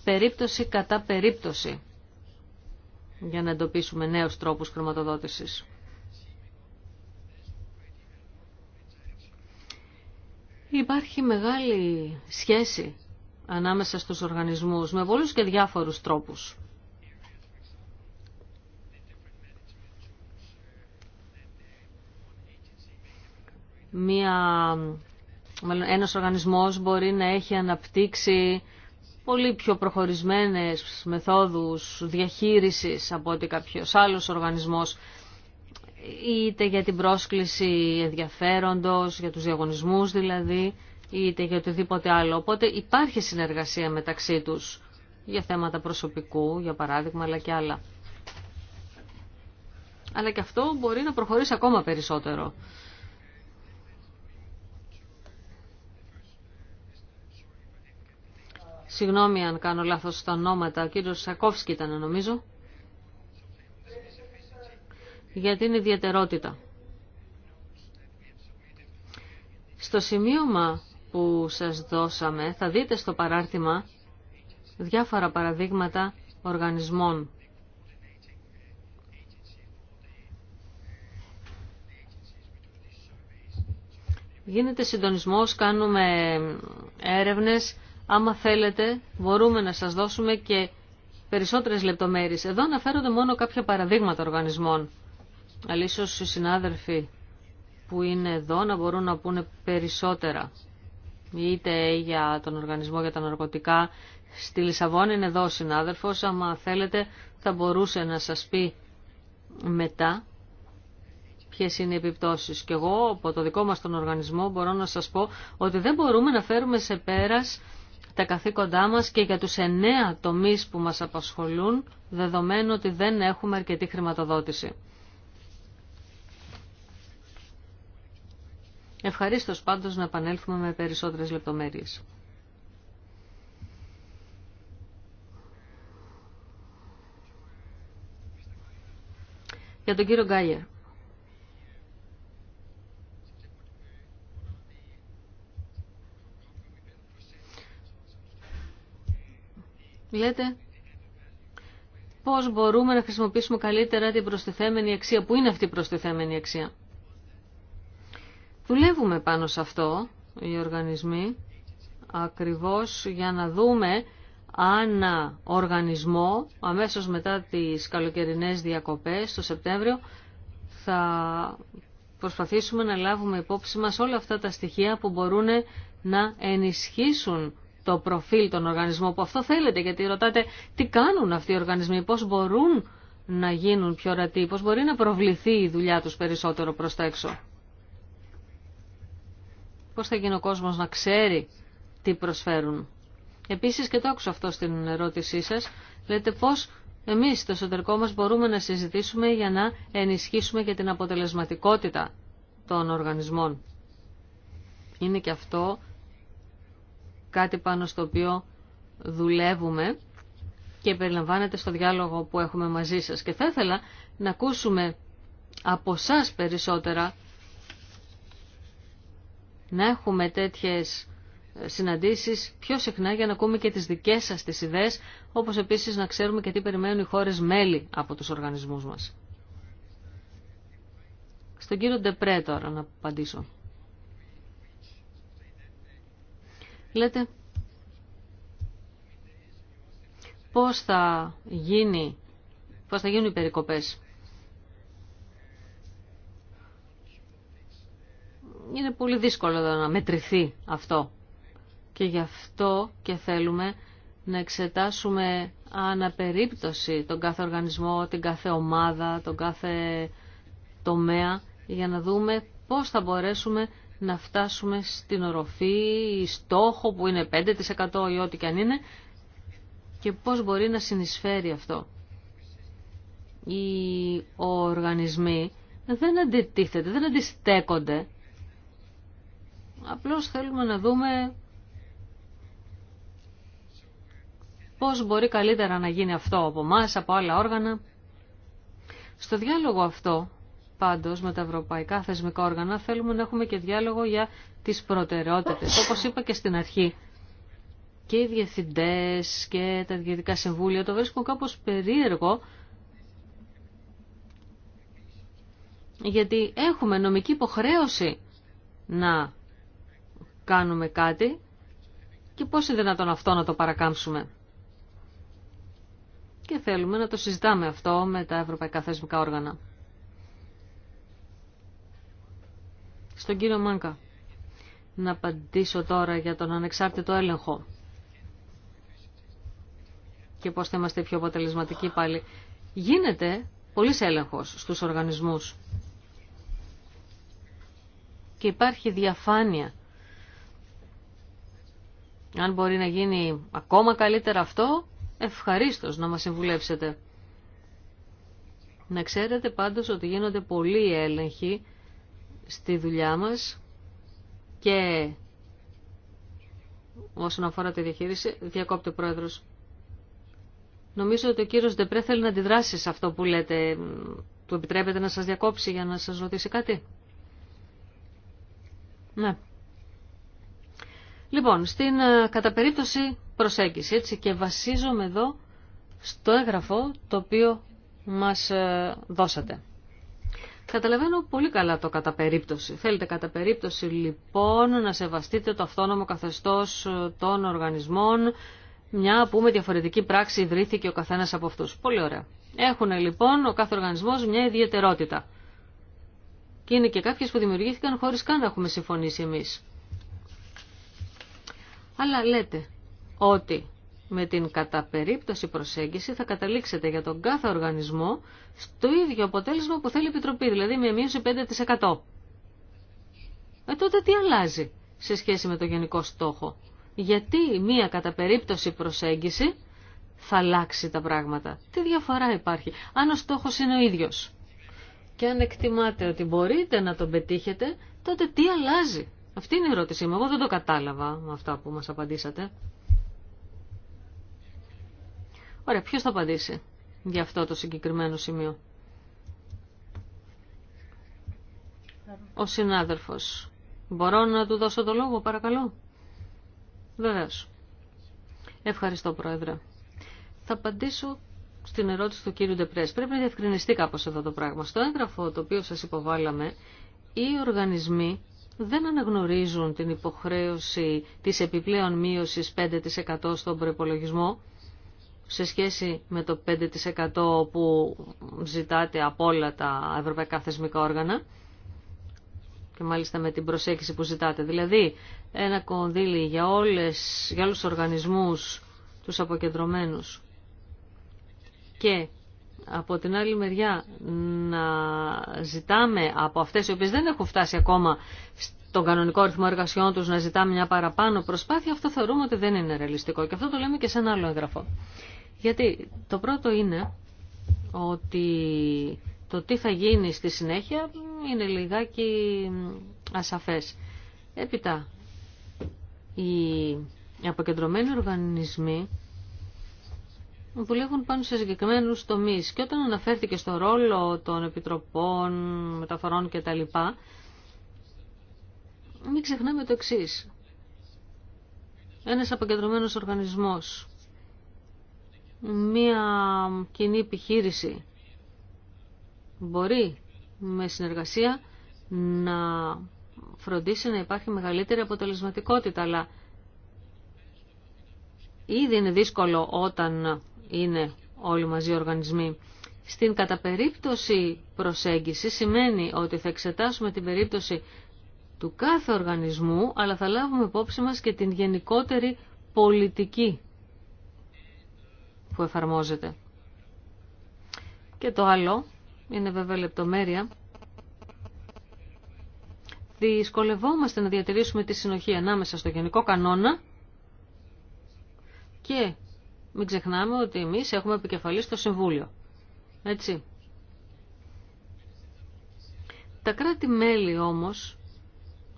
Speaker 1: περίπτωση κατά περίπτωση για να εντοπίσουμε νέους τρόπους χρηματοδότησης. Υπάρχει μεγάλη σχέση ανάμεσα στους οργανισμούς με πολλούς και διάφορους τρόπους. μία, ένας οργανισμός μπορεί να έχει αναπτύξει πολύ πιο προχωρισμένες μεθόδους διαχείρισης από ότι κάποιος άλλος οργανισμός είτε για την πρόσκληση ενδιαφέροντος, για τους διαγωνισμούς δηλαδή, είτε για οτιδήποτε άλλο. Οπότε υπάρχει συνεργασία μεταξύ τους για θέματα προσωπικού, για παράδειγμα, αλλά και άλλα. Αλλά και αυτό μπορεί να προχωρήσει ακόμα περισσότερο. Συγγνώμη αν κάνω λάθος στα ονόματα. Ο κύριος Σακόφσκι ήταν νομίζω. Για την ιδιαιτερότητα. Στο σημείωμα που σας δώσαμε θα δείτε στο παράρτημα διάφορα παραδείγματα οργανισμών. Γίνεται συντονισμός, κάνουμε έρευνες Άμα θέλετε, μπορούμε να σας δώσουμε και περισσότερες λεπτομέρειες. Εδώ αναφέρονται μόνο κάποια παραδείγματα οργανισμών. Αλλά ίσως οι συνάδελφοι που είναι εδώ να μπορούν να πούνε περισσότερα. Είτε για τον Οργανισμό για τα Ναρκωτικά στη Λισαβόνη είναι εδώ ο συνάδελφος. Άμα θέλετε θα μπορούσε να σας πει μετά ποιε είναι οι επιπτώσεις. Και εγώ από το δικό μας τον οργανισμό μπορώ να σας πω ότι δεν μπορούμε να φέρουμε σε πέρας τα καθήκοντά μας και για τους εννέα τομείς που μας απασχολούν, δεδομένου ότι δεν έχουμε αρκετή χρηματοδότηση. Ευχαρίστω πάντως να επανέλθουμε με περισσότερες λεπτομέρειες. Για τον κύριο Γκάιερ. λέτε πώς μπορούμε να χρησιμοποιήσουμε καλύτερα την προστιθέμενη αξία. Πού είναι αυτή η προστιθέμενη αξία. Δουλεύουμε πάνω σε αυτό οι οργανισμοί ακριβώς για να δούμε αν οργανισμό αμέσως μετά τις καλοκαιρινές διακοπές το Σεπτέμβριο θα προσπαθήσουμε να λάβουμε υπόψη μας όλα αυτά τα στοιχεία που μπορούν να ενισχύσουν το προφίλ των οργανισμών που αυτό θέλετε, γιατί ρωτάτε τι κάνουν αυτοί οι οργανισμοί, πώς μπορούν να γίνουν πιο ορατοί, πώς μπορεί να προβληθεί η δουλειά τους περισσότερο προς τα έξω. Πώς θα γίνει ο κόσμος να ξέρει τι προσφέρουν. Επίσης και το άκουσα αυτό στην ερώτησή σας, λέτε πώς εμείς στο εσωτερικό μας μπορούμε να συζητήσουμε για να ενισχύσουμε και την αποτελεσματικότητα των οργανισμών. Είναι και αυτό κάτι πάνω στο οποίο δουλεύουμε και περιλαμβάνεται στο διάλογο που έχουμε μαζί σας. Και θα ήθελα να ακούσουμε από εσά περισσότερα να έχουμε τέτοιες ε, συναντήσεις πιο συχνά για να ακούμε και τις δικές σας τις ιδέες, όπως επίσης να ξέρουμε και τι περιμένουν οι χώρες μέλη από τους οργανισμούς μας. Στον κύριο Ντεπρέ τώρα να απαντήσω. λέτε πώς θα, γίνει, πώς θα γίνουν οι περικοπές. Είναι πολύ δύσκολο να μετρηθεί αυτό. Και γι' αυτό και θέλουμε να εξετάσουμε αναπερίπτωση τον κάθε οργανισμό, την κάθε ομάδα, τον κάθε τομέα, για να δούμε πώς θα μπορέσουμε να φτάσουμε στην οροφή, στόχο που είναι 5% ή ό,τι και αν είναι και πώς μπορεί να συνεισφέρει αυτό. Οι οργανισμοί δεν αντιτίθεται, δεν αντιστέκονται. Απλώς θέλουμε να δούμε πώς μπορεί καλύτερα να γίνει αυτό από εμά, από άλλα όργανα. Στο διάλογο αυτό Πάντως με τα ευρωπαϊκά θεσμικά όργανα θέλουμε να έχουμε και διάλογο για τις προτεραιότητες. Όπως είπα και στην αρχή, και οι διευθυντές και τα διευθυντικά συμβούλια το βρίσκουν κάπως περίεργο γιατί έχουμε νομική υποχρέωση να κάνουμε κάτι και πώς είναι δυνατόν αυτό να το παρακάμψουμε. Και θέλουμε να το συζητάμε αυτό με τα ευρωπαϊκά θεσμικά όργανα. Στον κύριο Μάνκα, να απαντήσω τώρα για τον ανεξάρτητο έλεγχο και πώς θα είμαστε πιο αποτελεσματικοί πάλι. Γίνεται πολύς έλεγχος στους οργανισμούς και υπάρχει διαφάνεια. Αν μπορεί να γίνει ακόμα καλύτερα αυτό, ευχαρίστως να μας συμβουλεύσετε. Να ξέρετε πάντως ότι γίνονται πολλοί έλεγχοι στη δουλειά μας και όσον αφορά τη διαχείριση, διακόπτει ο Πρόεδρος. Νομίζω ότι ο κύριος Ντεπρέ θέλει να αντιδράσει σε αυτό που λέτε. Του επιτρέπετε να σας διακόψει για να σας ρωτήσει κάτι. Ναι. Λοιπόν, στην ε, κατά περίπτωση προσέγγιση, έτσι, και βασίζομαι εδώ στο έγγραφο το οποίο μας ε, δώσατε. Καταλαβαίνω πολύ καλά το κατά περίπτωση. Θέλετε κατά περίπτωση λοιπόν να σεβαστείτε το αυτόνομο καθεστώς ε, των οργανισμών, μια που με διαφορετική πράξη ιδρύθηκε ο καθένας από αυτούς. Πολύ ωραία. Έχουν λοιπόν ο κάθε οργανισμός μια ιδιαιτερότητα. Και είναι και κάποιες που δημιουργήθηκαν χωρίς καν να έχουμε συμφωνήσει εμείς. Αλλά λέτε ότι με την καταπερίπτωση προσέγγιση θα καταλήξετε για τον κάθε οργανισμό στο ίδιο αποτέλεσμα που θέλει η Επιτροπή, δηλαδή με μείωση 5%. Ε, τότε τι αλλάζει σε σχέση με το γενικό στόχο. Γιατί μία καταπερίπτωση προσέγγιση θα αλλάξει τα πράγματα. Τι διαφορά υπάρχει, αν ο στόχος είναι ο ίδιος. Και αν εκτιμάτε ότι μπορείτε να τον πετύχετε, τότε τι αλλάζει. Αυτή είναι η ερώτησή μου. Εγώ δεν το κατάλαβα με αυτά που μας απαντήσατε. Ωραία, ποιος θα απαντήσει για αυτό το συγκεκριμένο σημείο. Ο συνάδελφος. Μπορώ να του δώσω το λόγο, παρακαλώ. Βεβαίως. Ευχαριστώ, Πρόεδρε. Θα απαντήσω στην ερώτηση του κύριου Ντεπρές. Πρέπει να διευκρινιστεί κάπως εδώ το πράγμα. Στο έγγραφο το οποίο σας υποβάλαμε, οι οργανισμοί δεν αναγνωρίζουν την υποχρέωση της επιπλέον μείωσης 5% στον προπολογισμό σε σχέση με το 5% που ζητάτε από όλα τα ευρωπαϊκά θεσμικά όργανα και μάλιστα με την προσέγγιση που ζητάτε. Δηλαδή, ένα κονδύλι για, όλες, για όλους τους οργανισμούς, τους αποκεντρωμένους και από την άλλη μεριά να ζητάμε από αυτές οι οποίες δεν έχουν φτάσει ακόμα τον κανονικό ρυθμό εργασιών τους να ζητάμε μια παραπάνω προσπάθεια, αυτό θεωρούμε ότι δεν είναι ρεαλιστικό. Και αυτό το λέμε και σε ένα άλλο έγγραφο. Γιατί το πρώτο είναι ότι το τι θα γίνει στη συνέχεια είναι λιγάκι ασαφές. Έπειτα, οι αποκεντρωμένοι οργανισμοί δουλεύουν πάνω σε συγκεκριμένου τομεί. Και όταν αναφέρθηκε στο ρόλο των επιτροπών, μεταφορών κτλ., μην ξεχνάμε το εξή. Ένας αποκεντρωμένος οργανισμός μία κοινή επιχείρηση μπορεί με συνεργασία να φροντίσει να υπάρχει μεγαλύτερη αποτελεσματικότητα, αλλά ήδη είναι δύσκολο όταν είναι όλοι μαζί οργανισμοί. Στην καταπερίπτωση προσέγγιση σημαίνει ότι θα εξετάσουμε την περίπτωση του κάθε οργανισμού, αλλά θα λάβουμε υπόψη μας και την γενικότερη πολιτική που εφαρμόζεται. Και το άλλο είναι βέβαια λεπτομέρεια. Δυσκολευόμαστε να διατηρήσουμε τη συνοχή ανάμεσα στο γενικό κανόνα και μην ξεχνάμε ότι εμείς έχουμε επικεφαλή στο Συμβούλιο. Έτσι. Τα κράτη-μέλη όμως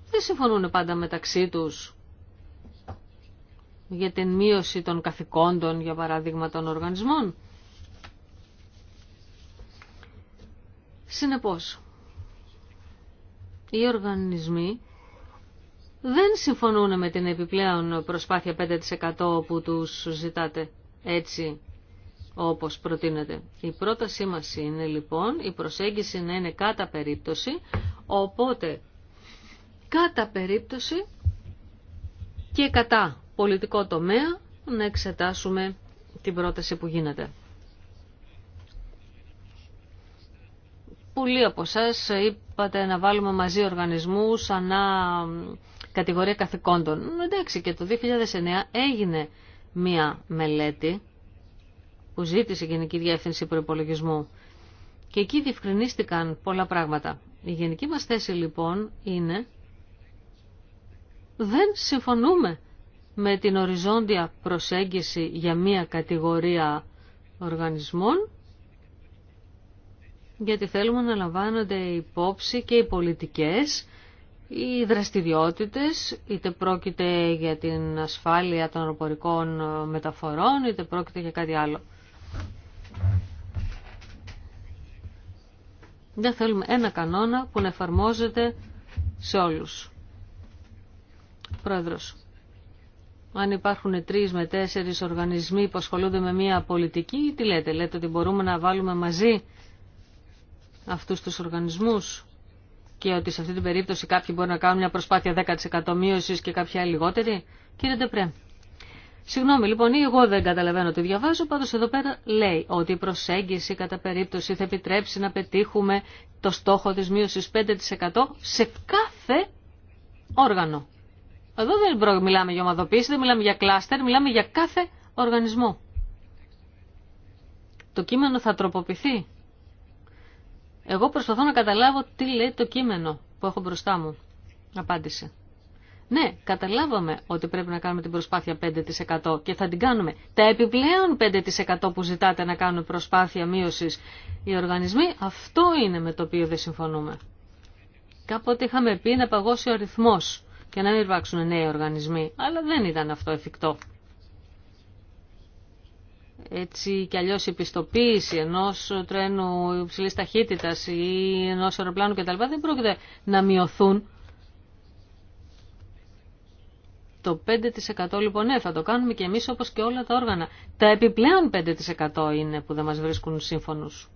Speaker 1: δεν συμφωνούν πάντα μεταξύ τους για την μείωση των καθηκόντων, για παράδειγμα, των οργανισμών. Συνεπώς, οι οργανισμοί δεν συμφωνούν με την επιπλέον προσπάθεια 5% που τους ζητάτε έτσι όπως προτείνεται. Η πρότασή μας είναι λοιπόν η προσέγγιση να είναι κατά περίπτωση, οπότε κατά περίπτωση και κατά πολιτικό τομέα να εξετάσουμε την πρόταση που γίνεται. Πολλοί από εσά είπατε να βάλουμε μαζί οργανισμούς ανά κατηγορία καθηκόντων. Εντάξει και το 2009 έγινε μία μελέτη που ζήτησε η Γενική Διεύθυνση Προπολογισμού και εκεί διευκρινίστηκαν πολλά πράγματα. Η γενική μας θέση λοιπόν είναι δεν συμφωνούμε με την οριζόντια προσέγγιση για μία κατηγορία οργανισμών γιατί θέλουμε να λαμβάνονται υπόψη και οι πολιτικές, οι δραστηριότητες, είτε πρόκειται για την ασφάλεια των αεροπορικών μεταφορών, είτε πρόκειται για κάτι άλλο. Δεν θέλουμε ένα κανόνα που να εφαρμόζεται σε όλους. Πρόεδρος αν υπάρχουν τρει με τέσσερι οργανισμοί που ασχολούνται με μια πολιτική, τι λέτε, λέτε ότι μπορούμε να βάλουμε μαζί αυτου του οργανισμου και ότι σε αυτή την περίπτωση κάποιοι μπορεί να κάνουν μια προσπάθεια 10% μείωση και κάποια άλλη λιγότερη. Κύριε Ντεπρέ, συγγνώμη λοιπόν, ή εγώ δεν καταλαβαίνω τι διαβάζω, πάντως εδώ πέρα λέει ότι η προσέγγιση παντω εδω περα λεει οτι περίπτωση θα επιτρέψει να πετύχουμε το στόχο τη μείωση 5% σε κάθε όργανο. Εδώ δεν μιλάμε για ομαδοποίηση, δεν μιλάμε για κλάστερ, μιλάμε για κάθε οργανισμό. Το κείμενο θα τροποποιηθεί. Εγώ προσπαθώ να καταλάβω τι λέει το κείμενο που έχω μπροστά μου. Απάντησε. Ναι, καταλάβαμε ότι πρέπει να κάνουμε την προσπάθεια 5% και θα την κάνουμε. Τα επιπλέον 5% που ζητάτε να κάνουν προσπάθεια μείωσης οι οργανισμοί, αυτό είναι με το οποίο δεν συμφωνούμε. Κάποτε είχαμε πει να παγώσει ο αριθμός και να μην υπάρξουν νέοι οργανισμοί. Αλλά δεν ήταν αυτό εφικτό. Έτσι κι αλλιώ η πιστοποίηση ενό τρένου υψηλής ταχύτητα ή ενό αεροπλάνου κτλ. δεν πρόκειται να μειωθούν. Το 5% λοιπόν ναι, θα το κάνουμε και εμείς όπως και όλα τα όργανα. Τα επιπλέον 5% είναι που δεν μας βρίσκουν σύμφωνους.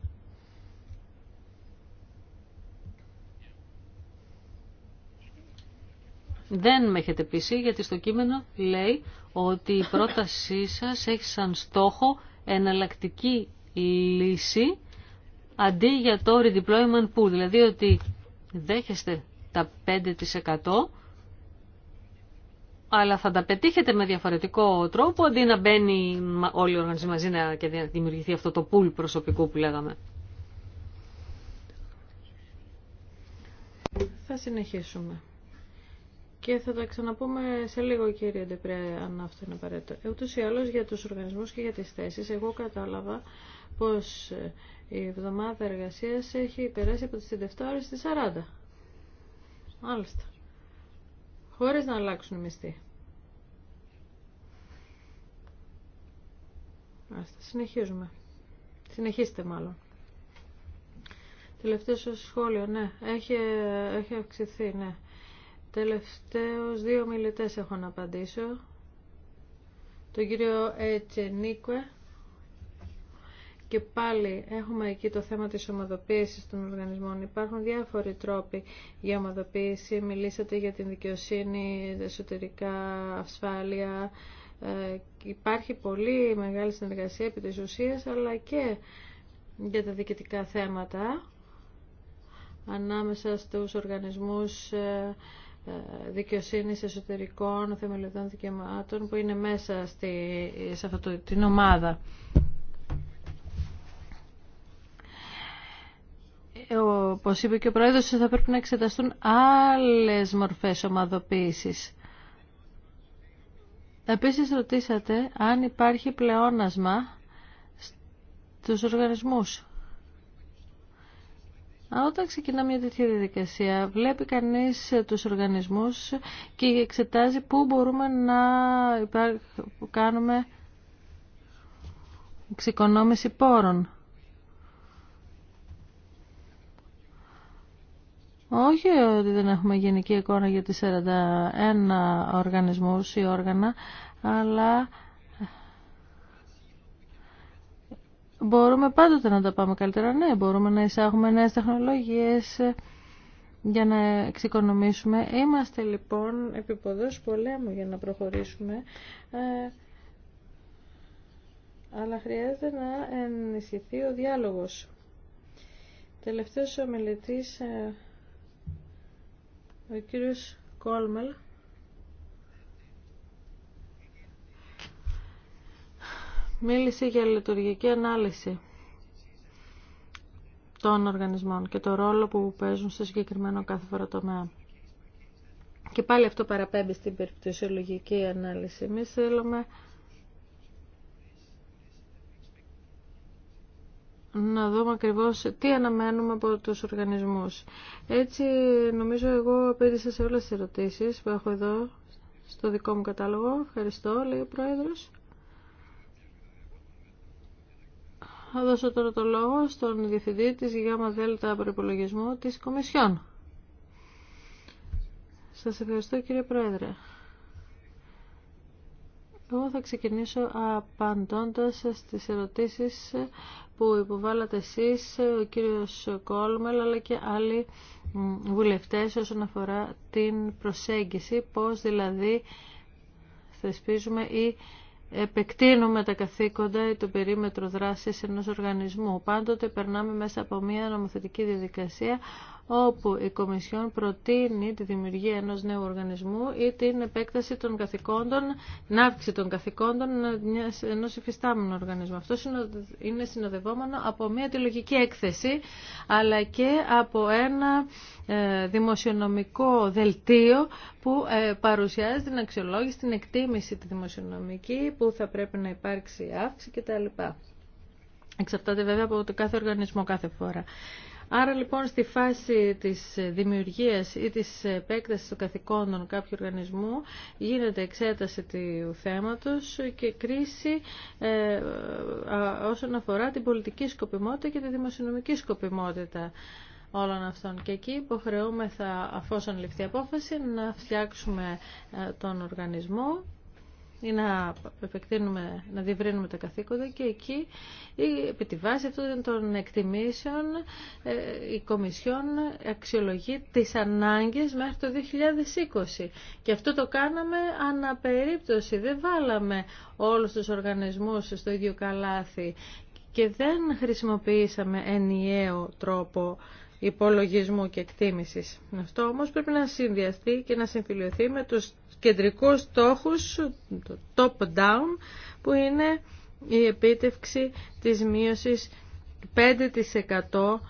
Speaker 1: Δεν με έχετε πείσει γιατί στο κείμενο λέει ότι η πρότασή σας έχει σαν στόχο εναλλακτική λύση αντί για το redeployment pool. Δηλαδή ότι δέχεστε τα 5% αλλά θα τα πετύχετε με διαφορετικό τρόπο αντί να μπαίνει όλοι οι οργανισμοί μαζί να και δημιουργηθεί αυτό το pool προσωπικού που λέγαμε.
Speaker 2: Θα συνεχίσουμε. Και θα τα ξαναπούμε σε λίγο κύριε Ντεπρέ αν αυτό είναι απαραίτητο. Ε, Ούτω ή άλλω για τους οργανισμού και για τις θέσεις εγώ κατάλαβα πως ε, η εβδομάδα εργασία έχει περάσει από τις 7 ώρε στις 40. Μάλιστα. Χωρί να αλλάξουν οι μισθοί. Άστα, συνεχίζουμε. Συνεχίστε μάλλον. Τελευταίο σχόλιο, ναι. Έχει, έχει αυξηθεί, ναι. Τελευταίως, δύο μιλητές έχω να απαντήσω. Το κύριο Ετσενίκουε. Και πάλι έχουμε εκεί το θέμα της ομαδοποίησης των οργανισμών. Υπάρχουν διάφοροι τρόποι για ομαδοποίηση. Μιλήσατε για την δικαιοσύνη, εσωτερικά ασφάλεια. Ε, υπάρχει πολύ μεγάλη συνεργασία επί της ουσίας, αλλά και για τα διοικητικά θέματα ανάμεσα στους οργανισμούς ε, ε, δικαιοσύνης εσωτερικών θεμελιωδών δικαιωμάτων που είναι μέσα στη, σε αυτή την ομάδα. Ε, Όπω είπε και ο Πρόεδρος, θα πρέπει να εξεταστούν άλλες μορφές ομαδοποίησης. Επίσης ρωτήσατε αν υπάρχει πλεόνασμα στους οργανισμούς. Όταν ξεκινά μια τέτοια διαδικασία, βλέπει κανείς τους οργανισμούς και εξετάζει πού μπορούμε να κάνουμε εξοικονόμηση πόρων. Όχι ότι δεν έχουμε γενική εικόνα για τις 41 οργανισμούς ή όργανα, αλλά Μπορούμε πάντοτε να τα πάμε καλύτερα. Ναι, μπορούμε να εισάγουμε νέες τεχνολογίες για να εξοικονομήσουμε. Είμαστε λοιπόν επιποδός πολέμου για να προχωρήσουμε. Ε, αλλά χρειάζεται να ενισχυθεί ο διάλογος. Τελευταίος ο μιλητής, ε, ο κύριος Κόλμελ, μίλησε για λειτουργική ανάλυση των οργανισμών και το ρόλο που παίζουν στο συγκεκριμένο κάθε φορά τομέα. Και πάλι αυτό παραπέμπει στην περιπτωσιολογική ανάλυση. Εμεί θέλουμε να δούμε ακριβώς τι αναμένουμε από τους οργανισμούς. Έτσι, νομίζω εγώ απέντησα σε όλες τις ερωτήσεις που έχω εδώ στο δικό μου κατάλογο. Ευχαριστώ, λέει ο Πρόεδρος. Θα δώσω τώρα το λόγο στον Διευθυντή της ΓΙΓΑΜΑ ΔΕΛΤΑ Προπολογισμού της Κομισιόν. Σας ευχαριστώ κύριε Πρόεδρε. Εγώ θα ξεκινήσω απαντώντας στις ερωτήσεις που υποβάλατε εσείς, ο κύριος Κόλμελ, αλλά και άλλοι βουλευτές όσον αφορά την προσέγγιση, πώς δηλαδή θεσπίζουμε ή επεκτείνουμε τα καθήκοντα ή τον περίμετρο δράσης ενός οργανισμού. Πάντοτε περνάμε μέσα από μια νομοθετική διαδικασία όπου η Κομισιόν προτείνει τη δημιουργία ενός νέου οργανισμού ή την επέκταση των καθηκόντων, την αύξηση των καθηκόντων ενός υφιστάμενου οργανισμού. Αυτό είναι συνοδευόμενο από μια τελογική έκθεση, αλλά και από ένα ε, δημοσιονομικό δελτίο που ε, παρουσιάζει την αξιολόγηση, την εκτίμηση τη δημοσιονομική, που θα πρέπει να υπάρξει αύξηση κτλ. Εξαρτάται βέβαια από το κάθε οργανισμό κάθε φορά. Άρα λοιπόν στη φάση της δημιουργίας ή της επέκτασης των καθηκόντων κάποιου οργανισμού γίνεται εξέταση του θέματος και κρίση ε, όσον αφορά την πολιτική σκοπιμότητα και τη δημοσιονομική σκοπιμότητα όλων αυτών. Και εκεί υποχρεούμεθα, αφόσον ληφθεί απόφαση, να φτιάξουμε ε, τον οργανισμό ή να επεκτείνουμε, να διευρύνουμε τα καθήκοντα και εκεί επί τη βάση αυτών των εκτιμήσεων ε, η Κομισιόν αξιολογεί τις ανάγκες μέχρι το 2020 και αυτό το κάναμε αναπερίπτωση, δεν βάλαμε όλους τους οργανισμούς στο ίδιο καλάθι και δεν χρησιμοποιήσαμε ενιαίο τρόπο υπολογισμού και εκτίμησης. Αυτό όμως πρέπει να συνδυαστεί και να συμφιλειωθεί με τους κεντρικούς στόχους, το top-down, που είναι η επίτευξη της μείωσης 5%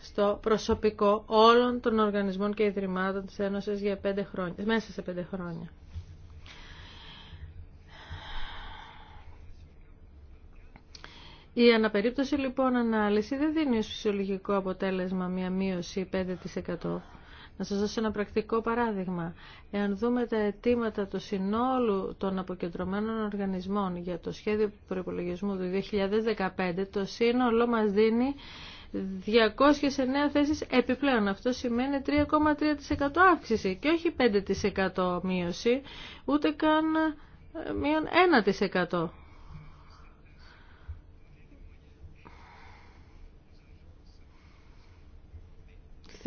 Speaker 2: στο προσωπικό όλων των οργανισμών και ιδρυμάτων της Ένωσης για 5 χρόνια, μέσα σε 5 χρόνια. Η αναπερίπτωση λοιπόν ανάλυση δεν δίνει ως φυσιολογικό αποτέλεσμα μια μείωση 5%. Να σας δώσω ένα πρακτικό παράδειγμα. Εάν δούμε τα αιτήματα του συνόλου των αποκεντρωμένων οργανισμών για το σχέδιο προϋπολογισμού του 2015, το σύνολο μας δίνει 209 θέσεις επιπλέον. Αυτό σημαίνει 3,3% αύξηση και όχι 5% μείωση, ούτε καν ε, μείον 1%.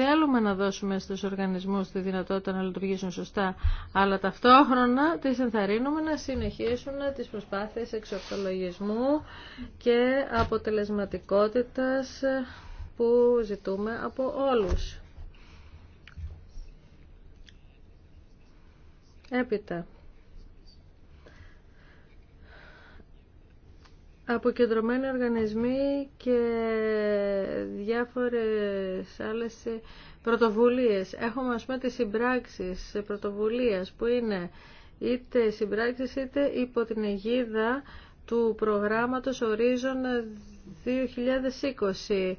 Speaker 2: θέλουμε να δώσουμε στους οργανισμούς τη δυνατότητα να λειτουργήσουν σωστά, αλλά ταυτόχρονα τις ενθαρρύνουμε να συνεχίσουν τις προσπάθειες εξορθολογισμού και αποτελεσματικότητας που ζητούμε από όλους. Έπειτα. αποκεντρωμένοι οργανισμοί και διάφορες άλλες πρωτοβουλίες. Έχουμε ας πούμε τις συμπράξεις πρωτοβουλίας που είναι είτε συμπράξεις είτε υπό την αιγίδα του προγράμματος Horizon 2020,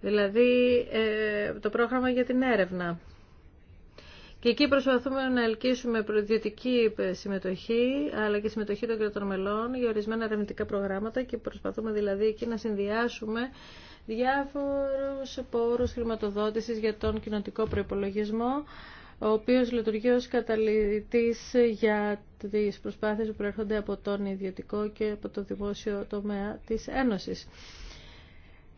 Speaker 2: δηλαδή ε, το πρόγραμμα για την έρευνα. Και εκεί προσπαθούμε να ελκύσουμε προδιωτική συμμετοχή, αλλά και συμμετοχή των κρατών μελών για ορισμένα ερευνητικά προγράμματα και προσπαθούμε δηλαδή εκεί να συνδυάσουμε διάφορους πόρους χρηματοδότησης για τον κοινοτικό προϋπολογισμό, ο οποίος λειτουργεί ως καταλητής για τις προσπάθειες που προέρχονται από τον ιδιωτικό και από το δημόσιο τομέα της Ένωσης.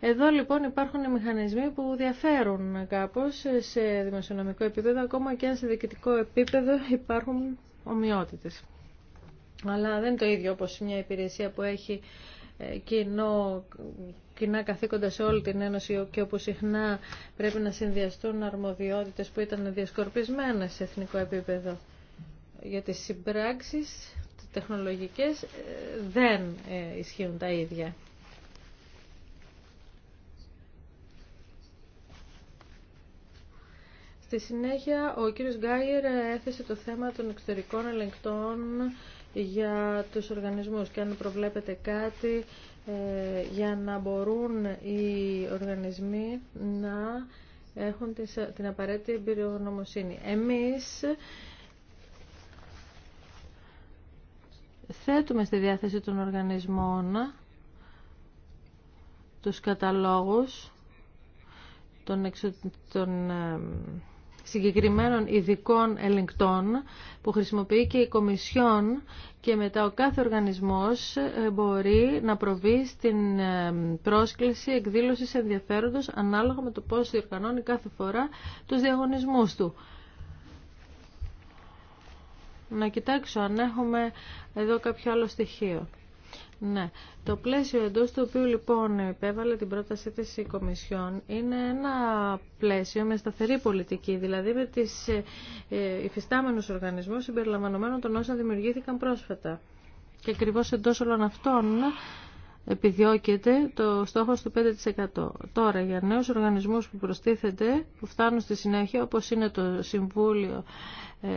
Speaker 2: Εδώ λοιπόν υπάρχουν μηχανισμοί που διαφέρουν κάπως σε δημοσιονομικό επίπεδο, ακόμα και αν σε διοικητικό επίπεδο υπάρχουν ομοιότητες. Αλλά δεν είναι το ίδιο όπως μια υπηρεσία που έχει ε, κοινά καθήκοντα σε όλη την Ένωση και όπου συχνά πρέπει να συνδυαστούν αρμοδιότητες που ήταν διασκορπισμένες σε εθνικό επίπεδο για τις συμπράξεις τεχνολογικές ε, δεν ε, ισχύουν τα ίδια. Στη συνέχεια, ο κύριος Γκάιερ έθεσε το θέμα των εξωτερικών ελεγκτών για τους οργανισμούς και αν προβλέπετε κάτι ε, για να μπορούν οι οργανισμοί να έχουν την απαραίτητη εμπειρογνωμοσύνη. Εμείς θέτουμε στη διάθεση των οργανισμών τους καταλόγους των, εξω... των ε, συγκεκριμένων ειδικών ελεγκτών που χρησιμοποιεί και η Κομισιόν και μετά ο κάθε οργανισμός ε, μπορεί να προβεί στην ε, πρόσκληση εκδήλωσης ενδιαφέροντος ανάλογα με το πώς διοργανώνει κάθε φορά τους διαγωνισμούς του. Να κοιτάξω αν έχουμε εδώ κάποιο άλλο στοιχείο. Ναι. Το πλαίσιο εντό του οποίου λοιπόν υπέβαλε την πρότασή της η Κομισιόν είναι ένα πλαίσιο με σταθερή πολιτική, δηλαδή με τις ε, ε, υφιστάμενους οργανισμούς συμπεριλαμβανομένων των όσων δημιουργήθηκαν πρόσφατα. Και ακριβώ εντό όλων αυτών επιδιώκεται το στόχο του 5%. Τώρα, για νέους οργανισμούς που προστίθεται, που φτάνουν στη συνέχεια, όπως είναι το Συμβούλιο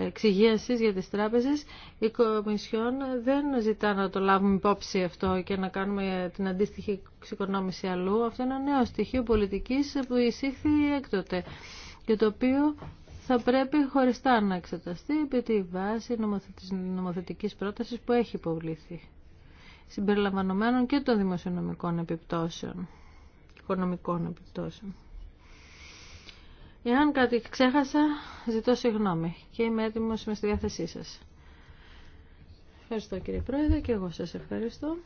Speaker 2: Εξυγίασης για τις Τράπεζες, η Κομισιόν δεν ζητά να το λάβουμε υπόψη αυτό και να κάνουμε την αντίστοιχη εξοικονόμηση αλλού. Αυτό είναι ένα νέο στοιχείο πολιτικής που εισήχθη έκτοτε και το οποίο θα πρέπει χωριστά να εξεταστεί επί τη βάση νομοθετικής πρότασης που έχει υποβληθεί συμπεριλαμβανομένων και των δημοσιονομικών επιπτώσεων, οικονομικών επιπτώσεων. Εάν κάτι ξέχασα, ζητώ συγγνώμη και είμαι έτοιμος, με στη διάθεσή σας. Ευχαριστώ κύριε Πρόεδρε και εγώ σας ευχαριστώ.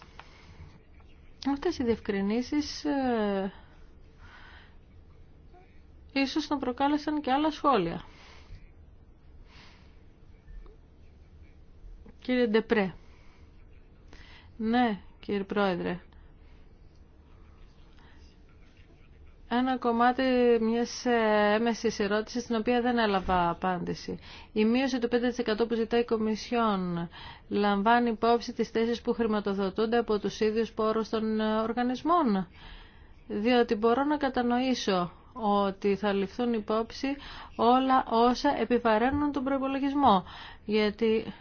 Speaker 2: Αυτές οι διευκρινήσεις ε, ίσως να προκάλεσαν και άλλα σχόλια. Κύριε Ντεπρέ. Ναι, κύριε Πρόεδρε. Ένα κομμάτι μιας ε, έμεσης ερώτησης, στην οποία δεν έλαβα απάντηση. Η μείωση του 5% που ζητάει η Κομισιόν λαμβάνει υπόψη τις θέσεις που χρηματοδοτούνται από τους ίδιους πόρους των ε, οργανισμών. Διότι μπορώ να κατανοήσω ότι θα ληφθούν υπόψη όλα όσα επιβαραίνουν τον προπολογισμό. Γιατί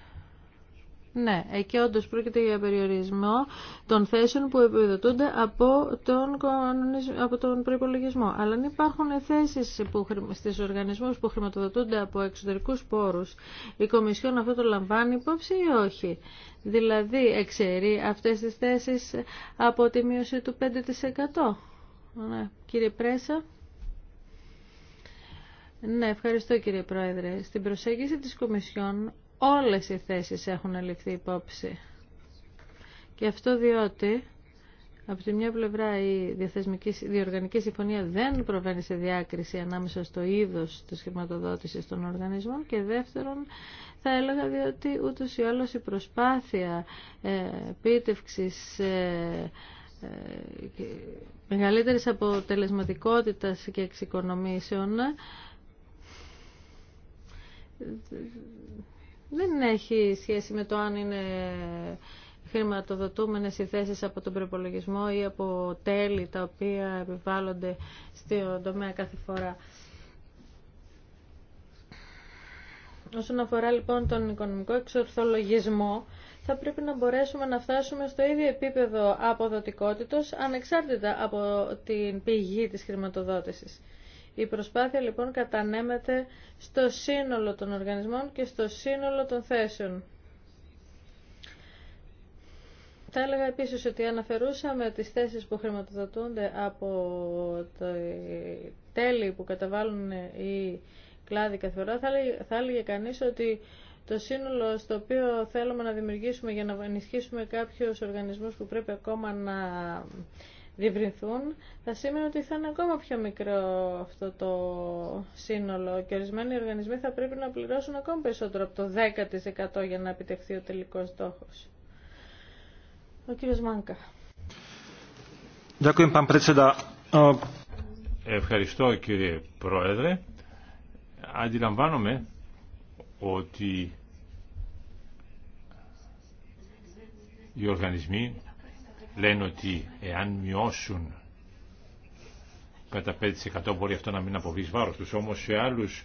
Speaker 2: ναι, εκεί όντω πρόκειται για περιορισμό των θέσεων που επιδοτούνται από τον, από τον προπολογισμό. Αλλά αν υπάρχουν θέσει στι οργανισμού που χρηματοδοτούνται από εξωτερικού πόρου, η Κομισιόν αυτό το λαμβάνει υπόψη ή όχι. Δηλαδή, εξαιρεί αυτέ τι θέσει από τη μείωση του 5%. Ναι, κύριε Πρέσα. Ναι, ευχαριστώ κύριε Πρόεδρε. Στην προσέγγιση της Κομισιόν όλες οι θέσεις έχουν ληφθεί υπόψη. Και αυτό διότι από τη μια πλευρά η διαθεσμική, διοργανική συμφωνία δεν προβαίνει σε διάκριση ανάμεσα στο είδος της χρηματοδότησης των οργανισμών και δεύτερον θα έλεγα διότι ούτως ή άλλως η προσπάθεια ε, επίτευξης ε, ε, μεγαλύτερης αποτελεσματικότητας και εξοικονομήσεων δεν έχει σχέση με το αν είναι χρηματοδοτούμενες οι θέσεις από τον προπολογισμό ή από τέλη τα οποία επιβάλλονται στον τομέα κάθε φορά. Όσον αφορά λοιπόν τον οικονομικό εξορθολογισμό, θα πρέπει να μπορέσουμε να φτάσουμε στο ίδιο επίπεδο αποδοτικότητος ανεξάρτητα από την πηγή της χρηματοδότησης. Η προσπάθεια λοιπόν κατανέμεται στο σύνολο των οργανισμών και στο σύνολο των θέσεων. Θα έλεγα επίσης ότι αναφερούσαμε τις θέσεις που χρηματοδοτούνται από τα τέλη που καταβάλουν οι κλάδοι καθορά. Θα, θα έλεγε κανείς ότι το σύνολο στο οποίο θέλουμε να δημιουργήσουμε για να ενισχύσουμε κάποιους οργανισμούς που πρέπει ακόμα να διευρυνθούν, θα σήμαινε ότι θα είναι ακόμα πιο μικρό αυτό το σύνολο και ορισμένοι οργανισμοί θα πρέπει να πληρώσουν ακόμα περισσότερο από το 10% για να επιτευχθεί ο τελικός στόχος. Ο κύριος Μάνκα.
Speaker 3: Ε, Ευχαριστώ κύριε Πρόεδρε. Αντιλαμβάνομαι ότι οι οργανισμοί λένε ότι εάν μειώσουν κατά 5% μπορεί αυτό να μην αποβεί βάρος τους, όμως σε άλλους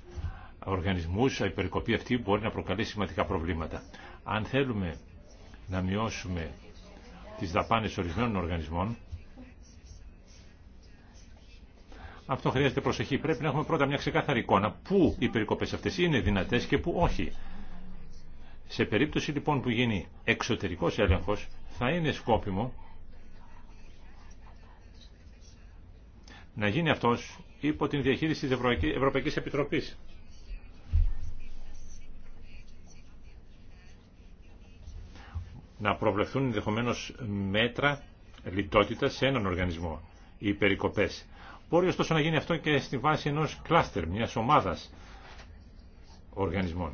Speaker 3: οργανισμούς η περικοπή αυτή μπορεί να προκαλεί σημαντικά προβλήματα. Αν θέλουμε να μειώσουμε τις δαπάνες ορισμένων οργανισμών, αυτό χρειάζεται προσοχή. Πρέπει να έχουμε πρώτα μια ξεκάθαρη εικόνα πού οι περικοπές αυτές είναι δυνατές και πού όχι. Σε περίπτωση λοιπόν που γίνει εξωτερικός έλεγχος θα είναι σκόπιμο να γίνει αυτός υπό την διαχείριση της Ευρωπαϊκής Επιτροπής. Να προβλεφθούν ενδεχομένω μέτρα λιτότητα σε έναν οργανισμό, ή περικοπές. Μπορεί ωστόσο να γίνει αυτό και στη βάση ενός κλάστερ, μιας ομάδας οργανισμών.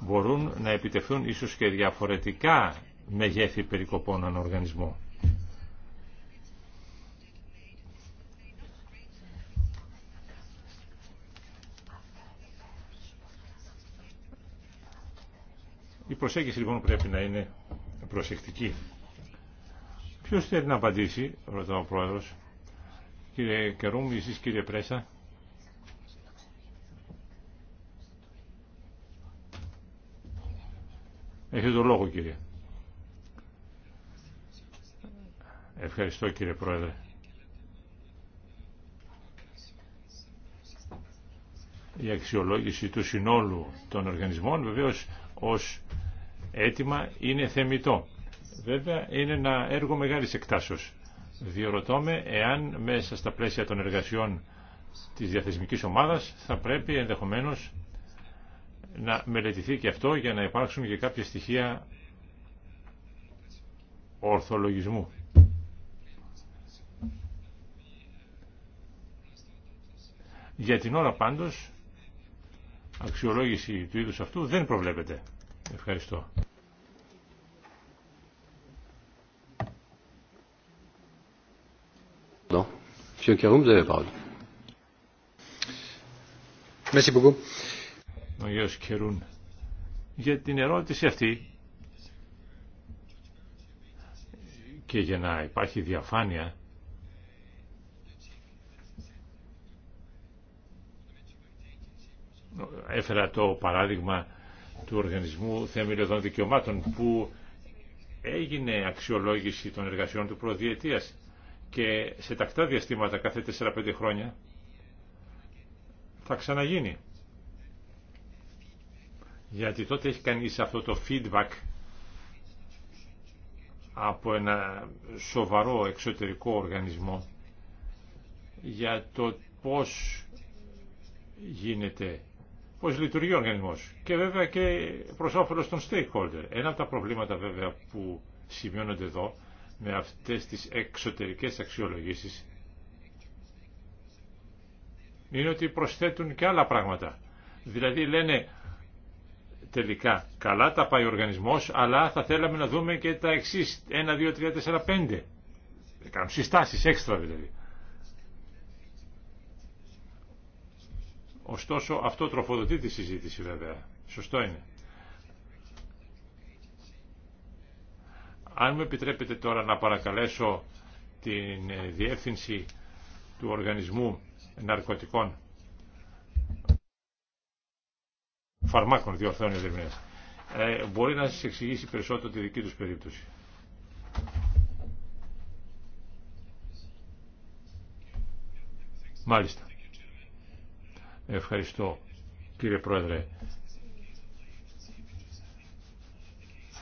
Speaker 3: Μπορούν να επιτευχθούν ίσως και διαφορετικά μεγέθη περικοπών ανά οργανισμό. Η προσέγγιση λοιπόν πρέπει να είναι προσεκτική. Ποιο θέλει να απαντήσει, ρωτά ο πρόεδρο. Κύριε Κερούμ, εσεί κύριε Πρέσα. Έχετε το λόγο κύριε. Ευχαριστώ κύριε Πρόεδρε. Η αξιολόγηση του συνόλου των οργανισμών βεβαίως ως αίτημα είναι θεμητό. Βέβαια είναι ένα έργο μεγάλης εκτάσεως. Διορωτώ εάν μέσα στα πλαίσια των εργασιών της διαθεσμικής ομάδας θα πρέπει ενδεχομένως να μελετηθεί και αυτό για να υπάρξουν και κάποια στοιχεία ορθολογισμού. Για την ώρα πάντως αξιολόγηση του είδους αυτού δεν προβλέπεται. Ευχαριστώ. Ο Monsieur Κερούν. Για την ερώτηση αυτή και για να υπάρχει διαφάνεια Έφερα το παράδειγμα του Οργανισμού Θεμελιωδών Δικαιωμάτων που έγινε αξιολόγηση των εργασιών του προδιετίας και σε τακτά διαστήματα κάθε 4-5 χρόνια θα ξαναγίνει. Γιατί τότε έχει κανεί αυτό το feedback από ένα σοβαρό εξωτερικό οργανισμό για το πώς γίνεται πώ λειτουργεί ο οργανισμό. και βέβαια και προ όφελο των stakeholder. Ένα από τα προβλήματα βέβαια που σημειώνονται εδώ με αυτέ τι εξωτερικέ αξιολογήσει, είναι ότι προσθέτουν και άλλα πράγματα. Δηλαδή λένε τελικά καλά τα πάει ο οργανισμός αλλά θα θέλαμε να δούμε και τα εξής 1, 2, 3, 4, 5 κάνουν συστάσεις έξτρα δηλαδή. Ωστόσο αυτό τροφοδοτεί τη συζήτηση βέβαια. Σωστό είναι. Αν με επιτρέπετε τώρα να παρακαλέσω την διεύθυνση του Οργανισμού Ναρκωτικών Φαρμάκων διορθώνει ο Ε, μπορεί να σας εξηγήσει περισσότερο τη δική τους περίπτωση. Μάλιστα. Ευχαριστώ κύριε Πρόεδρε.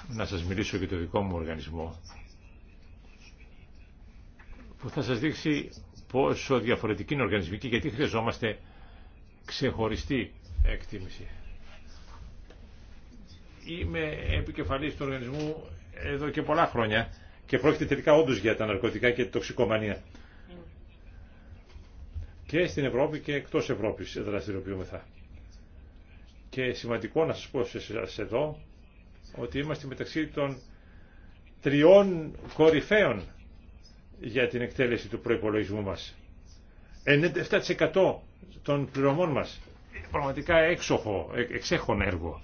Speaker 3: Να σας μιλήσω για το δικό μου οργανισμό που θα σας δείξει πόσο διαφορετική είναι οργανισμική και γιατί χρειαζόμαστε ξεχωριστή εκτίμηση. Είμαι επικεφαλής του οργανισμού εδώ και πολλά χρόνια και πρόκειται τελικά όντως για τα ναρκωτικά και τοξικομανία και στην Ευρώπη και εκτός Ευρώπης δραστηριοποιούμεθα. Και σημαντικό να σας πω σε εσάς εδώ ότι είμαστε μεταξύ των τριών κορυφαίων για την εκτέλεση του προϋπολογισμού μας. 97% των πληρωμών μας. Πραγματικά έξοχο, ε, εξέχον έργο.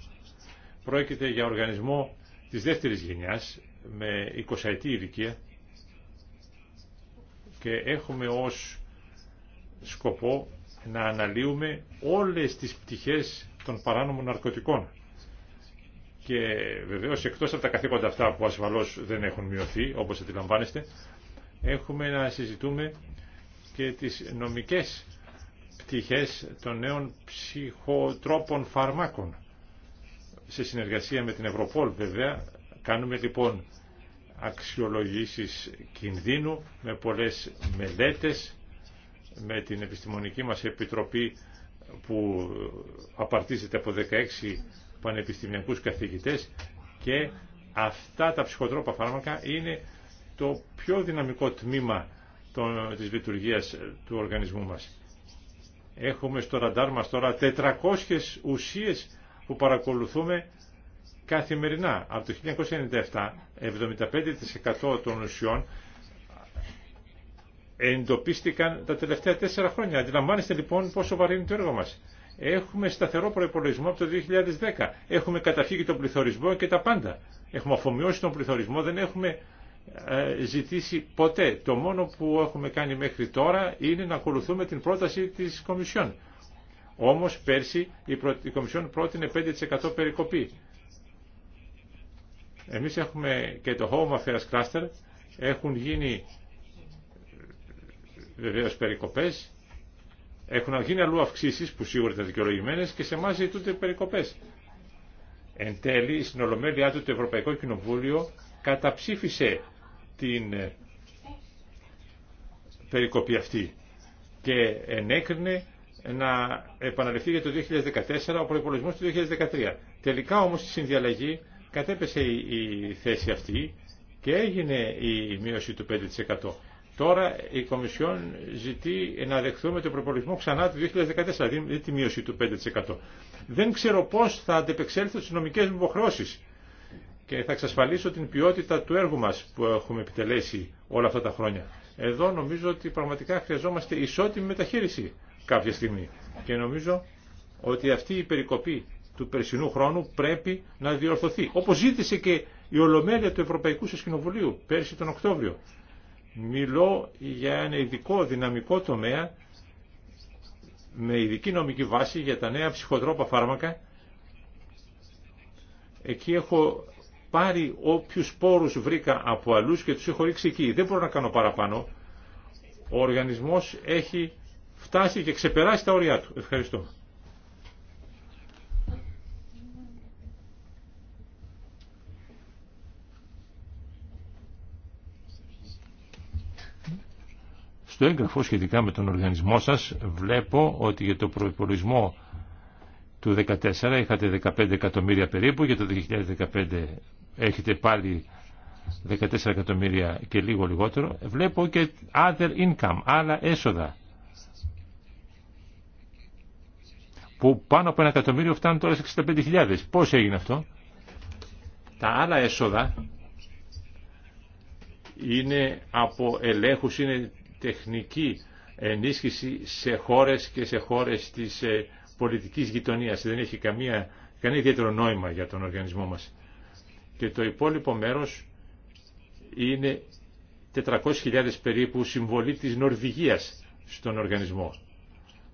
Speaker 3: Πρόκειται για οργανισμό της δεύτερης γενιάς με 20 ετή ηλικία και έχουμε ως σκοπό να αναλύουμε όλες τις πτυχές των παράνομων ναρκωτικών. Και βεβαίως εκτός από τα καθήκοντα αυτά που ασφαλώς δεν έχουν μειωθεί, όπως αντιλαμβάνεστε, έχουμε να συζητούμε και τις νομικές πτυχές των νέων ψυχοτρόπων φαρμάκων. Σε συνεργασία με την Ευρωπόλ βέβαια κάνουμε λοιπόν αξιολογήσεις κινδύνου με πολλές μελέτες με την επιστημονική μας επιτροπή που απαρτίζεται από 16 πανεπιστημιακούς καθηγητές και αυτά τα ψυχοτρόπα φάρμακα είναι το πιο δυναμικό τμήμα των, της λειτουργίας του οργανισμού μας. Έχουμε στο ραντάρ μας τώρα 400 ουσίες που παρακολουθούμε καθημερινά. Από το 1997, 75% των ουσιών εντοπίστηκαν τα τελευταία τέσσερα χρόνια. Αντιλαμβάνεστε λοιπόν πόσο βαρύ είναι το έργο μας. Έχουμε σταθερό προπολογισμό από το 2010. Έχουμε καταφύγει τον πληθωρισμό και τα πάντα. Έχουμε αφομοιώσει τον πληθωρισμό, δεν έχουμε ε, ζητήσει ποτέ. Το μόνο που έχουμε κάνει μέχρι τώρα είναι να ακολουθούμε την πρόταση της Κομισιόν. Όμως πέρσι η Κομισιόν πρότεινε 5% περικοπή. Εμείς έχουμε και το Home Affairs Cluster, έχουν γίνει βεβαίως περικοπές. Έχουν γίνει αλλού αυξήσει που σίγουρα ήταν δικαιολογημένες και σε εμά ζητούνται περικοπές. Εν τέλει, στην συνολομέλειά του το Ευρωπαϊκό Κοινοβούλιο καταψήφισε την ε, περικοπή αυτή και ενέκρινε να επαναληφθεί για το 2014 ο προπολογισμό του 2013. Τελικά όμως στη συνδιαλλαγή κατέπεσε η θέση αυτή και έγινε η μείωση του 5%. Τώρα η Κομισιόν ζητεί να δεχθούμε τον προπολογισμό ξανά το 2014, δηλαδή, δηλαδή τη μείωση του 5%. Δεν ξέρω πώ θα αντεπεξέλθω στι νομικέ μου υποχρεώσει και θα εξασφαλίσω την ποιότητα του έργου μα που έχουμε επιτελέσει όλα αυτά τα χρόνια. Εδώ νομίζω ότι πραγματικά χρειαζόμαστε ισότιμη μεταχείριση κάποια στιγμή και νομίζω ότι αυτή η περικοπή του περσινού χρόνου πρέπει να διορθωθεί. Όπω ζήτησε και η Ολομέλεια του Ευρωπαϊκού Συσκηνοβουλίου πέρσι τον Οκτώβριο μιλώ για ένα ειδικό δυναμικό τομέα με ειδική νομική βάση για τα νέα ψυχοτρόπα φάρμακα. Εκεί έχω πάρει όποιους πόρους βρήκα από αλλούς και τους έχω ρίξει εκεί. Δεν μπορώ να κάνω παραπάνω. Ο οργανισμός έχει φτάσει και ξεπεράσει τα όρια του. Ευχαριστώ. Στο έγγραφο σχετικά με τον οργανισμό σας βλέπω ότι για το προϋπολογισμό του 2014 είχατε 15 εκατομμύρια περίπου, για το 2015 έχετε πάλι 14 εκατομμύρια και λίγο λιγότερο. Βλέπω και other income, άλλα έσοδα, που πάνω από ένα εκατομμύριο φτάνουν τώρα σε 65.000. Πώς έγινε αυτό? Τα άλλα έσοδα είναι από ελέγχους, είναι τεχνική ενίσχυση σε χώρες και σε χώρες της ε, πολιτικής γειτονίας. Δεν έχει καμία, κανένα ιδιαίτερο νόημα για τον οργανισμό μας. Και το υπόλοιπο μέρος είναι 400.000 περίπου συμβολή της Νορβηγίας στον οργανισμό,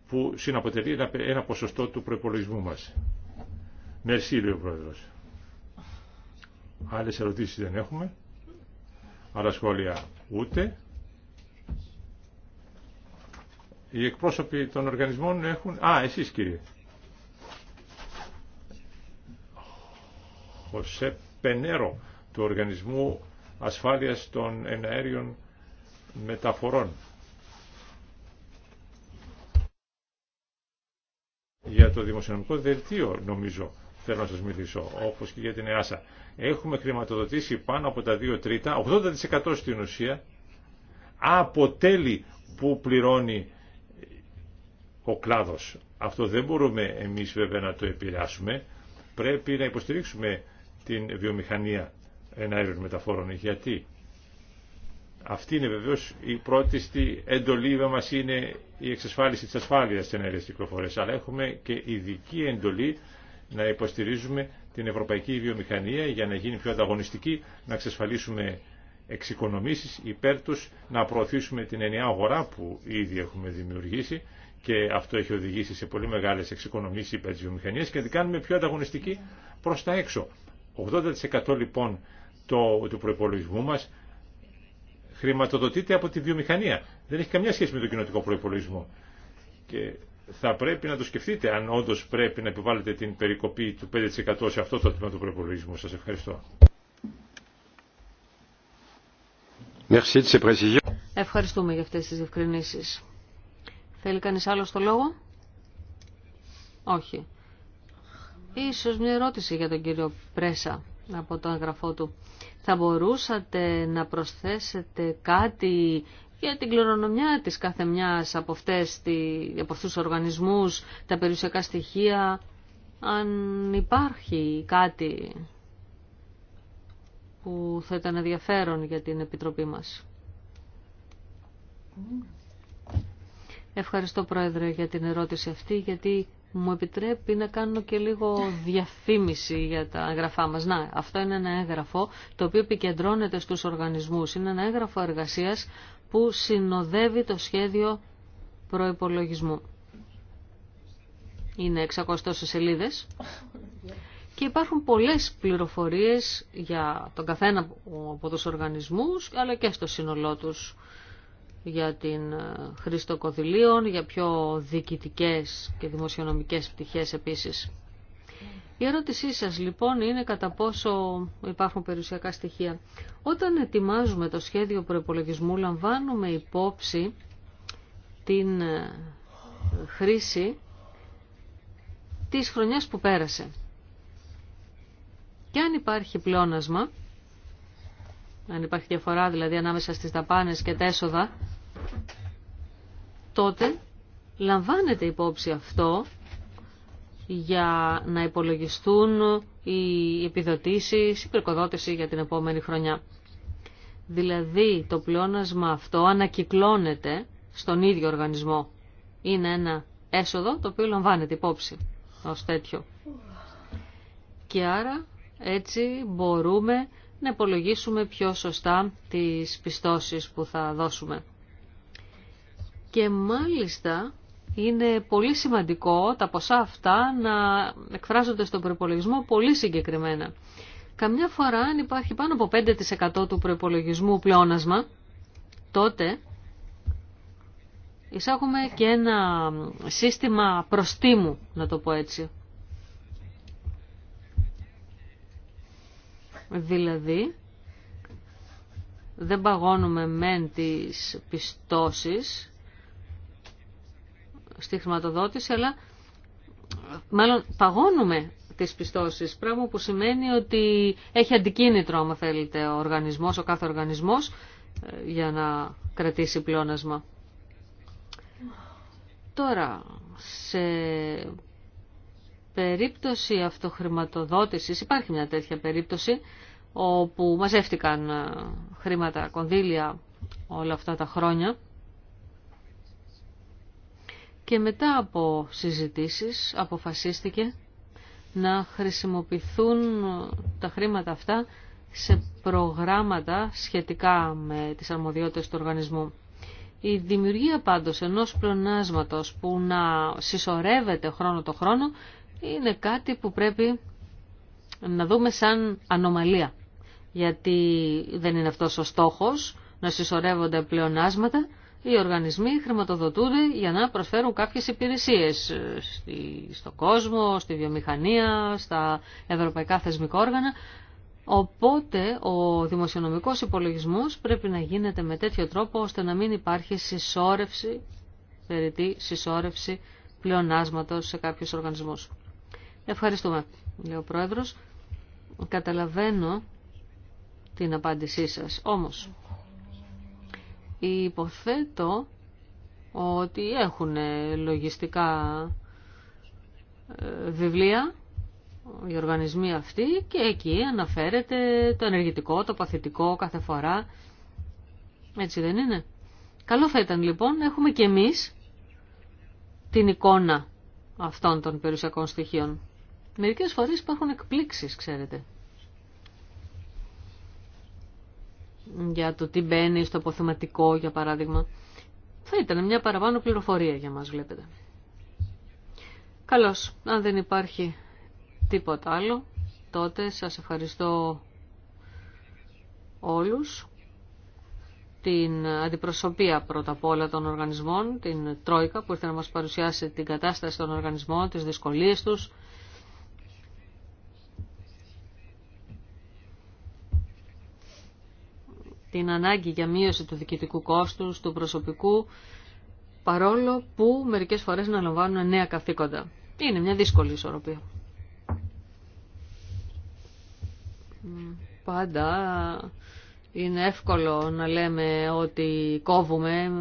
Speaker 3: που συναποτελεί ένα ποσοστό του προπολογισμού μας. Μερσίλιο, Πρόεδρος. Άλλες ερωτήσεις δεν έχουμε, άλλα σχόλια ούτε. Οι εκπρόσωποι των οργανισμών έχουν... Α, εσείς κύριε. Χωσέ Πενέρο του Οργανισμού Ασφάλειας των Εναέριων Μεταφορών. Για το δημοσιονομικό δελτίο νομίζω θέλω να σας μιλήσω, όπως και για την ΕΑΣΑ. Έχουμε χρηματοδοτήσει πάνω από τα 2 τρίτα, 80% στην ουσία, από τέλη που πληρώνει ο κλάδος. Αυτό δεν μπορούμε εμείς βέβαια να το επηρεάσουμε. Πρέπει να υποστηρίξουμε την βιομηχανία εναέριων μεταφόρων. Γιατί αυτή είναι βεβαίως η πρώτη στη εντολή μας είναι η εξασφάλιση της ασφάλειας στην αέριες κυκλοφορές. Αλλά έχουμε και ειδική εντολή να υποστηρίζουμε την ευρωπαϊκή βιομηχανία για να γίνει πιο ανταγωνιστική, να εξασφαλίσουμε εξοικονομήσεις υπέρ τους, να προωθήσουμε την ενιαία αγορά που ήδη έχουμε δημιουργήσει και αυτό έχει οδηγήσει σε πολύ μεγάλες εξοικονομήσεις υπέρ της βιομηχανίας και να την κάνουμε πιο ανταγωνιστική προς τα έξω. 80% λοιπόν το, του προπολογισμού μας χρηματοδοτείται από τη βιομηχανία. Δεν έχει καμιά σχέση με τον κοινοτικό προπολογισμό. Και θα πρέπει να το σκεφτείτε αν όντω πρέπει να επιβάλλετε την περικοπή του 5% σε αυτό το τμήμα του προπολογισμού. Σας ευχαριστώ.
Speaker 1: Ευχαριστούμε για αυτές τις ευκρινήσεις. Θέλει κανεί άλλο το λόγο? Όχι. Ίσως μια ερώτηση για τον κύριο Πρέσα από τον αγγραφό του. Θα μπορούσατε να προσθέσετε κάτι για την κληρονομιά της κάθε μιας από, αυτές, από αυτούς τους οργανισμούς, τα περιουσιακά στοιχεία, αν υπάρχει κάτι που θα ήταν ενδιαφέρον για την Επιτροπή μας. Mm. Ευχαριστώ Πρόεδρε για την ερώτηση αυτή γιατί μου επιτρέπει να κάνω και λίγο διαφήμιση για τα έγγραφά μας. Να, αυτό είναι ένα έγγραφο το οποίο επικεντρώνεται στους οργανισμούς. Είναι ένα έγγραφο εργασίας που συνοδεύει το σχέδιο προϋπολογισμού. Είναι 600 σελίδες και υπάρχουν πολλές πληροφορίες για τον καθένα από τους οργανισμούς αλλά και στο σύνολό τους για την ε, χρήση για πιο διοικητικές και δημοσιονομικές πτυχές επίσης. Η ερώτησή σας λοιπόν είναι κατά πόσο υπάρχουν περιουσιακά στοιχεία. Όταν ετοιμάζουμε το σχέδιο προϋπολογισμού, λαμβάνουμε υπόψη την ε, χρήση της χρονιάς που πέρασε. Και αν υπάρχει πλεόνασμα, αν υπάρχει διαφορά δηλαδή ανάμεσα στις δαπάνες και τα έσοδα, τότε λαμβάνεται υπόψη αυτό για να υπολογιστούν οι επιδοτήσεις, η προκοδότηση για την επόμενη χρονιά. Δηλαδή το πλεόνασμα αυτό ανακυκλώνεται στον ίδιο οργανισμό. Είναι ένα έσοδο το οποίο λαμβάνεται υπόψη ως τέτοιο. Και άρα έτσι μπορούμε να υπολογίσουμε πιο σωστά τις πιστώσεις που θα δώσουμε και μάλιστα είναι πολύ σημαντικό τα ποσά αυτά να εκφράζονται στον προπολογισμό πολύ συγκεκριμένα. Καμιά φορά αν υπάρχει πάνω από 5% του προπολογισμού πλεόνασμα, τότε εισάγουμε και ένα σύστημα προστίμου, να το πω έτσι. Δηλαδή, δεν παγώνουμε μεν τις πιστώσεις, στη χρηματοδότηση, αλλά μάλλον παγώνουμε τις πιστώσεις, πράγμα που σημαίνει ότι έχει αντικίνητρο, άμα θέλετε, ο οργανισμός, ο κάθε οργανισμός, ε, για να κρατήσει πλώνασμα. Τώρα, σε περίπτωση αυτοχρηματοδότησης, υπάρχει μια τέτοια περίπτωση, όπου μαζεύτηκαν ε, χρήματα, κονδύλια όλα αυτά τα χρόνια, και μετά από συζητήσεις αποφασίστηκε να χρησιμοποιηθούν τα χρήματα αυτά σε προγράμματα σχετικά με τις αρμοδιότητες του οργανισμού. Η δημιουργία πάντως ενός πλονάσματος που να συσσωρεύεται χρόνο το χρόνο είναι κάτι που πρέπει να δούμε σαν ανομαλία. Γιατί δεν είναι αυτός ο στόχος να συσσωρεύονται πλεονάσματα, οι οργανισμοί χρηματοδοτούνται για να προσφέρουν κάποιες υπηρεσίες ε, στο κόσμο, στη βιομηχανία, στα ευρωπαϊκά θεσμικά όργανα. Οπότε ο δημοσιονομικός υπολογισμός πρέπει να γίνεται με τέτοιο τρόπο ώστε να μην υπάρχει συσσόρευση, περιττή συσσόρευση πλεονάσματος σε κάποιους οργανισμούς. Ευχαριστούμε, λέει ο Πρόεδρος. Καταλαβαίνω την απάντησή σας. Όμως, Υποθέτω ότι έχουν λογιστικά ε, βιβλία οι οργανισμοί αυτοί και εκεί αναφέρεται το ενεργητικό, το παθητικό κάθε φορά. Έτσι δεν είναι. Καλό θα ήταν λοιπόν να έχουμε και εμείς την εικόνα αυτών των περιουσιακών στοιχείων. Μερικές φορές υπάρχουν εκπλήξεις, ξέρετε. για το τι μπαίνει στο αποθεματικό, για παράδειγμα. Θα ήταν μια παραπάνω πληροφορία για μας, βλέπετε. Καλώς, αν δεν υπάρχει τίποτα άλλο, τότε σας ευχαριστώ όλους την αντιπροσωπεία πρώτα απ' όλα των οργανισμών, την Τρόικα που ήρθε να μας παρουσιάσει την κατάσταση των οργανισμών, τις δυσκολίες τους, την ανάγκη για μείωση του διοικητικού κόστου, του προσωπικού, παρόλο που μερικές φορές να λαμβάνουν νέα καθήκοντα. Είναι μια δύσκολη ισορροπία. Πάντα είναι εύκολο να λέμε ότι κόβουμε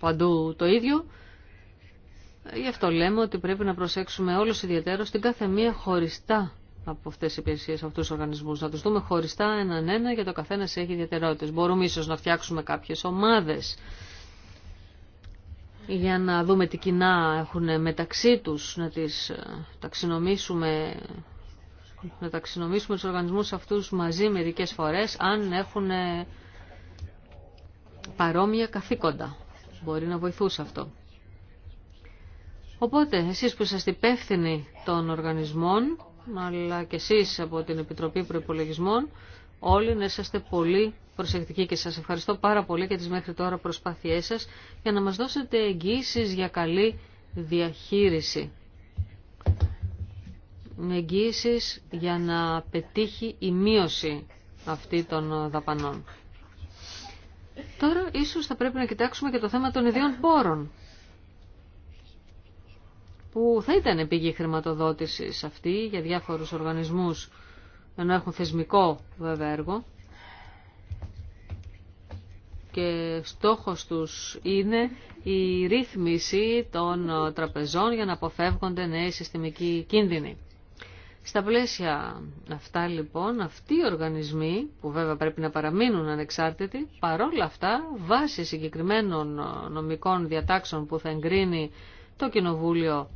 Speaker 1: παντού το ίδιο. Γι' αυτό λέμε ότι πρέπει να προσέξουμε όλους ιδιαίτερως την κάθε μία χωριστά από αυτέ τι υπηρεσίε, από αυτού του οργανισμού. Να του δούμε χωριστά έναν ένα για το καθένα έχει ιδιαιτερότητε. Μπορούμε ίσω να φτιάξουμε κάποιε ομάδε για να δούμε τι κοινά έχουν μεταξύ του να τις ε, ταξινομήσουμε, να ταξινομήσουμε τους οργανισμούς αυτούς μαζί μερικές φορές, αν έχουν ε, παρόμοια καθήκοντα. Μπορεί να βοηθούσε αυτό. Οπότε, εσείς που είστε υπεύθυνοι των οργανισμών, αλλά και εσείς από την Επιτροπή Προϋπολογισμών όλοι να είσαστε πολύ προσεκτικοί και σας ευχαριστώ πάρα πολύ για τις μέχρι τώρα προσπάθειές σας για να μας δώσετε εγγύησει για καλή διαχείριση. Εγγύησει για να πετύχει η μείωση αυτή των δαπανών. Τώρα ίσως θα πρέπει να κοιτάξουμε και το θέμα των ιδιών πόρων που θα ήταν πηγή χρηματοδότησης αυτή για διάφορους οργανισμούς ενώ έχουν θεσμικό βέβαια έργο και στόχος τους είναι η ρύθμιση των τραπεζών για να αποφεύγονται νέοι συστημικοί κίνδυνοι. Στα πλαίσια αυτά λοιπόν, αυτοί οι οργανισμοί που βέβαια πρέπει να παραμείνουν ανεξάρτητοι, παρόλα αυτά βάσει συγκεκριμένων νομικών διατάξεων που θα εγκρίνει το Κοινοβούλιο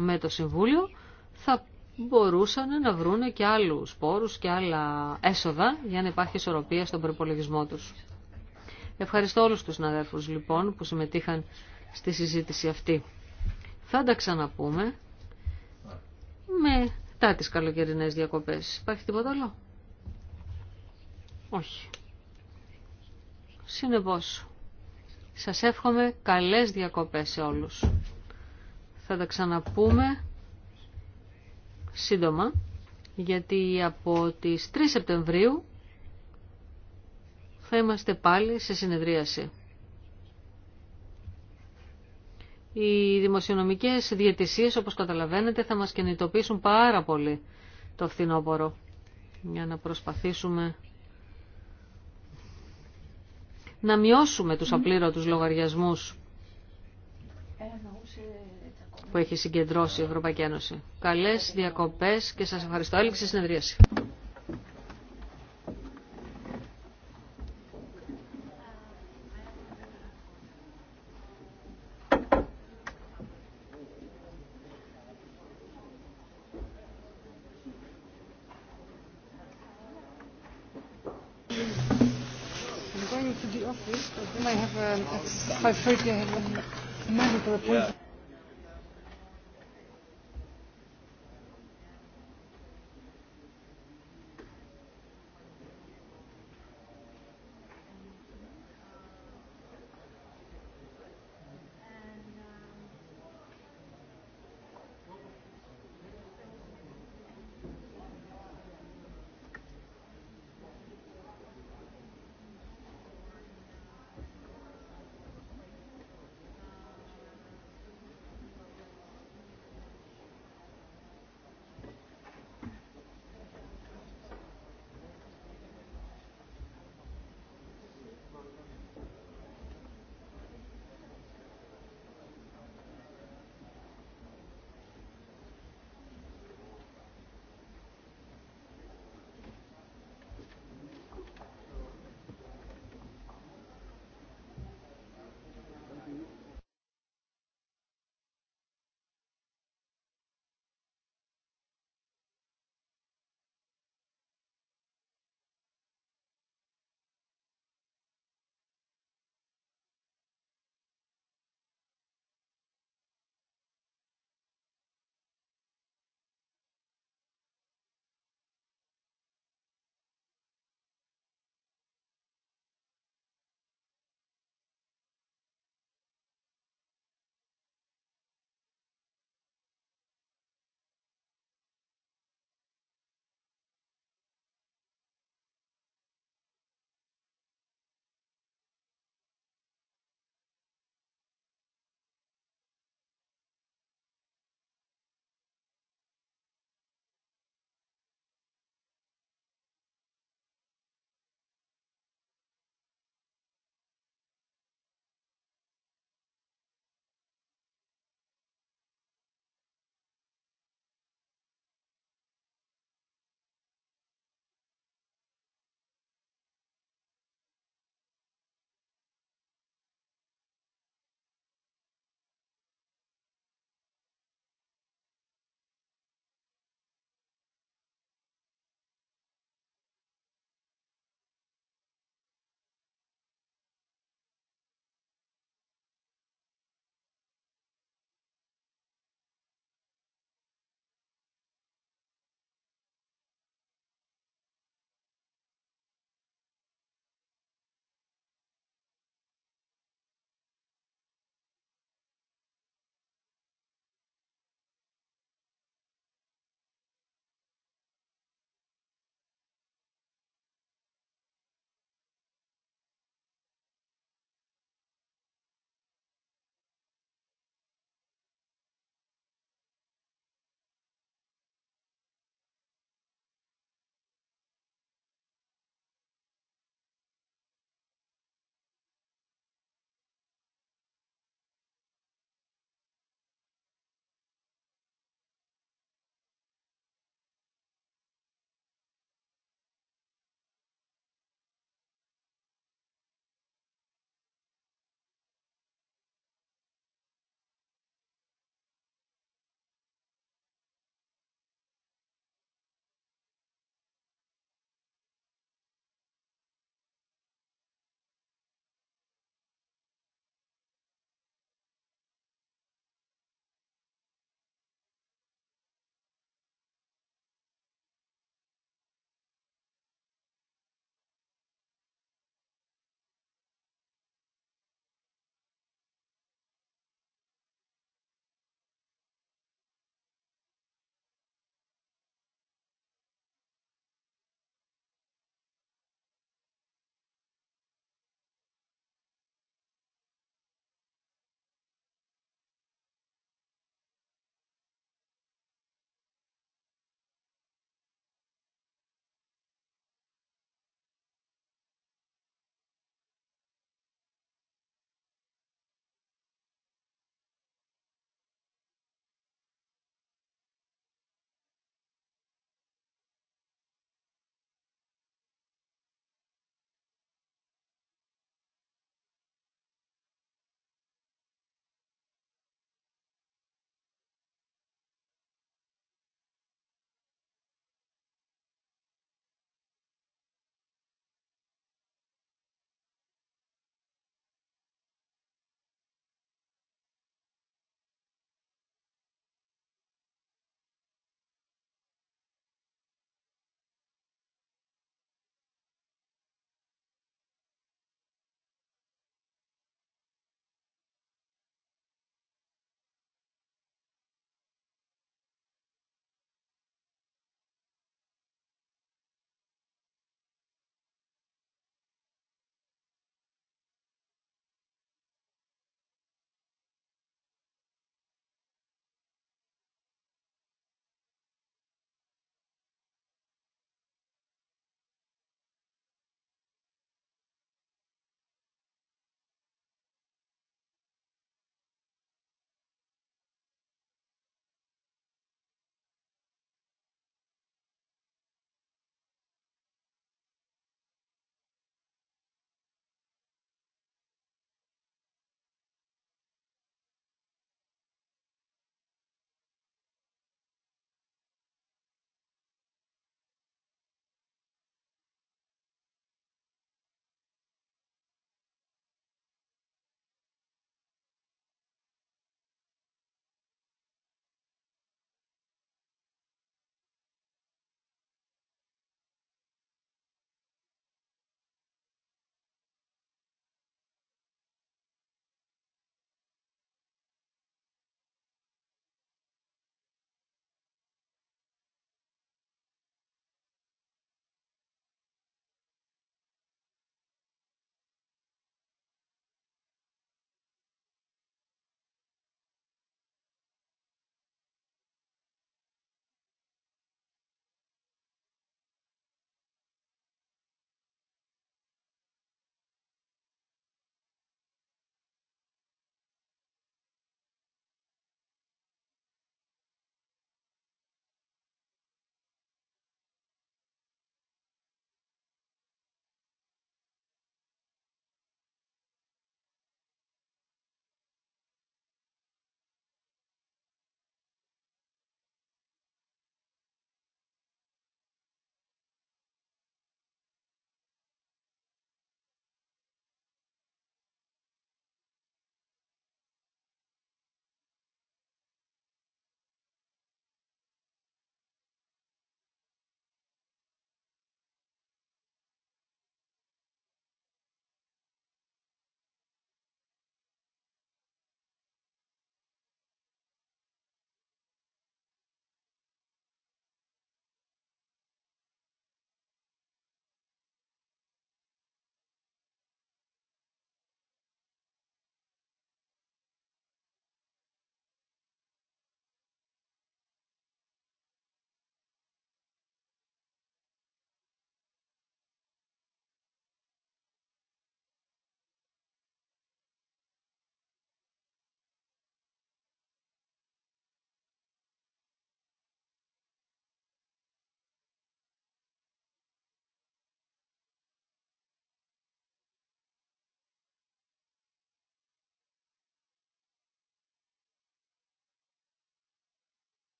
Speaker 1: με το Συμβούλιο θα μπορούσαν να βρούνε και άλλους πόρους και άλλα έσοδα για να υπάρχει ισορροπία στον προπολογισμό τους. Ευχαριστώ όλους τους συναδέλφους λοιπόν που συμμετείχαν στη συζήτηση αυτή. Θα τα ξαναπούμε μετά τις καλοκαιρινές διακοπές. Υπάρχει τίποτα άλλο? Όχι. Συνεπώς, σας εύχομαι καλές διακοπές σε όλους. Θα τα ξαναπούμε σύντομα, γιατί από τις 3 Σεπτεμβρίου θα είμαστε πάλι σε συνεδρίαση. Οι δημοσιονομικές διαιτησίες, όπως καταλαβαίνετε, θα μας κινητοποιήσουν πάρα πολύ το φθινόπωρο για να προσπαθήσουμε να μειώσουμε τους απλήρωτους λογαριασμούς που έχει συγκεντρώσει η Ευρωπαϊκή Ένωση. Καλές διακοπές και σας ευχαριστώ. άλλη συνεδρίαση.